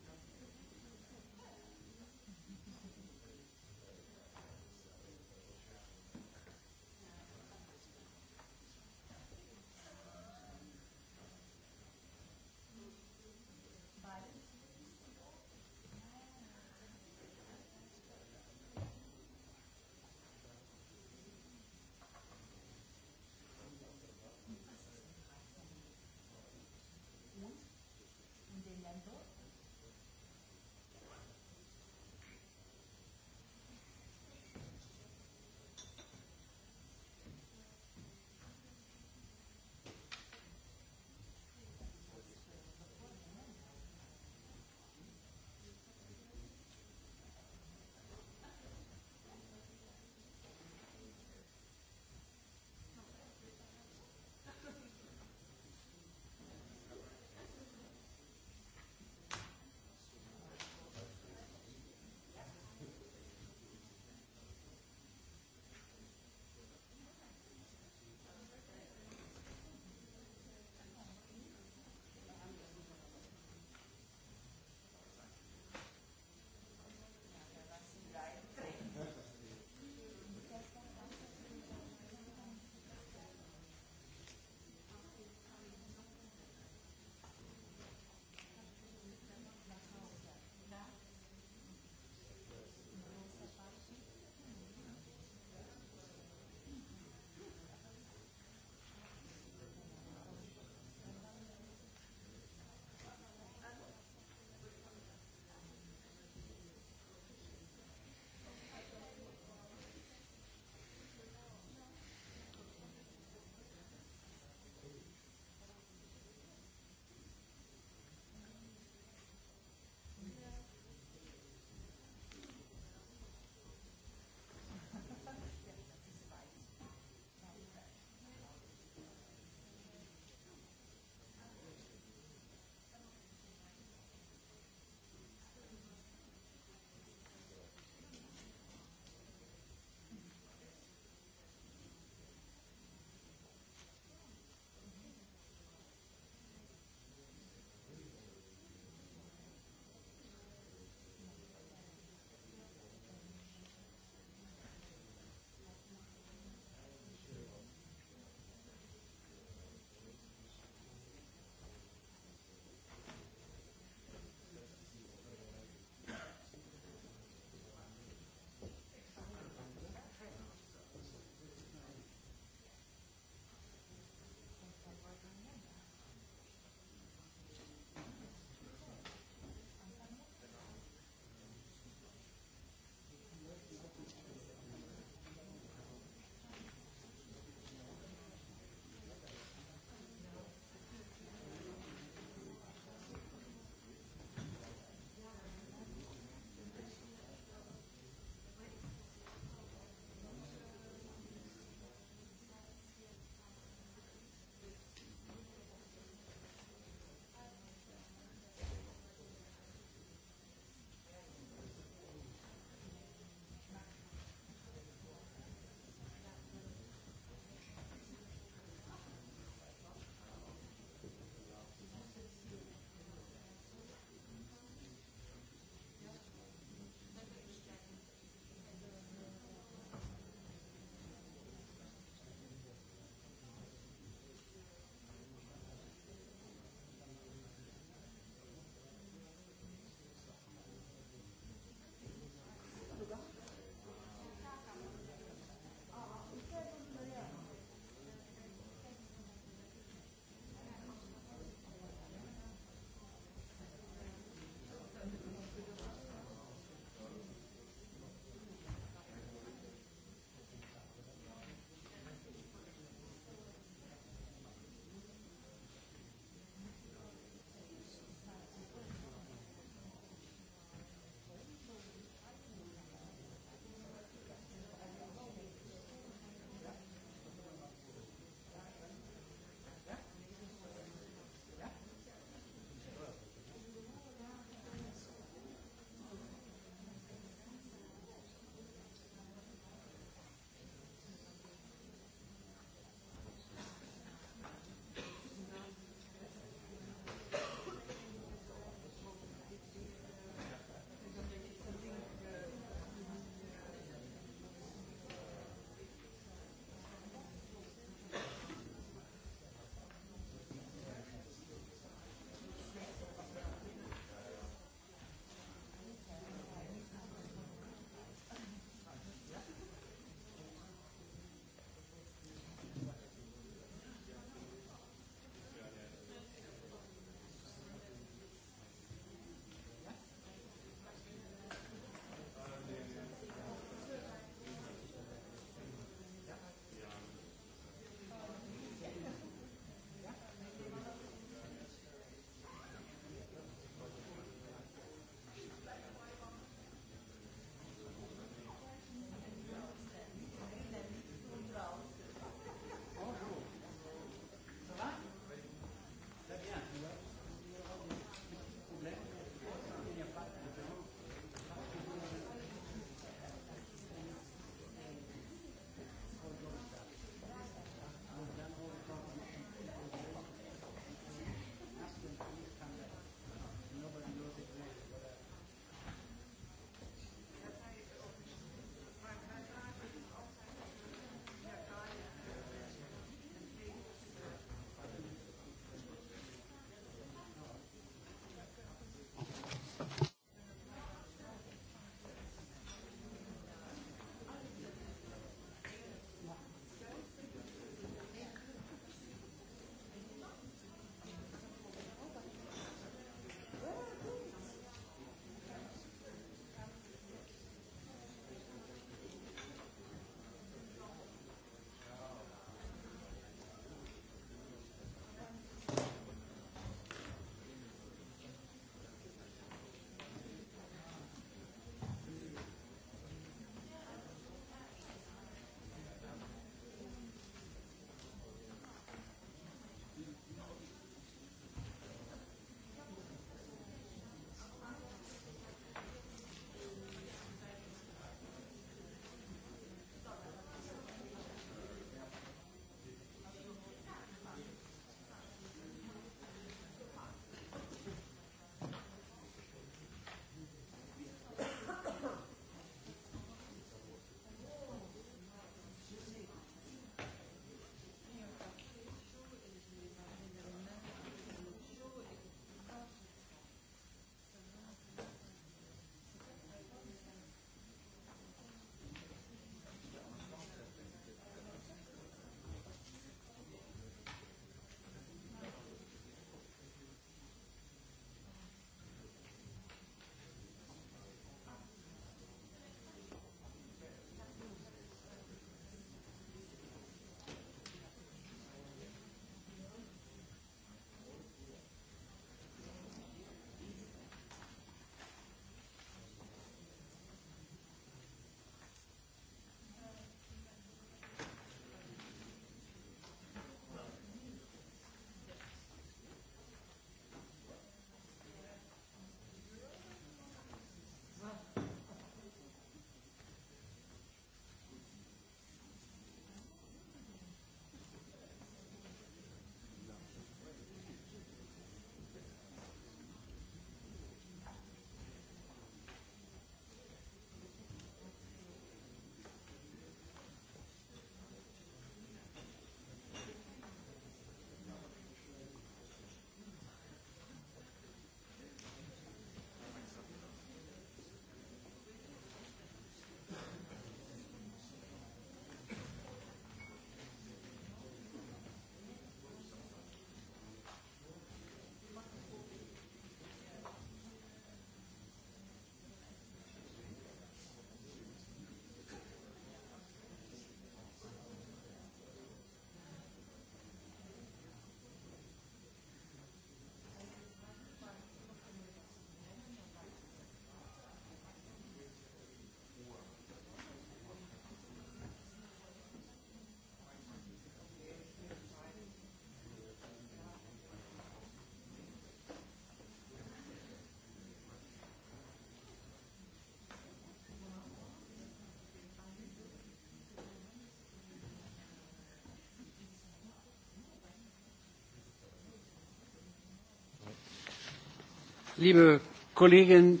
liebe und Kollegen.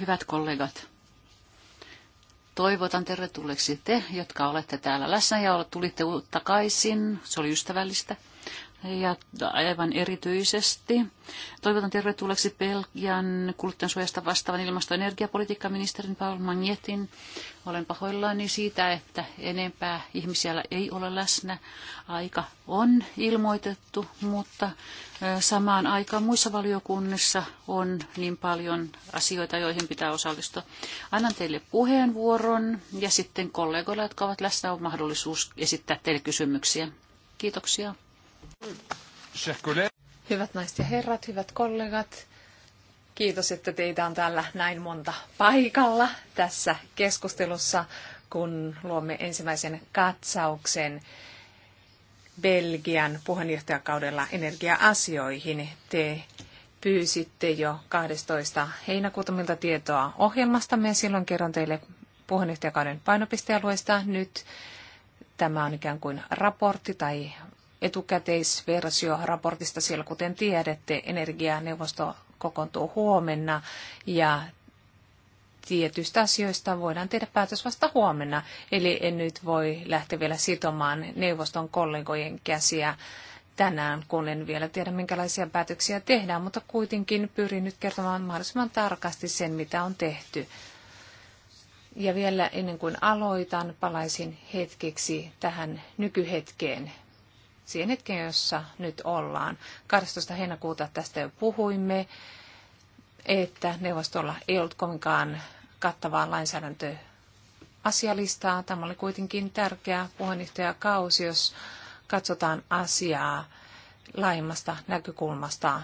Hyvät kollegat, toivotan tervetulleeksi te, jotka olette täällä läsnä ja tulitte takaisin. Se oli ystävällistä ja aivan erityisesti toivotan tervetulleeksi Belgian kuluttajansuojasta vastaavan ilmasto- ja energiapolitiikkaministerin Paul Magnetin. Olen pahoillani siitä, että enempää ihmisiä ei ole läsnä. Aika on ilmoitettu, mutta samaan aikaan muissa valiokunnissa on niin paljon asioita, joihin pitää osallistua. Annan teille puheenvuoron ja sitten kollegoilla, jotka ovat läsnä, on mahdollisuus esittää teille kysymyksiä. Kiitoksia. Hyvät naiset ja herrat, hyvät kollegat, kiitos, että teitä on täällä näin monta paikalla tässä keskustelussa, kun luomme ensimmäisen katsauksen Belgian puheenjohtajakaudella energia-asioihin. Te pyysitte jo 12. heinäkuuta miltä tietoa ohjelmasta me silloin kerron teille puheenjohtajakauden painopistealueista. Nyt tämä on ikään kuin raportti tai etukäteisversio raportista siellä, kuten tiedätte. Energianeuvosto kokoontuu huomenna ja tietyistä asioista voidaan tehdä päätös vasta huomenna. Eli en nyt voi lähteä vielä sitomaan neuvoston kollegojen käsiä tänään, kun en vielä tiedä, minkälaisia päätöksiä tehdään, mutta kuitenkin pyrin nyt kertomaan mahdollisimman tarkasti sen, mitä on tehty. Ja vielä ennen kuin aloitan, palaisin hetkeksi tähän nykyhetkeen siihen hetkeen, jossa nyt ollaan. 12. heinäkuuta tästä jo puhuimme, että neuvostolla ei ollut kovinkaan kattavaa lainsäädäntöasialistaa. Tämä oli kuitenkin tärkeä puheenjohtajakausi, jos katsotaan asiaa laajemmasta näkökulmasta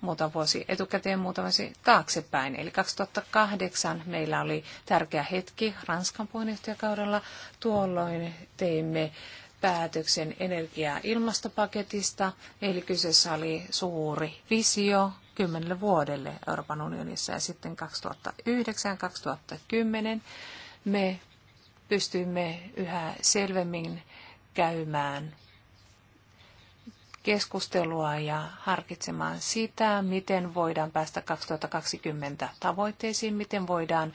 muutama vuosi etukäteen, muutama vuosi taaksepäin. Eli 2008 meillä oli tärkeä hetki Ranskan puheenjohtajakaudella. Tuolloin teimme päätöksen energia- ja ilmastopaketista, eli kyseessä oli suuri visio kymmenelle vuodelle Euroopan unionissa ja sitten 2009-2010 me pystyimme yhä selvemmin käymään keskustelua ja harkitsemaan sitä, miten voidaan päästä 2020 tavoitteisiin, miten voidaan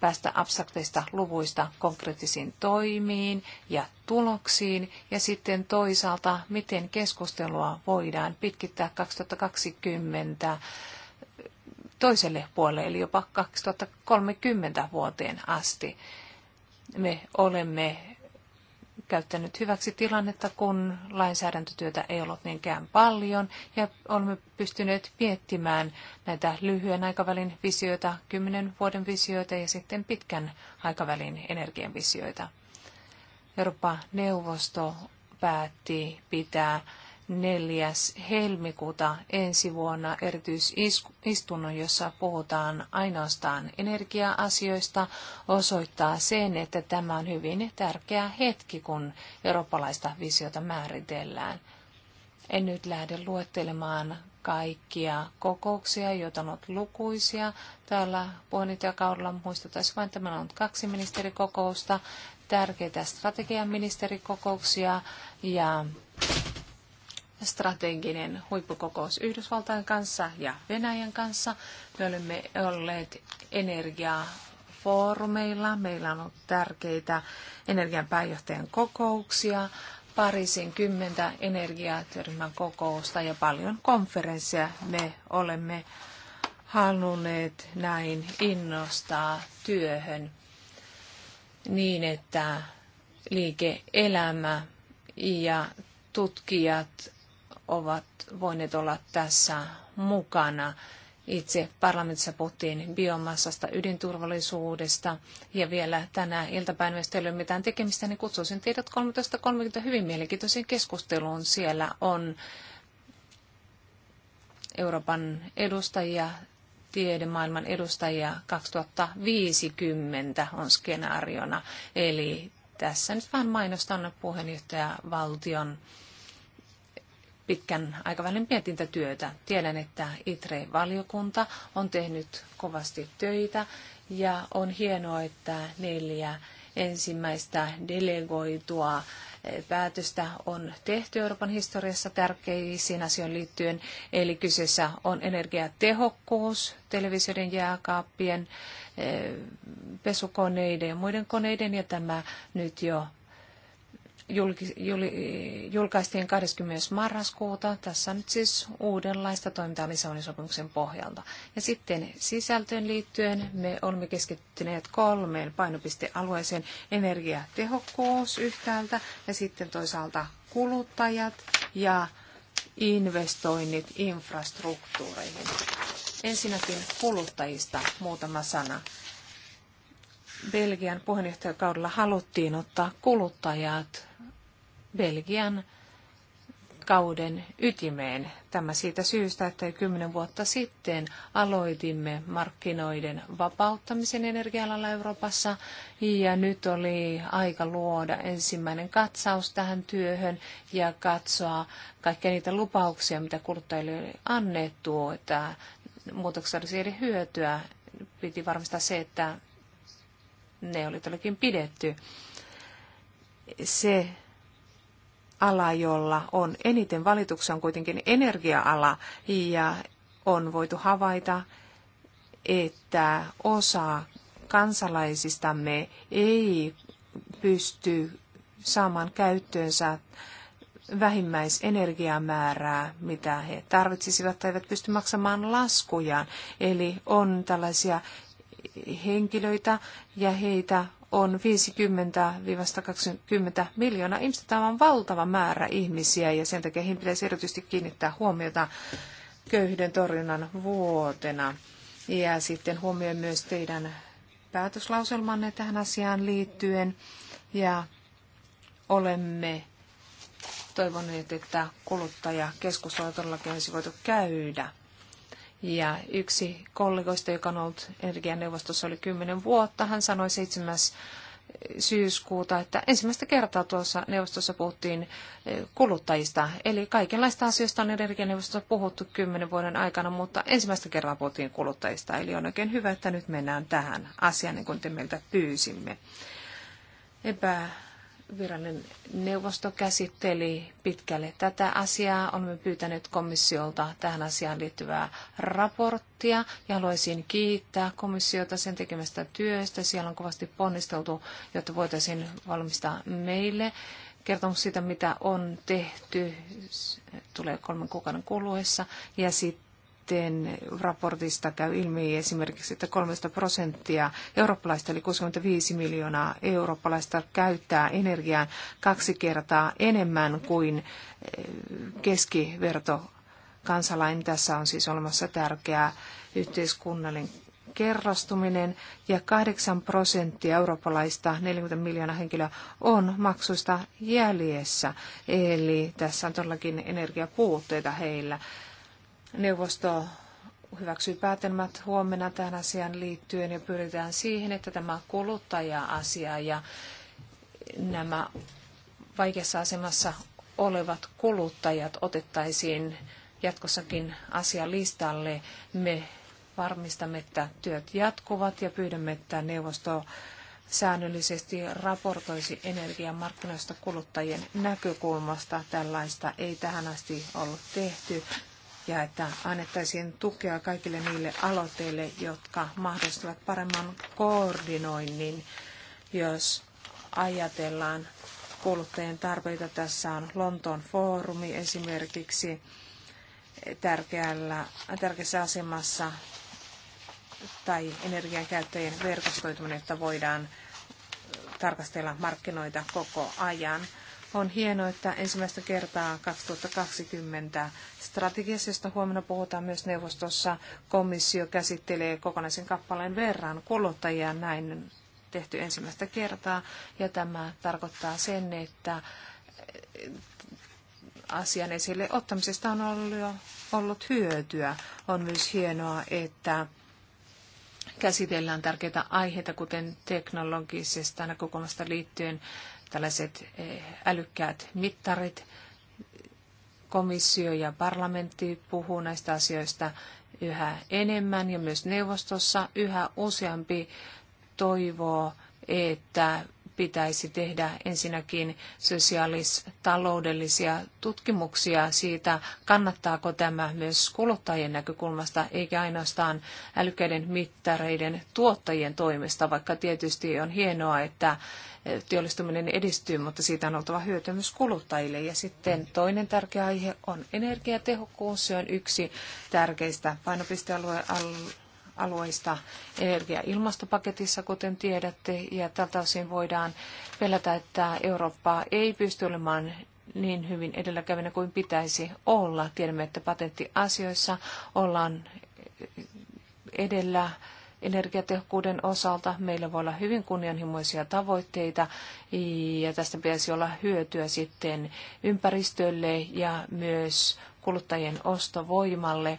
päästä abstrakteista luvuista konkreettisiin toimiin ja tuloksiin ja sitten toisaalta, miten keskustelua voidaan pitkittää 2020 toiselle puolelle, eli jopa 2030 vuoteen asti. Me olemme käyttänyt hyväksi tilannetta, kun lainsäädäntötyötä ei ollut niinkään paljon ja olemme pystyneet miettimään näitä lyhyen aikavälin visioita, kymmenen vuoden visioita ja sitten pitkän aikavälin energian visioita. Eurooppa-neuvosto päätti pitää 4. helmikuuta ensi vuonna erityisistunnon, jossa puhutaan ainoastaan energia-asioista, osoittaa sen, että tämä on hyvin tärkeä hetki, kun eurooppalaista visiota määritellään. En nyt lähde luettelemaan kaikkia kokouksia, joita on ollut lukuisia täällä puheenjohtajakaudella. Muistutaisin vain, että meillä on ollut kaksi ministerikokousta, tärkeitä strategian ministerikokouksia ja strateginen huippukokous Yhdysvaltain kanssa ja Venäjän kanssa. Me olemme olleet energiafoorumeilla. Meillä on ollut tärkeitä energian pääjohtajan kokouksia, parisin kymmentä energiatyöryhmän kokousta ja paljon konferensseja. Me olemme halunneet näin innostaa työhön niin, että liike-elämä ja tutkijat ovat voineet olla tässä mukana. Itse parlamentissa puhuttiin biomassasta, ydinturvallisuudesta ja vielä tänä iltapäivänä, ei ole mitään tekemistä, niin kutsuisin teidät 13.30 hyvin mielenkiintoisen keskusteluun. Siellä on Euroopan edustajia, tiedemaailman edustajia 2050 on skenaariona. Eli tässä nyt vähän mainostan puheenjohtaja valtion pitkän aikavälin mietintätyötä. Tiedän, että ITRE-valiokunta on tehnyt kovasti töitä ja on hienoa, että neljä ensimmäistä delegoitua eh, päätöstä on tehty Euroopan historiassa tärkeisiin asioihin liittyen. Eli kyseessä on energiatehokkuus, televisioiden jääkaappien, eh, pesukoneiden ja muiden koneiden ja tämä nyt jo julkaistiin 20. marraskuuta. Tässä on nyt siis uudenlaista toimintaa Lissabonin sopimuksen pohjalta. Ja sitten sisältöön liittyen me olemme keskittyneet kolmeen painopistealueeseen. Energiatehokkuus yhtäältä ja sitten toisaalta kuluttajat ja investoinnit infrastruktuureihin. Ensinnäkin kuluttajista muutama sana. Belgian puheenjohtajakaudella haluttiin ottaa kuluttajat Belgian kauden ytimeen. Tämä siitä syystä, että kymmenen vuotta sitten aloitimme markkinoiden vapauttamisen energialalla Euroopassa ja nyt oli aika luoda ensimmäinen katsaus tähän työhön ja katsoa kaikkia niitä lupauksia, mitä kuluttajille oli annettu, että muutoksessa olisi eri hyötyä. Piti varmistaa se, että ne oli todellakin pidetty. Se ala, jolla on eniten valituksia, on kuitenkin energia-ala ja on voitu havaita, että osa kansalaisistamme ei pysty saamaan käyttöönsä vähimmäisenergiamäärää, mitä he tarvitsisivat tai eivät pysty maksamaan laskujaan. Eli on tällaisia henkilöitä ja heitä on 50-120 miljoonaa ihmistä. Tämä on valtava määrä ihmisiä ja sen takia heihin pitäisi erityisesti kiinnittää huomiota köyhyyden torjunnan vuotena. Ja sitten huomioi myös teidän päätöslauselmanne tähän asiaan liittyen. Ja olemme toivoneet, että kuluttajakeskustelua todellakin olisi voitu käydä. Ja yksi kollegoista, joka on ollut energianeuvostossa, oli kymmenen vuotta. Hän sanoi 7. syyskuuta, että ensimmäistä kertaa tuossa neuvostossa puhuttiin eh, kuluttajista. Eli kaikenlaista asioista on energianeuvostossa puhuttu kymmenen vuoden aikana, mutta ensimmäistä kertaa puhuttiin kuluttajista. Eli on oikein hyvä, että nyt mennään tähän asiaan, niin kuin te meiltä pyysimme. Epä virallinen neuvosto käsitteli pitkälle tätä asiaa. Olemme pyytäneet komissiolta tähän asiaan liittyvää raporttia ja haluaisin kiittää komissiota sen tekemästä työstä. Siellä on kovasti ponnisteltu, jotta voitaisiin valmistaa meille kertomus siitä, mitä on tehty, tulee kolmen kuukauden kuluessa, ja sitten sitten raportista käy ilmi esimerkiksi, että 13 prosenttia eurooppalaista, eli 65 miljoonaa eurooppalaista, käyttää energiaa kaksi kertaa enemmän kuin eh, keskiverto kansalainen. Tässä on siis olemassa tärkeä yhteiskunnallinen kerrastuminen ja 8 prosenttia eurooppalaista 40 miljoonaa henkilöä on maksuista jäljessä. Eli tässä on todellakin energiapuutteita heillä. Neuvosto hyväksyy päätelmät huomenna tähän asiaan liittyen ja pyritään siihen, että tämä kuluttaja-asia ja nämä vaikeassa asemassa olevat kuluttajat otettaisiin jatkossakin asialistalle. Me varmistamme, että työt jatkuvat ja pyydämme, että neuvosto säännöllisesti raportoisi energiamarkkinoista kuluttajien näkökulmasta. Tällaista ei tähän asti ollut tehty ja että annettaisiin tukea kaikille niille aloitteille, jotka mahdollistavat paremman koordinoinnin, jos ajatellaan kuluttajien tarpeita. Tässä on Lontoon foorumi esimerkiksi tärkeällä, tärkeässä asemassa tai energiankäyttäjien verkostoituminen, että voidaan tarkastella markkinoita koko ajan. On hienoa, että ensimmäistä kertaa 2020 strategiassa, josta huomenna puhutaan myös neuvostossa, komissio käsittelee kokonaisen kappaleen verran kuluttajia näin tehty ensimmäistä kertaa. Ja tämä tarkoittaa sen, että eh, asian esille ottamisesta on ollut, jo, ollut hyötyä. On myös hienoa, että käsitellään tärkeitä aiheita, kuten teknologisesta näkökulmasta liittyen tällaiset eh, älykkäät mittarit. Komissio ja parlamentti puhuu näistä asioista yhä enemmän ja myös neuvostossa yhä useampi toivoo, että pitäisi tehdä ensinnäkin sosiaalis-taloudellisia tutkimuksia siitä, kannattaako tämä myös kuluttajien näkökulmasta, eikä ainoastaan älykkäiden mittareiden tuottajien toimesta, vaikka tietysti on hienoa, että eh, teollistuminen edistyy, mutta siitä on oltava hyötyä myös kuluttajille. Ja sitten toinen tärkeä aihe on energiatehokkuus. Se on yksi tärkeistä painopistealueista alueista energia- ja ilmastopaketissa, kuten tiedätte, ja tältä osin voidaan pelätä, että Eurooppa ei pysty olemaan niin hyvin edelläkävinä kuin pitäisi olla. Tiedämme, että patenttiasioissa ollaan edellä energiatehokkuuden osalta. Meillä voi olla hyvin kunnianhimoisia tavoitteita ja tästä pitäisi olla hyötyä sitten ympäristölle ja myös kuluttajien ostovoimalle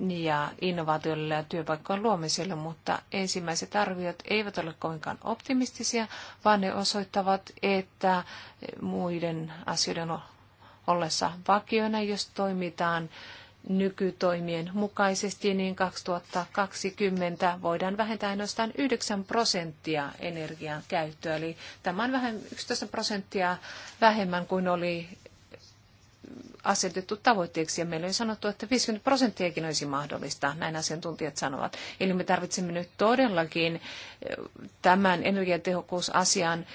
ja innovaatioille ja työpaikkojen luomiselle, mutta ensimmäiset arviot eivät ole kovinkaan optimistisia, vaan ne osoittavat, että muiden asioiden ollessa vakioina, jos toimitaan nykytoimien mukaisesti, niin 2020 voidaan vähentää ainoastaan 9 prosenttia energian käyttöä. Eli tämä on vähän 11 prosenttia vähemmän kuin oli asetettu tavoitteeksi ja meillä on sanottu, että 50 prosenttiakin olisi mahdollista, näin asiantuntijat sanovat. Eli me tarvitsemme nyt todellakin eh, tämän energiatehokkuusasian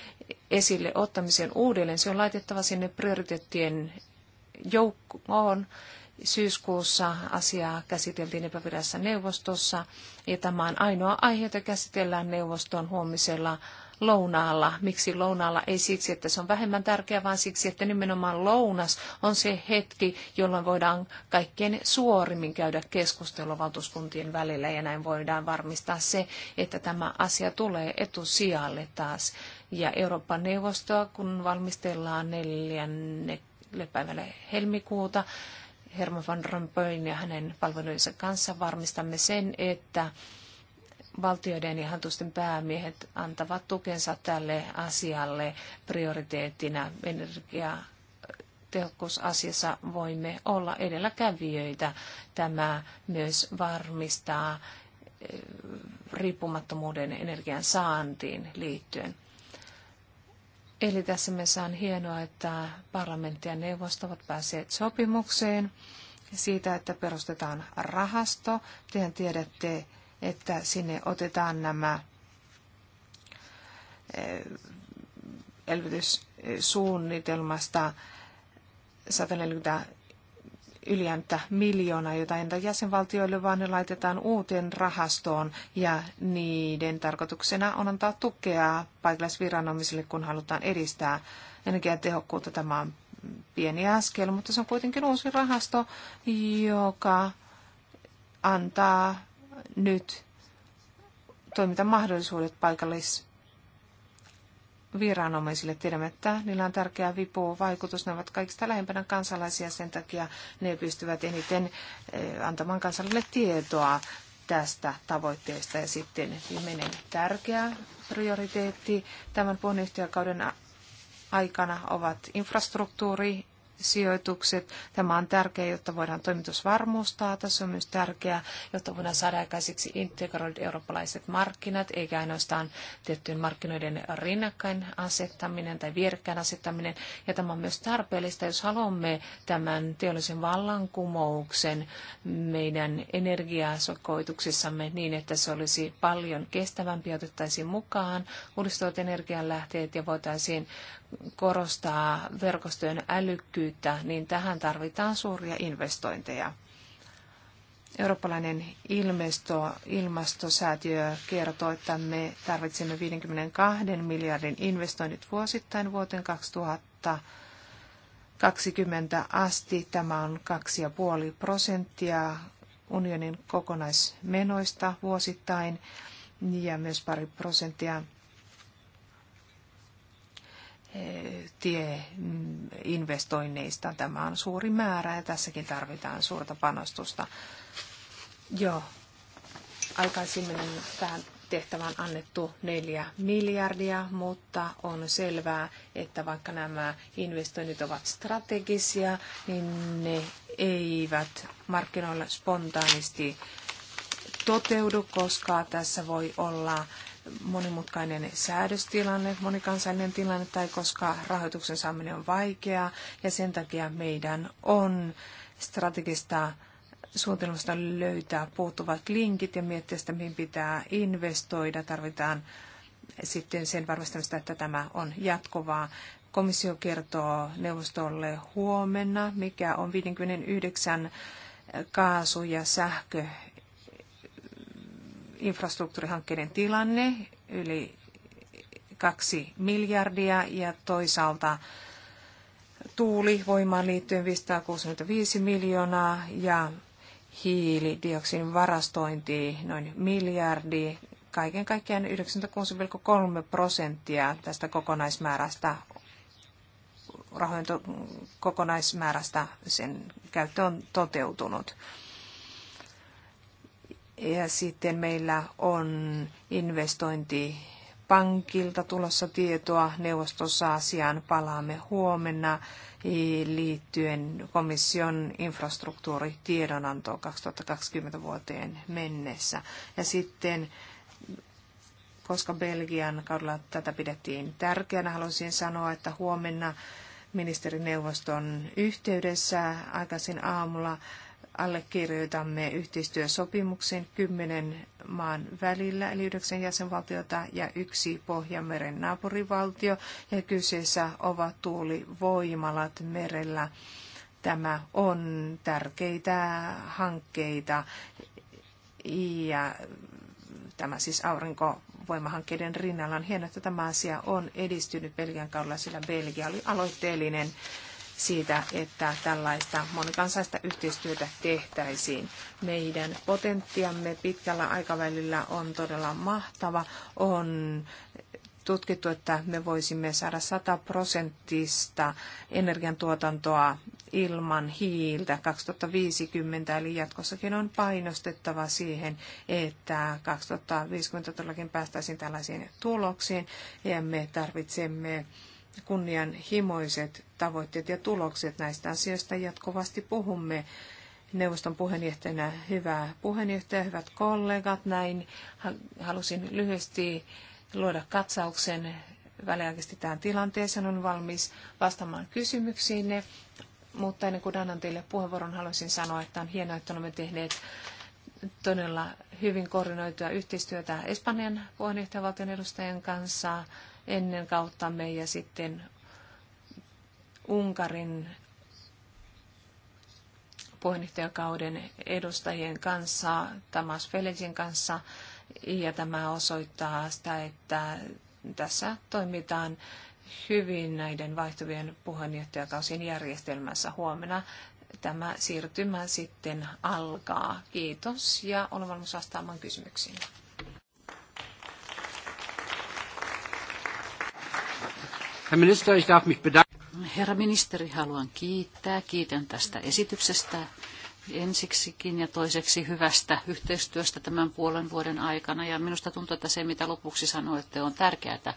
esille ottamisen uudelleen. Se on laitettava sinne prioriteettien joukkoon. Syyskuussa asiaa käsiteltiin epävirallisessa neuvostossa ja tämä on ainoa aihe, jota käsitellään neuvoston huomisella lounaalla. Miksi lounaalla? Ei siksi, että se on vähemmän tärkeä, vaan siksi, että nimenomaan lounas on se hetki, jolloin voidaan kaikkein suorimmin käydä keskustelua valtuuskuntien välillä ja näin voidaan varmistaa se, että tämä asia tulee etusijalle taas. Ja Euroopan neuvostoa, kun valmistellaan neljänne päivälle helmikuuta, Herman van Rompuyn ja hänen palveluidensa kanssa varmistamme sen, että valtioiden ja hallitusten päämiehet antavat tukensa tälle asialle prioriteettina energia äh, tehokkuusasiassa voimme olla edelläkävijöitä. Tämä myös varmistaa äh, riippumattomuuden energian saantiin liittyen. Eli tässä mielessä on hienoa, että parlamentti ja neuvosto ovat päässeet sopimukseen siitä, että perustetaan rahasto. Tehän tiedätte, että sinne otetaan nämä eh, elvytyssuunnitelmasta 140 miljoonaa, jota entä jäsenvaltioille, vaan ne laitetaan uuteen rahastoon ja niiden tarkoituksena on antaa tukea paikallisviranomaisille, kun halutaan edistää energiatehokkuutta. Tämä on pieni askel, mutta se on kuitenkin uusi rahasto, joka antaa nyt toimintamahdollisuudet paikallisviranomaisille. Tiedämme, että niillä on tärkeä vipuvaikutus. Ne ovat kaikista lähempänä kansalaisia, sen takia ne pystyvät eniten eh, antamaan kansalle tietoa tästä tavoitteesta. Ja sitten viimeinen tärkeä prioriteetti tämän puheenjohtajakauden aikana ovat infrastruktuuri sijoitukset. Tämä on tärkeää, jotta voidaan toimitusvarmuus taata. Se on myös tärkeää, jotta voidaan saada aikaiseksi integroidut eurooppalaiset markkinat, eikä ainoastaan tiettyjen markkinoiden rinnakkain asettaminen tai vierekkäin asettaminen. Ja tämä on myös tarpeellista, jos haluamme tämän teollisen vallankumouksen meidän energiasokoituksissamme niin, että se olisi paljon kestävämpi, otettaisiin mukaan uudistuvat energianlähteet ja voitaisiin korostaa verkostojen älykkyyttä kehittyvyyttä, niin tähän tarvitaan suuria investointeja. Eurooppalainen ilmesto, ilmastosäätiö kertoo, että me tarvitsemme 52 miljardin investoinnit vuosittain vuoteen 2020 asti. Tämä on 2,5 prosenttia unionin kokonaismenoista vuosittain ja myös pari prosenttia tieinvestoinneista. Tämä on suuri määrä ja tässäkin tarvitaan suurta panostusta. Joo. Aikaisemmin tähän tehtävään annettu neljä miljardia, mutta on selvää, että vaikka nämä investoinnit ovat strategisia, niin ne eivät markkinoilla spontaanisti toteudu, koska tässä voi olla monimutkainen säädöstilanne, monikansainen tilanne tai koska rahoituksen saaminen on vaikeaa ja sen takia meidän on strategista suunnitelmasta löytää puuttuvat linkit ja miettiä sitä, mihin pitää investoida. Tarvitaan sitten sen varmistamista, että tämä on jatkuvaa. Komissio kertoo neuvostolle huomenna, mikä on 59 kaasu- ja sähkö infrastruktuurihankkeiden tilanne, yli kaksi miljardia ja toisaalta tuulivoimaan liittyen 565 miljoonaa ja hiilidioksidin varastointi noin miljardi. Kaiken kaikkiaan 96,3 prosenttia tästä kokonaismäärästä rahojen kokonaismäärästä sen käyttö on toteutunut. Ja sitten meillä on investointipankilta tulossa tietoa neuvostossa asiaan. Palaamme huomenna liittyen komission infrastruktuuritiedonantoon 2020 vuoteen mennessä. Ja sitten koska Belgian kaudella tätä pidettiin tärkeänä, haluaisin sanoa, että huomenna ministerineuvoston yhteydessä aikaisin aamulla allekirjoitamme yhteistyösopimuksen kymmenen maan välillä, eli yhdeksän jäsenvaltiota ja yksi Pohjanmeren naapurivaltio, ja kyseessä ovat tuulivoimalat merellä. Tämä on tärkeitä hankkeita ja tämä siis aurinkovoimahankkeiden rinnalla on hienoa, että tämä asia on edistynyt Belgian kaudella, sillä Belgia oli aloitteellinen siitä, että tällaista monikansaista yhteistyötä tehtäisiin. Meidän potentiamme pitkällä aikavälillä on todella mahtava. On tutkittu, että me voisimme saada 100 prosenttista energiantuotantoa ilman hiiltä 2050, eli jatkossakin on painostettava siihen, että 2050 todellakin päästäisiin tällaisiin tuloksiin, ja me tarvitsemme kunnianhimoiset tavoitteet ja tulokset. Näistä asioista jatkuvasti puhumme neuvoston puheenjohtajana. Hyvää puheenjohtaja, hyvät kollegat. Näin halusin lyhyesti luoda katsauksen väliaikaisesti tähän tilanteeseen. on valmis vastaamaan kysymyksiinne. Mutta ennen kuin annan teille puheenvuoron, haluaisin sanoa, että on hienoa, että olemme tehneet todella hyvin koordinoitua yhteistyötä Espanjan puheenjohtajavaltion edustajien kanssa ennen kauttamme ja sitten Unkarin puheenjohtajakauden edustajien kanssa, Tamas Felicin kanssa, ja tämä osoittaa sitä, että tässä toimitaan hyvin näiden vaihtuvien puheenjohtajakausien järjestelmässä huomenna. Tämä siirtymä sitten alkaa. Kiitos ja olen valmis vastaamaan kysymyksiin. Herr Minister, ich darf mich bedanken. Herra ministeri, haluan kiittää. Kiitän tästä esityksestä ensiksikin ja toiseksi hyvästä yhteistyöstä tämän puolen vuoden aikana. Ja minusta tuntuu, että se, mitä lopuksi sanoitte, on tärkeää.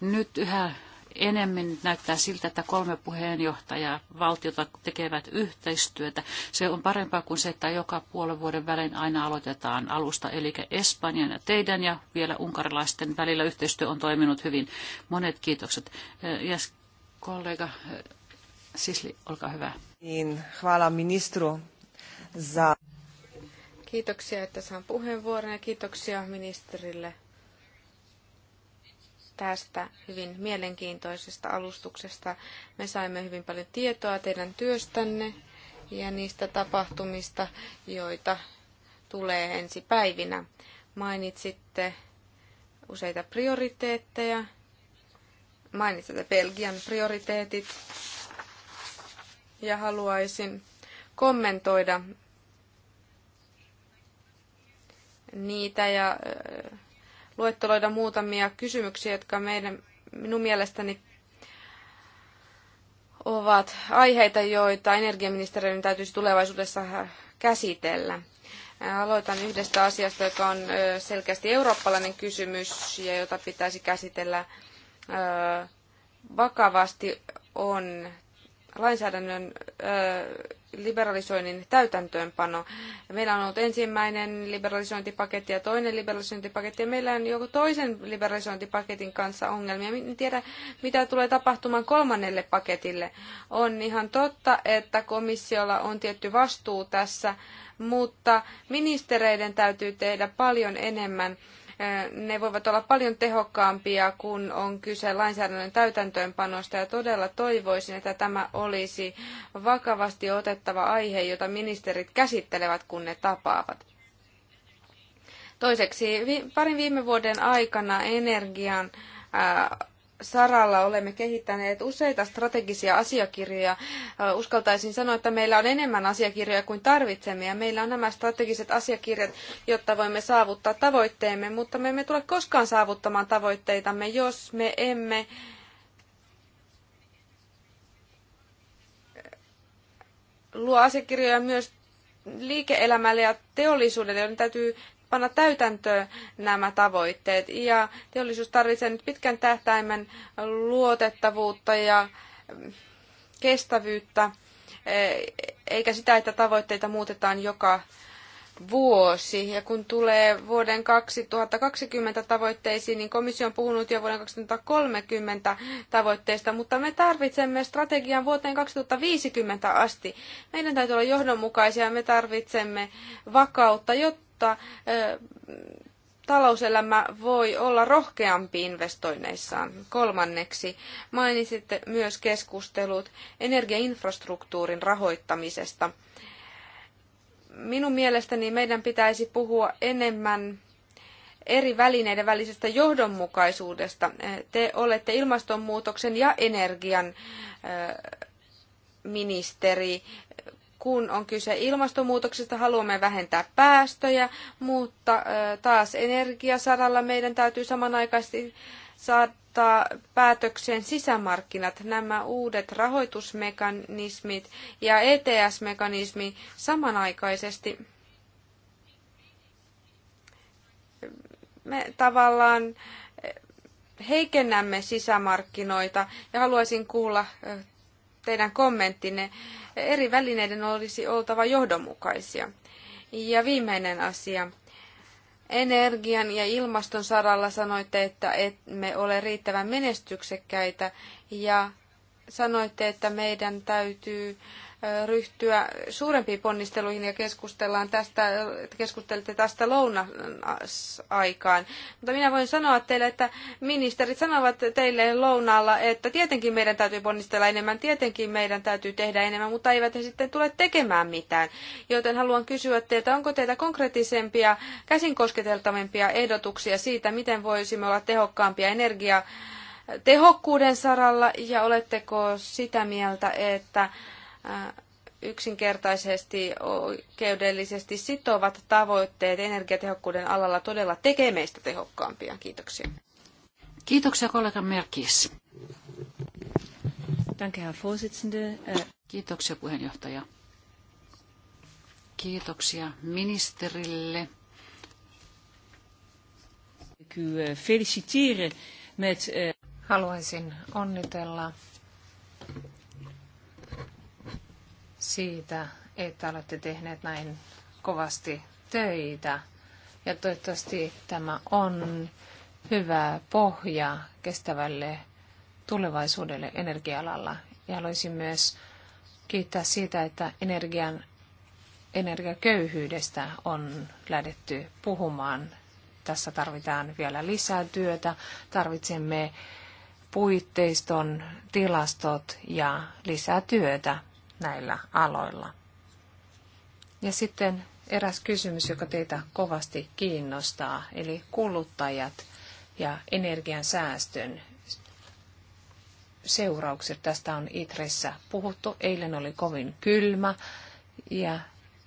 Nyt yhä enemmän näyttää siltä, että kolme puheenjohtajaa valtiota tekevät yhteistyötä. Se on parempaa kuin se, että joka puolen vuoden välein aina aloitetaan alusta, eli Espanjan ja teidän ja vielä unkarilaisten välillä yhteistyö on toiminut hyvin. Monet kiitokset. Ja eh, kollega eh, Sisli, olkaa hyvä. Niin, hvala ministru za... Kiitoksia, että saan puheenvuoron ja kiitoksia ministerille tästä hyvin mielenkiintoisesta alustuksesta. Me saimme hyvin paljon tietoa teidän työstänne ja niistä tapahtumista, joita tulee ensi päivinä. Mainitsitte useita prioriteetteja. Mainitsitte Belgian prioriteetit. Ja haluaisin kommentoida niitä ja luetteloida muutamia kysymyksiä, jotka meidän, minun mielestäni ovat aiheita, joita energiaministeriön täytyisi tulevaisuudessa käsitellä. Aloitan yhdestä asiasta, joka on selkeästi eurooppalainen kysymys ja jota pitäisi käsitellä vakavasti, on lainsäädännön liberalisoinnin täytäntöönpano. Meillä on ollut ensimmäinen liberalisointipaketti ja toinen liberalisointipaketti, ja meillä on joku toisen liberalisointipaketin kanssa ongelmia. En tiedä, mitä tulee tapahtumaan kolmannelle paketille. On ihan totta, että komissiolla on tietty vastuu tässä, mutta ministereiden täytyy tehdä paljon enemmän ne voivat olla paljon tehokkaampia, kun on kyse lainsäädännön täytäntöönpanosta ja todella toivoisin, että tämä olisi vakavasti otettava aihe, jota ministerit käsittelevät, kun ne tapaavat. Toiseksi, parin viime vuoden aikana energian saralla olemme kehittäneet useita strategisia asiakirjoja. Uskaltaisin sanoa, että meillä on enemmän asiakirjoja kuin tarvitsemme ja meillä on nämä strategiset asiakirjat, jotta voimme saavuttaa tavoitteemme, mutta me emme tule koskaan saavuttamaan tavoitteitamme, jos me emme luo asiakirjoja myös liike-elämälle ja teollisuudelle, joiden täytyy panna täytäntöön nämä tavoitteet. Ja teollisuus tarvitsee nyt pitkän tähtäimen luotettavuutta ja mm, kestävyyttä, e, eikä sitä, että tavoitteita muutetaan joka vuosi. Ja kun tulee vuoden 2020 tavoitteisiin, niin komissio on puhunut jo vuoden 2030 tavoitteista, mutta me tarvitsemme strategian vuoteen 2050 asti. Meidän täytyy olla johdonmukaisia, me tarvitsemme vakautta, jotta jotta talouselämä voi olla rohkeampi investoinneissaan. Kolmanneksi mainitsitte myös keskustelut energiainfrastruktuurin rahoittamisesta. Minun mielestäni meidän pitäisi puhua enemmän eri välineiden välisestä johdonmukaisuudesta. Te olette ilmastonmuutoksen ja energian ministeri kun on kyse ilmastonmuutoksesta, haluamme vähentää päästöjä, mutta taas energiasaralla meidän täytyy samanaikaisesti saattaa päätökseen sisämarkkinat, nämä uudet rahoitusmekanismit ja ETS-mekanismi samanaikaisesti. Me tavallaan heikennämme sisämarkkinoita ja haluaisin kuulla teidän kommenttinne. Eri välineiden olisi oltava johdonmukaisia. Ja viimeinen asia. Energian ja ilmaston saralla sanoitte, että emme ole riittävän menestyksekkäitä ja sanoitte, että meidän täytyy ryhtyä suurempiin ponnisteluihin ja keskustellaan tästä, keskustelette tästä lounasaikaan. Mutta minä voin sanoa teille, että ministerit sanovat teille lounaalla, että tietenkin meidän täytyy ponnistella enemmän, tietenkin meidän täytyy tehdä enemmän, mutta eivät he sitten tule tekemään mitään. Joten haluan kysyä teiltä, onko teitä konkreettisempia, käsin kosketeltavampia ehdotuksia siitä, miten voisimme olla tehokkaampia energiatehokkuuden tehokkuuden saralla ja oletteko sitä mieltä, että yksinkertaisesti oikeudellisesti sitovat tavoitteet energiatehokkuuden alalla todella tekee meistä tehokkaampia. Kiitoksia. Kiitoksia kollega Merkis. Äh, Kiitoksia puheenjohtaja. Kiitoksia ministerille. Eh, eh, Haluaisin onnitella siitä, että olette tehneet näin kovasti töitä. Ja toivottavasti tämä on hyvä pohja kestävälle tulevaisuudelle energialalla. Ja haluaisin myös kiittää siitä, että energian, energiaköyhyydestä on lähdetty puhumaan. Tässä tarvitaan vielä lisää työtä. Tarvitsemme puitteiston, tilastot ja lisää työtä näillä aloilla. Ja sitten eräs kysymys, joka teitä kovasti kiinnostaa, eli kuluttajat ja energian säästön seuraukset. Tästä on Itressä puhuttu. Eilen oli kovin kylmä ja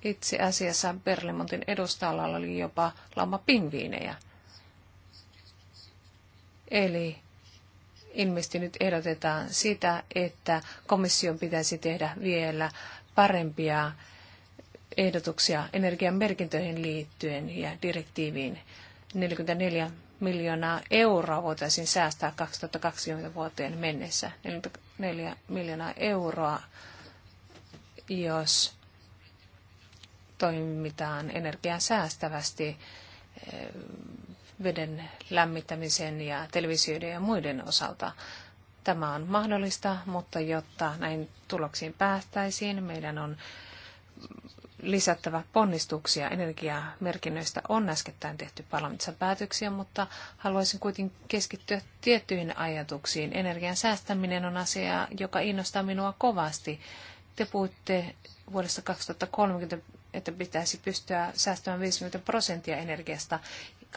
itse asiassa Berlimontin edustalla oli jopa lauma pingviinejä. Eli ilmeisesti nyt ehdotetaan sitä, että komission pitäisi tehdä vielä parempia ehdotuksia energian merkintöihin liittyen ja direktiiviin 44 miljoonaa euroa voitaisiin säästää 2020 vuoteen mennessä. 44 miljoonaa euroa, jos toimitaan energiaa säästävästi veden lämmittämisen ja televisioiden ja muiden osalta. Tämä on mahdollista, mutta jotta näin tuloksiin päästäisiin, meidän on lisättävä ponnistuksia. Energiamerkinnöistä on äskettäin tehty parlamentissa päätöksiä, mutta haluaisin kuitenkin keskittyä tiettyihin ajatuksiin. Energian säästäminen on asia, joka innostaa minua kovasti. Te puhutte vuodesta 2030, että pitäisi pystyä säästämään 50 prosenttia energiasta.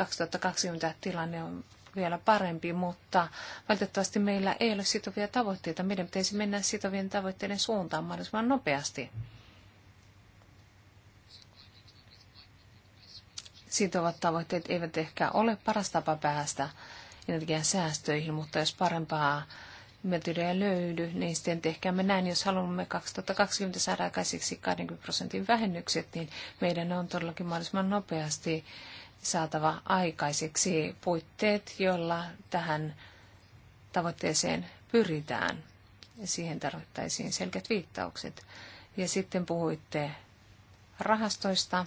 2020 tilanne on vielä parempi, mutta valitettavasti meillä ei ole sitovia tavoitteita. Meidän pitäisi mennä sitovien tavoitteiden suuntaan mahdollisimman nopeasti. Sitovat tavoitteet eivät ehkä ole paras tapa päästä energian säästöihin, mutta jos parempaa metodea löydy, niin sitten tehkäämme näin. Jos haluamme 2020 saada aikaiseksi 20 prosentin vähennykset, niin meidän on todellakin mahdollisimman nopeasti saatava aikaiseksi puitteet, joilla tähän tavoitteeseen pyritään. Siihen tarvittaisiin selkeät viittaukset. Ja sitten puhuitte rahastoista.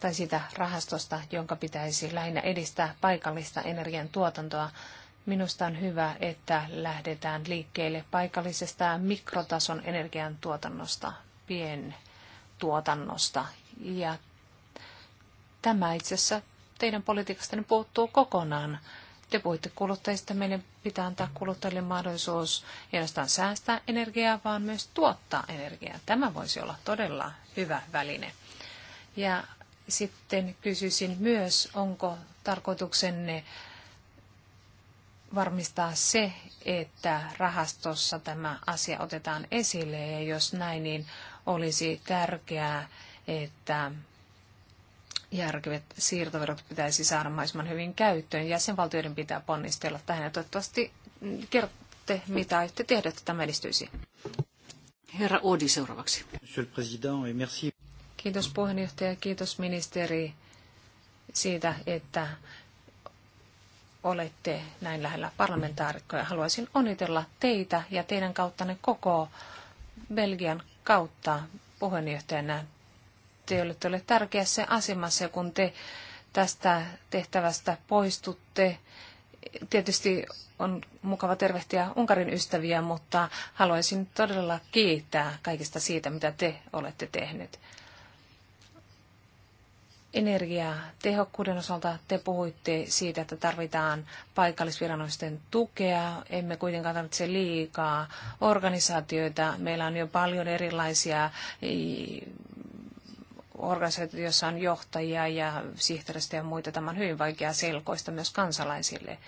tai siitä rahastosta, jonka pitäisi lähinnä edistää paikallista energiantuotantoa. Minusta on hyvä, että lähdetään liikkeelle paikallisesta mikrotason energiantuotannosta, pien tuotannosta. Ja tämä itse asiassa teidän politiikastanne puuttuu kokonaan. Te puhutte kuluttajista, meidän pitää antaa kuluttajille mahdollisuus ei ainoastaan säästää energiaa, vaan myös tuottaa energiaa. Tämä voisi olla todella hyvä väline. Ja sitten kysyisin myös, onko tarkoituksenne varmistaa se, että rahastossa tämä asia otetaan esille, ja jos näin, niin olisi tärkeää, että järkevät siirtoverot pitäisi saada mahdollisimman hyvin käyttöön. Jäsenvaltioiden pitää ponnistella tähän ja toivottavasti kerrotte, mitä aiotte tehdä, että tämä edistyisi. Herra Odi seuraavaksi. Kiitos puheenjohtaja, kiitos ministeri siitä, että olette näin lähellä parlamentaarikkoja. Haluaisin onnitella teitä ja teidän kauttanne koko Belgian kautta puheenjohtajana. Te olette olleet tärkeässä asemassa, kun te tästä tehtävästä poistutte. Tietysti on mukava tervehtiä Unkarin ystäviä, mutta haluaisin todella kiittää kaikista siitä, mitä te olette tehneet energiatehokkuuden osalta te puhuitte siitä, että tarvitaan paikallisviranomaisten tukea. Emme kuitenkaan tarvitse liikaa organisaatioita. Meillä on jo paljon erilaisia organisaatioita, joissa on johtajia ja sihteeristä ja muita. Tämä on hyvin vaikea selkoista myös kansalaisille.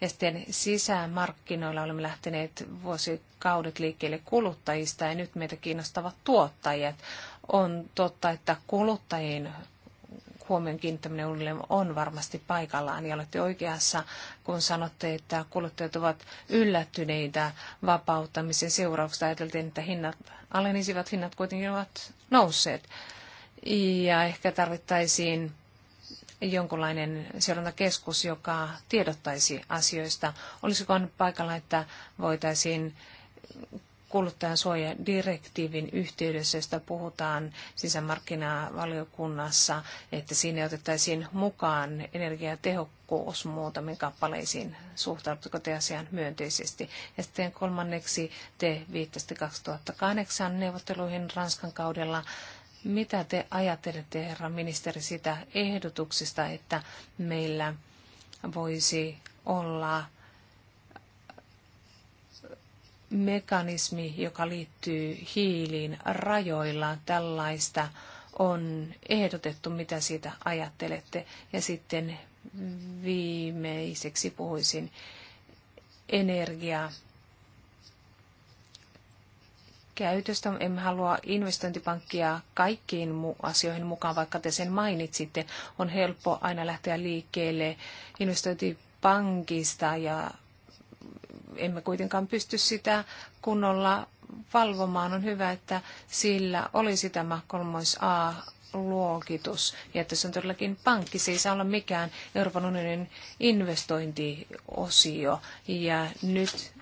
Ja sitten sisämarkkinoilla olemme lähteneet vuosikaudet liikkeelle kuluttajista ja nyt meitä kiinnostavat tuottajat. On totta, että kuluttajien huomion kiinnittäminen on varmasti paikallaan ja olette oikeassa, kun sanotte, että kuluttajat ovat yllättyneitä vapauttamisen seurauksista Ajateltiin, että hinnat alenisivat, hinnat kuitenkin ovat nousseet. Ja ehkä tarvittaisiin jonkunlainen seurantakeskus, joka tiedottaisi asioista. Olisiko paikallaan, että voitaisiin kuluttajansuojadirektiivin yhteydessä, josta puhutaan sisämarkkinavaliokunnassa, että siinä otettaisiin mukaan energiatehokkuus muutamiin kappaleisiin. Suhtaudutteko te asiaan myönteisesti? Ja sitten kolmanneksi te viittasitte 2008 neuvotteluihin Ranskan kaudella. Mitä te ajattelette, herra ministeri, sitä ehdotuksista, että meillä voisi olla mekanismi, joka liittyy hiiliin rajoilla, tällaista on ehdotettu, mitä siitä ajattelette. Ja sitten viimeiseksi puhuisin energiaa käytöstä. En halua investointipankkia kaikkiin asioihin mukaan, vaikka te sen mainitsitte. On helppo aina lähteä liikkeelle investointipankista ja emme kuitenkaan pysty sitä kunnolla valvomaan. On hyvä, että sillä olisi tämä kolmois A luokitus. Ja että se on todellakin pankki, se ei saa olla mikään Euroopan unionin investointiosio. Ja nyt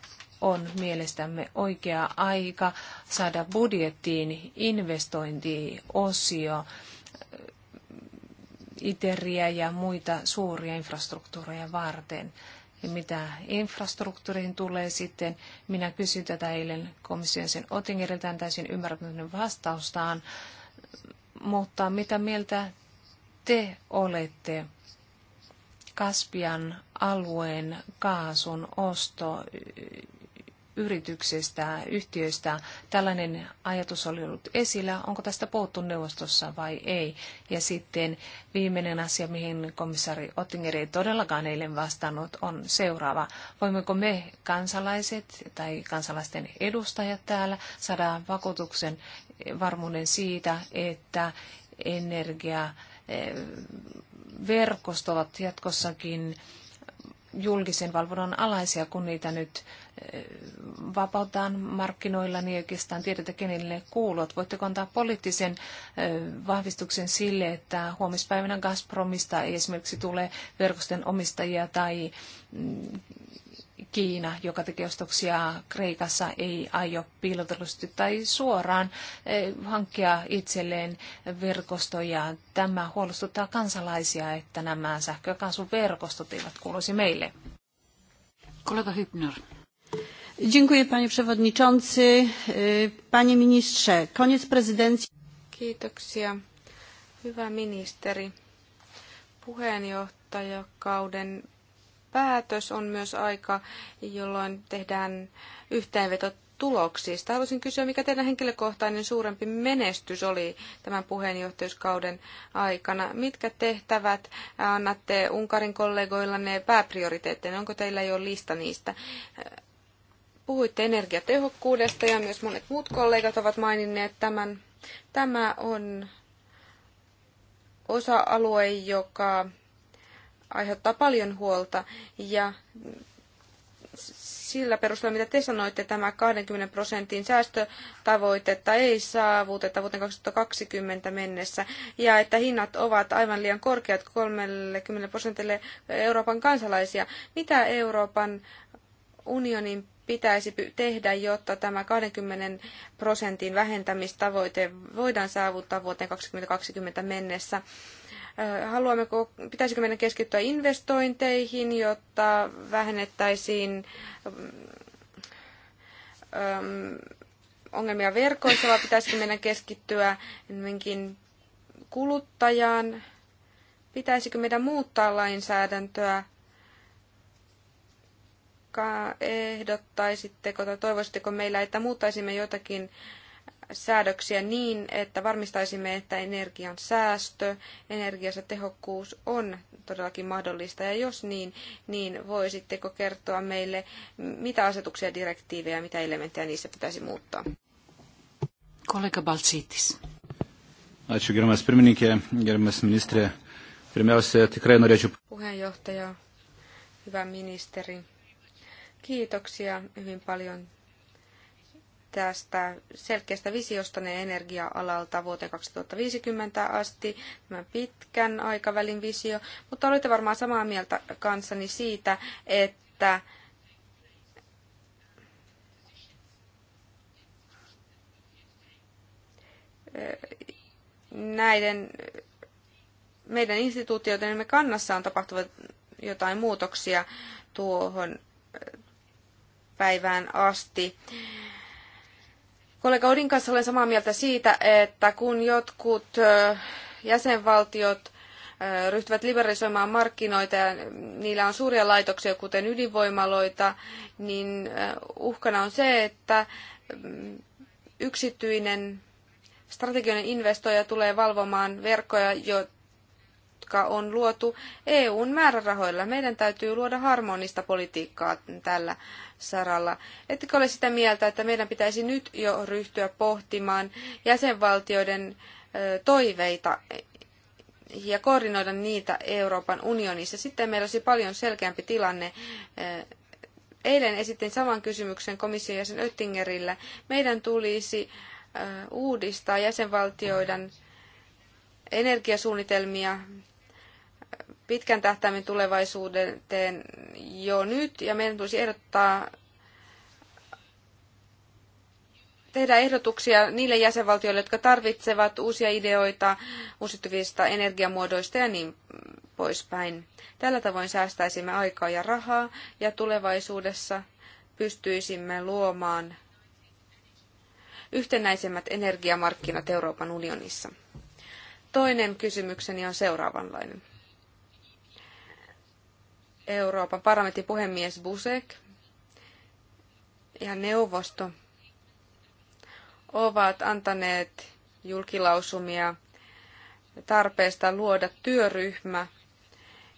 on mielestämme oikea aika saada budjettiin investointiosio ITERiä ja muita suuria infrastruktuureja varten mitä infrastruktuuriin tulee sitten. Minä kysyin tätä eilen komission sen Otingerilta, en täysin ymmärtänyt vastaustaan. Mutta mitä mieltä te olette Kaspian alueen kaasun osto yrityksistä, yhtiöistä. Tällainen ajatus oli ollut esillä. Onko tästä puhuttu neuvostossa vai ei? Ja sitten viimeinen asia, mihin komissaari Ottinger ei todellakaan eilen vastannut, on seuraava. Voimmeko me kansalaiset tai kansalaisten edustajat täällä saada vakuutuksen varmuuden siitä, että energia eh, verkostot ovat jatkossakin julkisen valvonnan alaisia, kun niitä nyt eh, vapautetaan markkinoilla, niin oikeastaan tiedetä, kenelle kuuluvat. Voitteko antaa poliittisen eh, vahvistuksen sille, että huomispäivänä Gazpromista ei esimerkiksi tule verkosten omistajia tai mm, Kiina, joka tekee ostoksia Kreikassa, ei aio piilotellusti tai suoraan eh, hankkia itselleen verkostoja. Tämä huolestuttaa kansalaisia, että nämä kaasuverkostot eivät kuuluisi meille. Kollega Hübner. Dziękuję panie przewodniczący, e, panie ministrze. Koniec prezydencji. Kiitoksia. Hyvä ministeri. Puheenjohtajakauden päätös on myös aika, jolloin tehdään yhteenveto tuloksista. Haluaisin kysyä, mikä teidän henkilökohtainen suurempi menestys oli tämän puheenjohtajuuskauden aikana? Mitkä tehtävät annatte Unkarin kollegoillanne pääprioriteetteina? Onko teillä jo lista niistä? Puhuitte energiatehokkuudesta ja myös monet muut kollegat ovat maininneet tämän. Tämä on osa-alue, joka aiheuttaa paljon huolta ja sillä perusteella, mitä te sanoitte, tämä 20 prosentin säästötavoitetta ei saavuteta vuoteen 2020 mennessä ja että hinnat ovat aivan liian korkeat 30 prosentille Euroopan kansalaisia. Mitä Euroopan unionin pitäisi tehdä, jotta tämä 20 prosentin vähentämistavoite voidaan saavuttaa vuoteen 2020 mennessä? haluammeko, pitäisikö meidän keskittyä investointeihin, jotta vähennettäisiin ongelmia verkoissa, vai pitäisikö meidän keskittyä enemmänkin kuluttajaan? Pitäisikö meidän muuttaa lainsäädäntöä? Ehdottaisitteko tai toivoisitteko meillä, että muuttaisimme jotakin säädöksiä niin, että varmistaisimme, että energian säästö, energiassa tehokkuus on todellakin mahdollista. Ja jos niin, niin voisitteko kertoa meille, mitä asetuksia, direktiivejä ja mitä elementtejä niissä pitäisi muuttaa? Kollega Baltsiitis. Ačiū, gerbiamas pirmininkė, gerbiamas ministrė. Pirmiausia, tikrai norėčiau... Puheenjohtaja, hyvä ministeri. Kiitoksia hyvin paljon tästä selkeästä ne energia-alalta vuoteen 2050 asti, tämä pitkän aikavälin visio, mutta olette varmaan samaa mieltä kanssani siitä, että näiden meidän instituutioidemme kannassa on tapahtunut jotain muutoksia tuohon päivään asti. Kollega Odin kanssa olen samaa mieltä siitä, että kun jotkut jäsenvaltiot ryhtyvät liberalisoimaan markkinoita ja niillä on suuria laitoksia, kuten ydinvoimaloita, niin uhkana on se, että mm, yksityinen strateginen investoija tulee valvomaan verkkoja, jotka on luotu EUn määrärahoilla. Meidän täytyy luoda harmonista politiikkaa tällä saralla. Ettekö ole sitä mieltä, että meidän pitäisi nyt jo ryhtyä pohtimaan jäsenvaltioiden toiveita ja koordinoida niitä Euroopan unionissa. Sitten meillä olisi paljon selkeämpi tilanne. Eilen esitin saman kysymyksen komission jäsen Oettingerille. Meidän tulisi uudistaa jäsenvaltioiden energiasuunnitelmia pitkän tähtäimen tulevaisuuteen jo nyt, ja meidän tulisi ehdottaa tehdä ehdotuksia niille jäsenvaltioille, jotka tarvitsevat uusia ideoita uusiutuvista energiamuodoista ja niin poispäin. Tällä tavoin säästäisimme aikaa ja rahaa ja tulevaisuudessa pystyisimme luomaan yhtenäisemmät energiamarkkinat Euroopan unionissa. Toinen kysymykseni on seuraavanlainen. Euroopan parlamentin puhemies Busek ja neuvosto ovat antaneet julkilausumia tarpeesta luoda työryhmä,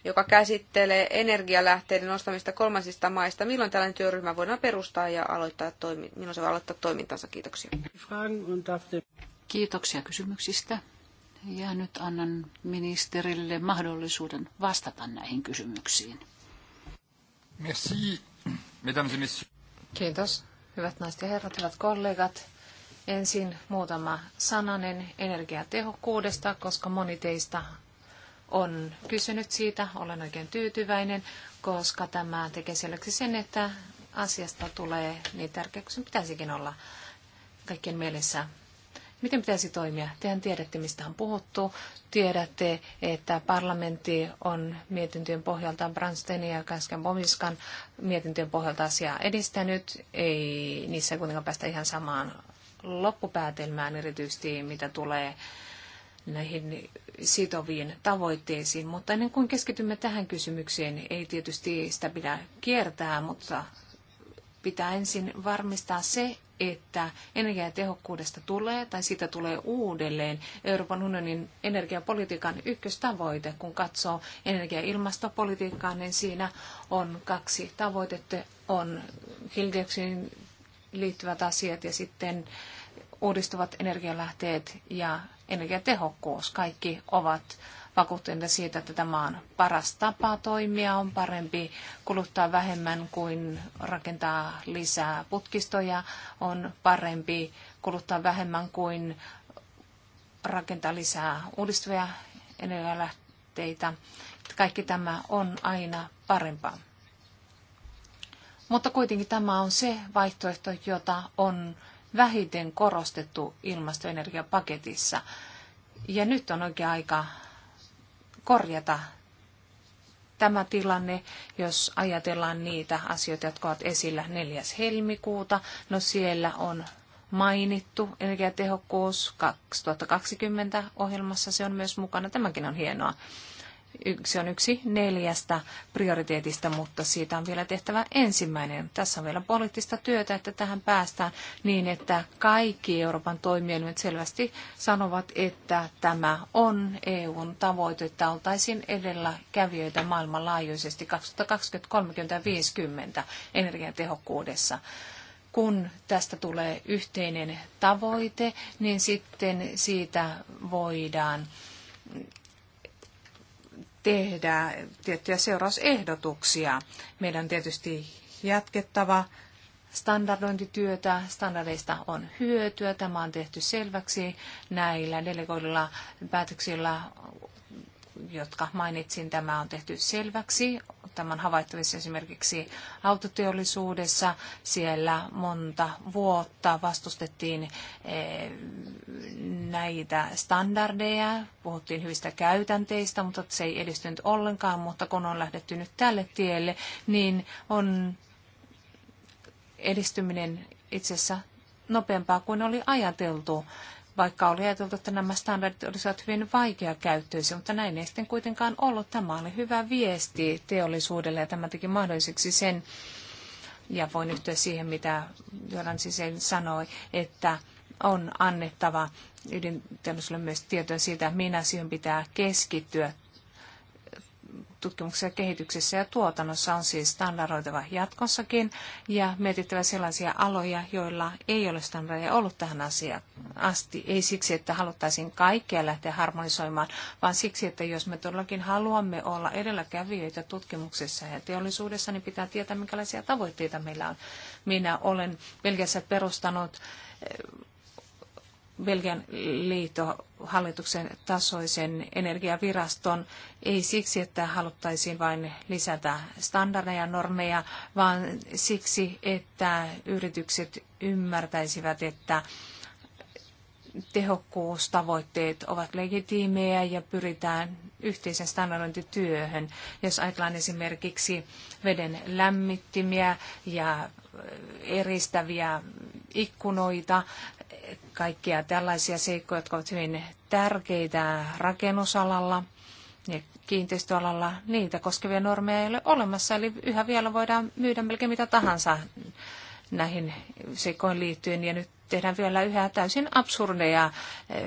joka käsittelee energialähteiden nostamista kolmansista maista. Milloin tällainen työryhmä voidaan perustaa ja aloittaa toimi- milloin se voi aloittaa toimintansa? Kiitoksia. Kiitoksia kysymyksistä. Ja nyt annan ministerille mahdollisuuden vastata näihin kysymyksiin. Merci, mesdames et messieurs. Kiitos, hyvät naiset ja herrat, hyvät kollegat. Ensin muutama sananen energiatehokkuudesta, koska moni teistä on kysynyt siitä. Olen oikein tyytyväinen, koska tämä tekee selväksi sen, että asiasta tulee niin tärkeä kuin sen pitäisikin olla kaikkien mielessä. Miten pitäisi toimia? Tehän tiedätte, mistä on puhuttu. Tiedätte, että parlamentti on mietintöjen pohjalta Brandsteinin ja Kanskan Bomiskan mietintöjen pohjalta asiaa edistänyt. Ei niissä kuitenkaan päästä ihan samaan loppupäätelmään, erityisesti mitä tulee näihin sitoviin tavoitteisiin. Mutta ennen kuin keskitymme tähän kysymykseen, ei tietysti sitä pidä kiertää, mutta pitää ensin varmistaa se, että energiatehokkuudesta tulee tai siitä tulee uudelleen Euroopan unionin energiapolitiikan ykköstavoite. Kun katsoo energia- ja ilmastopolitiikkaa, niin siinä on kaksi tavoitetta. On hiilidioksidin liittyvät asiat ja sitten uudistuvat energialähteet ja energiatehokkuus. Kaikki ovat vakuuttuneita siitä, että tämä on paras tapa toimia, on parempi kuluttaa vähemmän kuin rakentaa lisää putkistoja, on parempi kuluttaa vähemmän kuin rakentaa lisää uudistuvia energialähteitä. Kaikki tämä on aina parempaa. Mutta kuitenkin tämä on se vaihtoehto, jota on vähiten korostettu ilmastoenergiapaketissa. Ja nyt on oikea aika korjata tämä tilanne, jos ajatellaan niitä asioita, jotka ovat esillä 4. helmikuuta. No siellä on mainittu energiatehokkuus 2020 ohjelmassa, se on myös mukana. Tämäkin on hienoa se on yksi neljästä prioriteetista, mutta siitä on vielä tehtävä ensimmäinen. Tässä on vielä poliittista työtä, että tähän päästään niin, että kaikki Euroopan toimielimet selvästi sanovat, että tämä on EUn tavoite, että oltaisiin kävijöitä maailmanlaajuisesti 2020, 30 ja 50 energiatehokkuudessa kun tästä tulee yhteinen tavoite, niin sitten siitä voidaan tehdä tiettyjä seurausehdotuksia. Meidän on tietysti jatkettava standardointityötä, standardeista on hyötyä, tämä on tehty selväksi näillä delegoidilla päätöksillä jotka mainitsin, tämä on tehty selväksi. Tämä on havaittavissa esimerkiksi autoteollisuudessa. Siellä monta vuotta vastustettiin eh, näitä standardeja, puhuttiin hyvistä käytänteistä, mutta se ei edistynyt ollenkaan. Mutta kun on lähdetty nyt tälle tielle, niin on edistyminen itse asiassa nopeampaa kuin oli ajateltu vaikka oli ajateltu, että nämä standardit olisivat hyvin käyttöisiä, mutta näin ei sitten kuitenkaan ollut. Tämä oli hyvä viesti teollisuudelle ja tämä teki mahdolliseksi sen, ja voin yhtyä siihen, mitä Joran Sisen sanoi, että on annettava ydinteollisuudelle myös tietoa siitä, minä siihen pitää keskittyä tutkimuksessa, kehityksessä ja tuotannossa on siis standardoitava jatkossakin ja mietittävä sellaisia aloja, joilla ei ole standardeja ollut tähän asiaan asti. Ei siksi, että haluttaisiin kaikkea lähteä harmonisoimaan, vaan siksi, että jos me todellakin haluamme olla edelläkävijöitä tutkimuksessa ja teollisuudessa, niin pitää tietää, minkälaisia tavoitteita meillä on. Minä olen pelkästään perustanut eh, Belgian liitohallituksen tasoisen energiaviraston, ei siksi, että haluttaisiin vain lisätä standardeja ja normeja, vaan siksi, että yritykset ymmärtäisivät, että tehokkuustavoitteet ovat legitiimejä ja pyritään yhteisen standardointityöhön. Jos ajatellaan esimerkiksi veden lämmittimiä ja eristäviä ikkunoita, kaikkia tällaisia seikkoja, jotka ovat hyvin tärkeitä rakennusalalla ja kiinteistöalalla. Niitä koskevia normeja ei ole olemassa, eli yhä vielä voidaan myydä melkein mitä tahansa näihin seikkoihin liittyen. Ja nyt tehdään vielä yhä täysin absurdeja eh,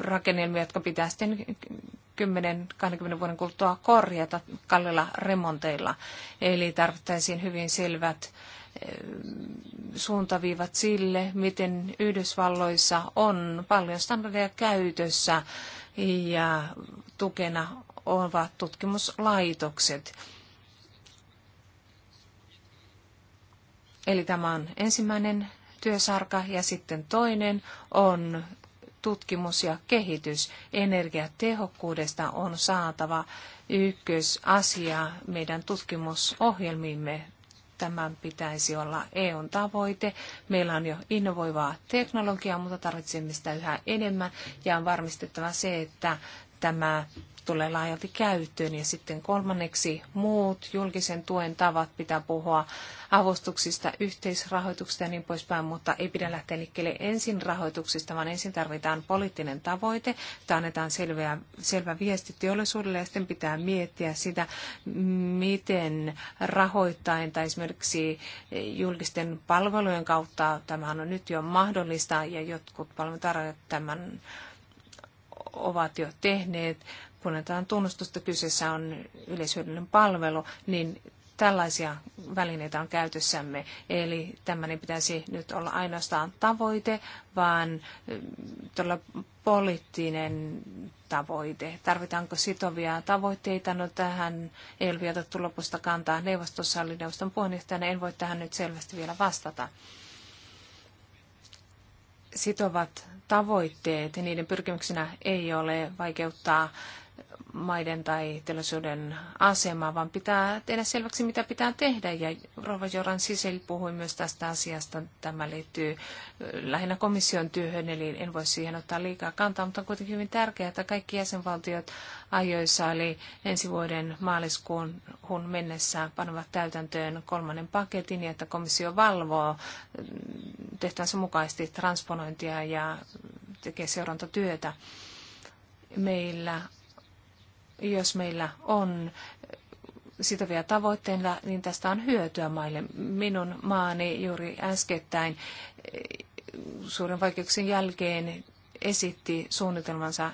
rakennelmia, jotka pitää sitten 10-20 vuoden kuluttua korjata kallilla remonteilla. Eli tarvittaisiin hyvin selvät Eh, suuntaviivat sille, miten Yhdysvalloissa on paljon standardeja käytössä ja tukena ovat tutkimuslaitokset. Eli tämä on ensimmäinen työsarka ja sitten toinen on tutkimus ja kehitys. Energiatehokkuudesta on saatava ykkösasia meidän tutkimusohjelmiimme Tämän pitäisi olla EUn tavoite. Meillä on jo innovoivaa teknologiaa, mutta tarvitsemme sitä yhä enemmän ja on varmistettava se, että tämä tulee laajalti käyttöön. Ja sitten kolmanneksi muut julkisen tuen tavat pitää puhua avustuksista, yhteisrahoituksista ja niin poispäin, mutta ei pidä lähteä liikkeelle ensin rahoituksista, vaan ensin tarvitaan poliittinen tavoite, että annetaan selveä, selvä viesti teollisuudelle ja sitten pitää miettiä sitä, miten rahoittain tai esimerkiksi julkisten palvelujen kautta tämä on nyt jo mahdollista ja jotkut palvelutarjoajat tämän ovat jo tehneet, kun annetaan tunnustusta, kyseessä on yleishyödyllinen palvelu, niin tällaisia välineitä on käytössämme. Eli tämmöinen ei pitäisi nyt olla ainoastaan tavoite, vaan todella poliittinen tavoite. Tarvitaanko sitovia tavoitteita? No tähän ei ole vielä lopusta kantaa neuvostossa, oli neuvoston puheenjohtajana. En voi tähän nyt selvästi vielä vastata. Sitovat tavoitteet, niiden pyrkimyksenä ei ole vaikeuttaa maiden tai teollisuuden asemaa, vaan pitää tehdä selväksi, mitä pitää tehdä. Ja Rova Joran Sisel puhui myös tästä asiasta. Tämä liittyy lähinnä komission työhön, eli en voi siihen ottaa liikaa kantaa, mutta on kuitenkin hyvin tärkeää, että kaikki jäsenvaltiot ajoissa, eli ensi vuoden maaliskuun mennessä panovat täytäntöön kolmannen paketin, ja että komissio valvoo mm, tehtävänsä mukaisesti transponointia ja tekee seurantatyötä meillä jos meillä on sitovia tavoitteita, niin tästä on hyötyä maille. Minun maani juuri äskettäin eh, suuren vaikeuksien jälkeen esitti suunnitelmansa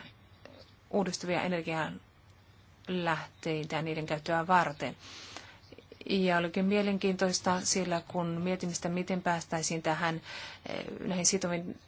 uudistuvia energialähteitä ja niiden käyttöä varten. Ja olikin mielenkiintoista sillä, kun mietimistä, miten päästäisiin tähän eh, näihin sitoviin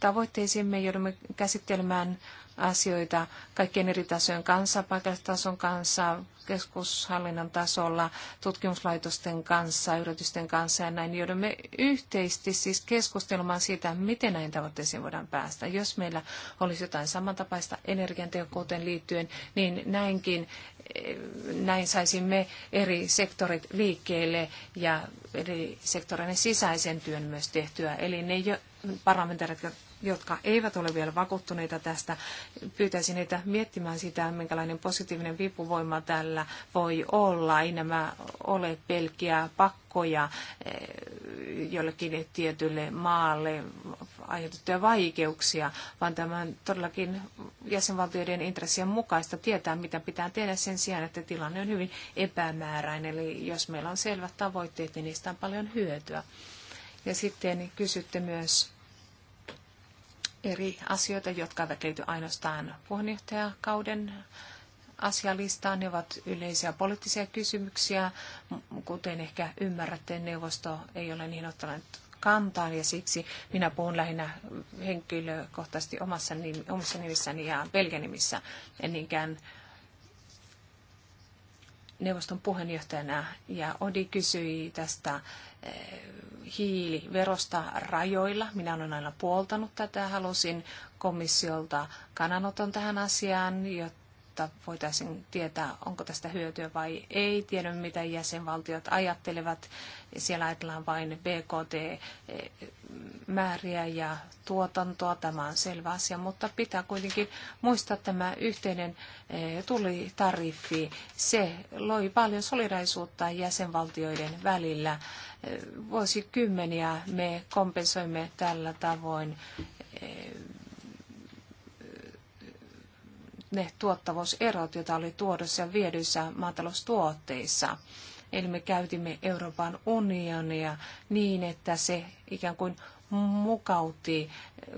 tavoitteisiin, me joudumme käsittelemään asioita kaikkien eri tasojen kanssa, paikallistason kanssa, keskushallinnon tasolla, tutkimuslaitosten kanssa, yritysten kanssa ja näin. Joudumme yhteisesti siis keskustelemaan siitä, miten näihin tavoitteisiin voidaan päästä. Jos meillä olisi jotain samantapaista energiantehokkuuteen liittyen, niin näinkin näin saisimme eri sektorit liikkeelle ja eri sektoreiden sisäisen työn myös tehtyä. Eli ne jo, parlamentaariset jotka eivät ole vielä vakuuttuneita tästä, pyytäisin heitä miettimään sitä, minkälainen positiivinen vipuvoima tällä voi olla. Ei nämä ole pelkkiä pakkoja eh, jollekin tietylle maalle aiheutettuja vaikeuksia, vaan tämä on todellakin jäsenvaltioiden intressien mukaista tietää, mitä pitää tehdä sen sijaan, että tilanne on hyvin epämääräinen. Eli jos meillä on selvät tavoitteet, niin niistä on paljon hyötyä. Ja sitten kysytte myös eri asioita, jotka eivät liity ainoastaan puheenjohtajakauden asialistaan. Ne ovat yleisiä poliittisia kysymyksiä. Kuten ehkä ymmärrätte, neuvosto ei ole niin ottanut kantaan ja siksi minä puhun lähinnä henkilökohtaisesti omassa, nim, omassa nimissäni ja Belgian nimissä, en niinkään neuvoston puheenjohtajana. Ja Odi kysyi tästä eh, hiiliverosta rajoilla. Minä olen aina puoltanut tätä. Halusin komissiolta kananoton tähän asiaan, jotta jotta voitaisiin tietää, onko tästä hyötyä vai ei. Tiedän mitä jäsenvaltiot ajattelevat. Siellä ajatellaan vain BKT-määriä ja tuotantoa. Tämä on selvä asia, mutta pitää kuitenkin muistaa tämä yhteinen eh, tulitariffi. Se loi paljon solidaisuutta jäsenvaltioiden välillä. Eh, vuosikymmeniä me kompensoimme tällä tavoin eh, ne tuottavuuserot, joita oli tuodossa ja viedyissä maataloustuotteissa. Eli me käytimme Euroopan unionia niin, että se ikään kuin mukautti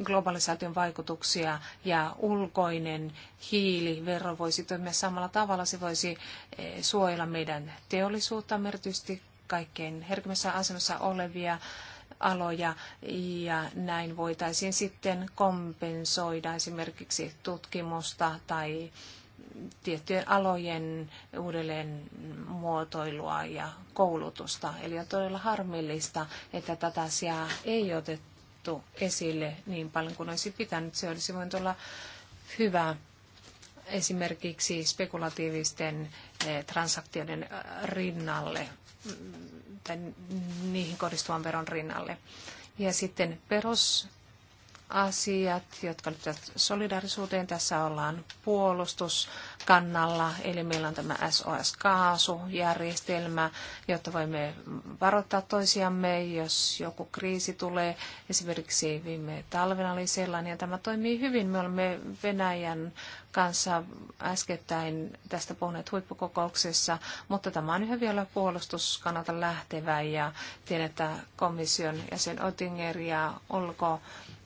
globalisaation vaikutuksia ja ulkoinen hiilivero voisi toimia samalla tavalla. Se voisi eh, suojella meidän teollisuutta, erityisesti kaikkein herkimmässä asemassa olevia aloja ja näin voitaisiin sitten kompensoida esimerkiksi tutkimusta tai tiettyjen alojen uudelleen muotoilua ja koulutusta. Eli on todella harmillista, että tätä asiaa ei otettu esille niin paljon kuin olisi pitänyt. Se olisi voinut olla hyvä esimerkiksi spekulatiivisten eh, transaktioiden eh, rinnalle tai niihin kohdistuvan veron rinnalle. Ja sitten perusasiat, jotka liittyvät solidaarisuuteen. Tässä ollaan puolustuskannalla, eli meillä on tämä SOS-kaasujärjestelmä, jotta voimme varoittaa toisiamme, jos joku kriisi tulee. Esimerkiksi viime talvena oli sellainen, ja tämä toimii hyvin. Me olemme Venäjän kanssa äskettäin tästä puhuneet huippukokouksessa, mutta tämä on yhä vielä puolustuskannalta lähtevä ja tiedän, että komission jäsen Oettinger ja olko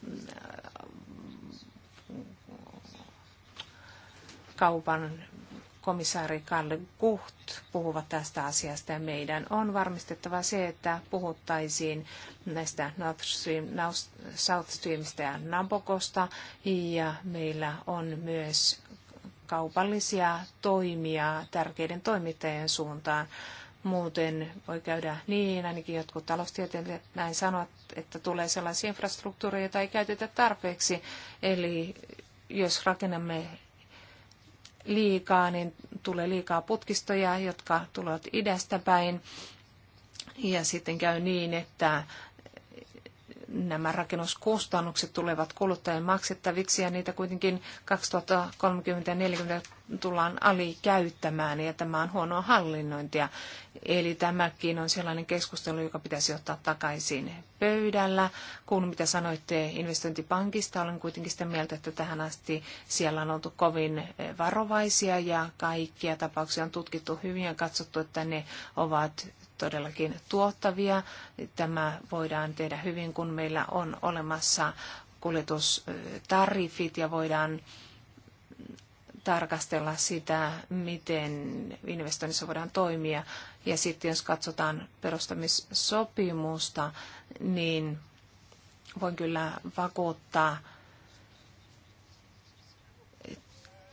äh, kaupan komissaari Kalle Gucht puhuvat tästä asiasta ja meidän on varmistettava se, että puhuttaisiin näistä North Stream, South Streamista ja Nabokosta ja meillä on myös kaupallisia toimia tärkeiden toimittajien suuntaan. Muuten voi käydä niin, ainakin jotkut taloustieteilijät näin sanovat, että tulee sellaisia infrastruktuureja, joita ei käytetä tarpeeksi. Eli jos rakennamme liikaa, niin tulee liikaa putkistoja, jotka tulevat idästä päin. Ja sitten käy niin, että nämä rakennuskustannukset tulevat kuluttajien maksettaviksi ja niitä kuitenkin 2030-40 tullaan alikäyttämään ja tämä on huonoa hallinnointia. Eli tämäkin on sellainen keskustelu, joka pitäisi ottaa takaisin pöydällä. Kun mitä sanoitte investointipankista, olen kuitenkin sitä mieltä, että tähän asti siellä on oltu kovin varovaisia ja kaikkia tapauksia on tutkittu hyvin ja katsottu, että ne ovat todellakin tuottavia. Tämä voidaan tehdä hyvin, kun meillä on olemassa kuljetustariffit ja voidaan tarkastella sitä, miten investoinnissa voidaan toimia. Ja sitten jos katsotaan perustamissopimusta, niin voin kyllä vakuuttaa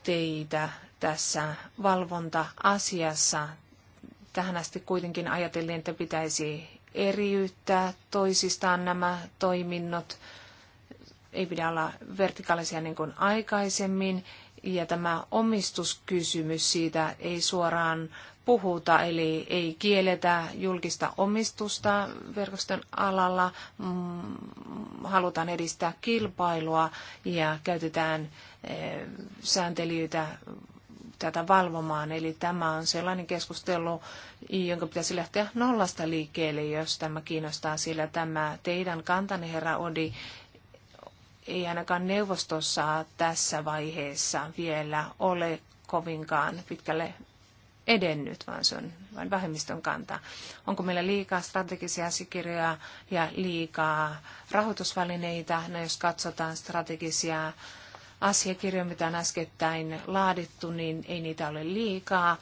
teitä tässä valvonta-asiassa. Tähän asti kuitenkin ajateltiin, että pitäisi eriyttää toisistaan nämä toiminnot. Ei pidä olla vertikaalisia niin kuin aikaisemmin. Ja tämä omistuskysymys siitä ei suoraan puhuta, eli ei kielletä julkista omistusta verkoston alalla, mm, halutaan edistää kilpailua ja käytetään eh, sääntelijöitä tätä valvomaan. Eli tämä on sellainen keskustelu, jonka pitäisi lähteä nollasta liikkeelle, jos tämä kiinnostaa, sillä tämä teidän kantani herra Odi, ei ainakaan neuvostossa tässä vaiheessa vielä ole kovinkaan pitkälle edennyt, vaan se on vain vähemmistön kanta. Onko meillä liikaa strategisia asiakirjoja ja liikaa rahoitusvälineitä? No, jos katsotaan strategisia asiakirjoja, mitä on äskettäin laadittu, niin ei niitä ole liikaa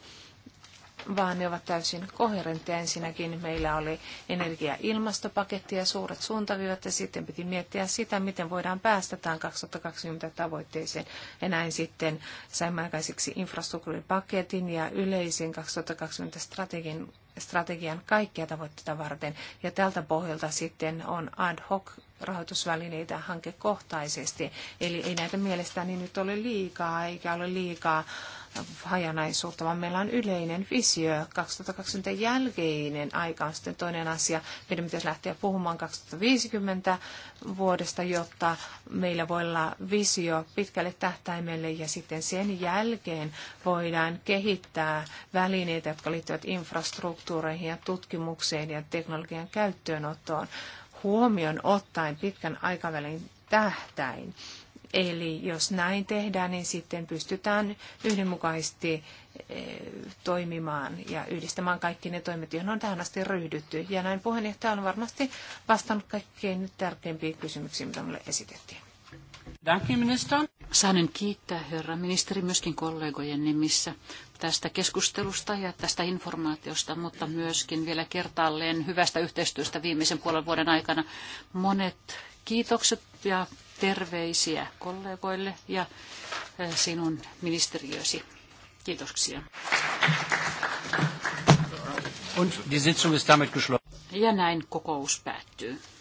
vaan ne ovat täysin koherentteja. Ensinnäkin meillä oli energia- ja ilmastopaketti ja suuret suuntaviivat, ja sitten piti miettiä sitä, miten voidaan päästä tähän 2020 tavoitteeseen. Ja näin sitten saimme aikaiseksi infrastruktuuripaketin ja yleisin 2020 strategian, strategian kaikkia tavoitteita varten. Ja tältä pohjalta sitten on ad hoc rahoitusvälineitä hankekohtaisesti. Eli ei näitä mielestäni nyt ole liikaa, eikä ole liikaa hajanaisuutta, vaan meillä on yleinen visio. 2020 jälkeinen aika on sitten toinen asia. Meidän pitäisi lähteä puhumaan 2050 vuodesta, jotta meillä voi olla visio pitkälle tähtäimelle ja sitten sen jälkeen voidaan kehittää välineitä, jotka liittyvät infrastruktuureihin ja tutkimukseen ja teknologian käyttöönottoon huomioon ottaen pitkän aikavälin tähtäin. Eli jos näin tehdään, niin sitten pystytään yhdenmukaisesti eh, toimimaan ja yhdistämään kaikki ne toimet, joihin on tähän asti ryhdytty. Ja näin puheenjohtaja on varmasti vastannut kaikkein nyt tärkeimpiin kysymyksiin, mitä minulle esitettiin. Saanen kiittää herra ministeri myöskin kollegojen nimissä tästä keskustelusta ja tästä informaatiosta, mutta myöskin vielä kertaalleen hyvästä yhteistyöstä viimeisen puolen vuoden aikana. Monet kiitokset ja terveisiä kollegoille ja eh, sinun ministeriösi. Kiitoksia. Ja näin kokous päättyy.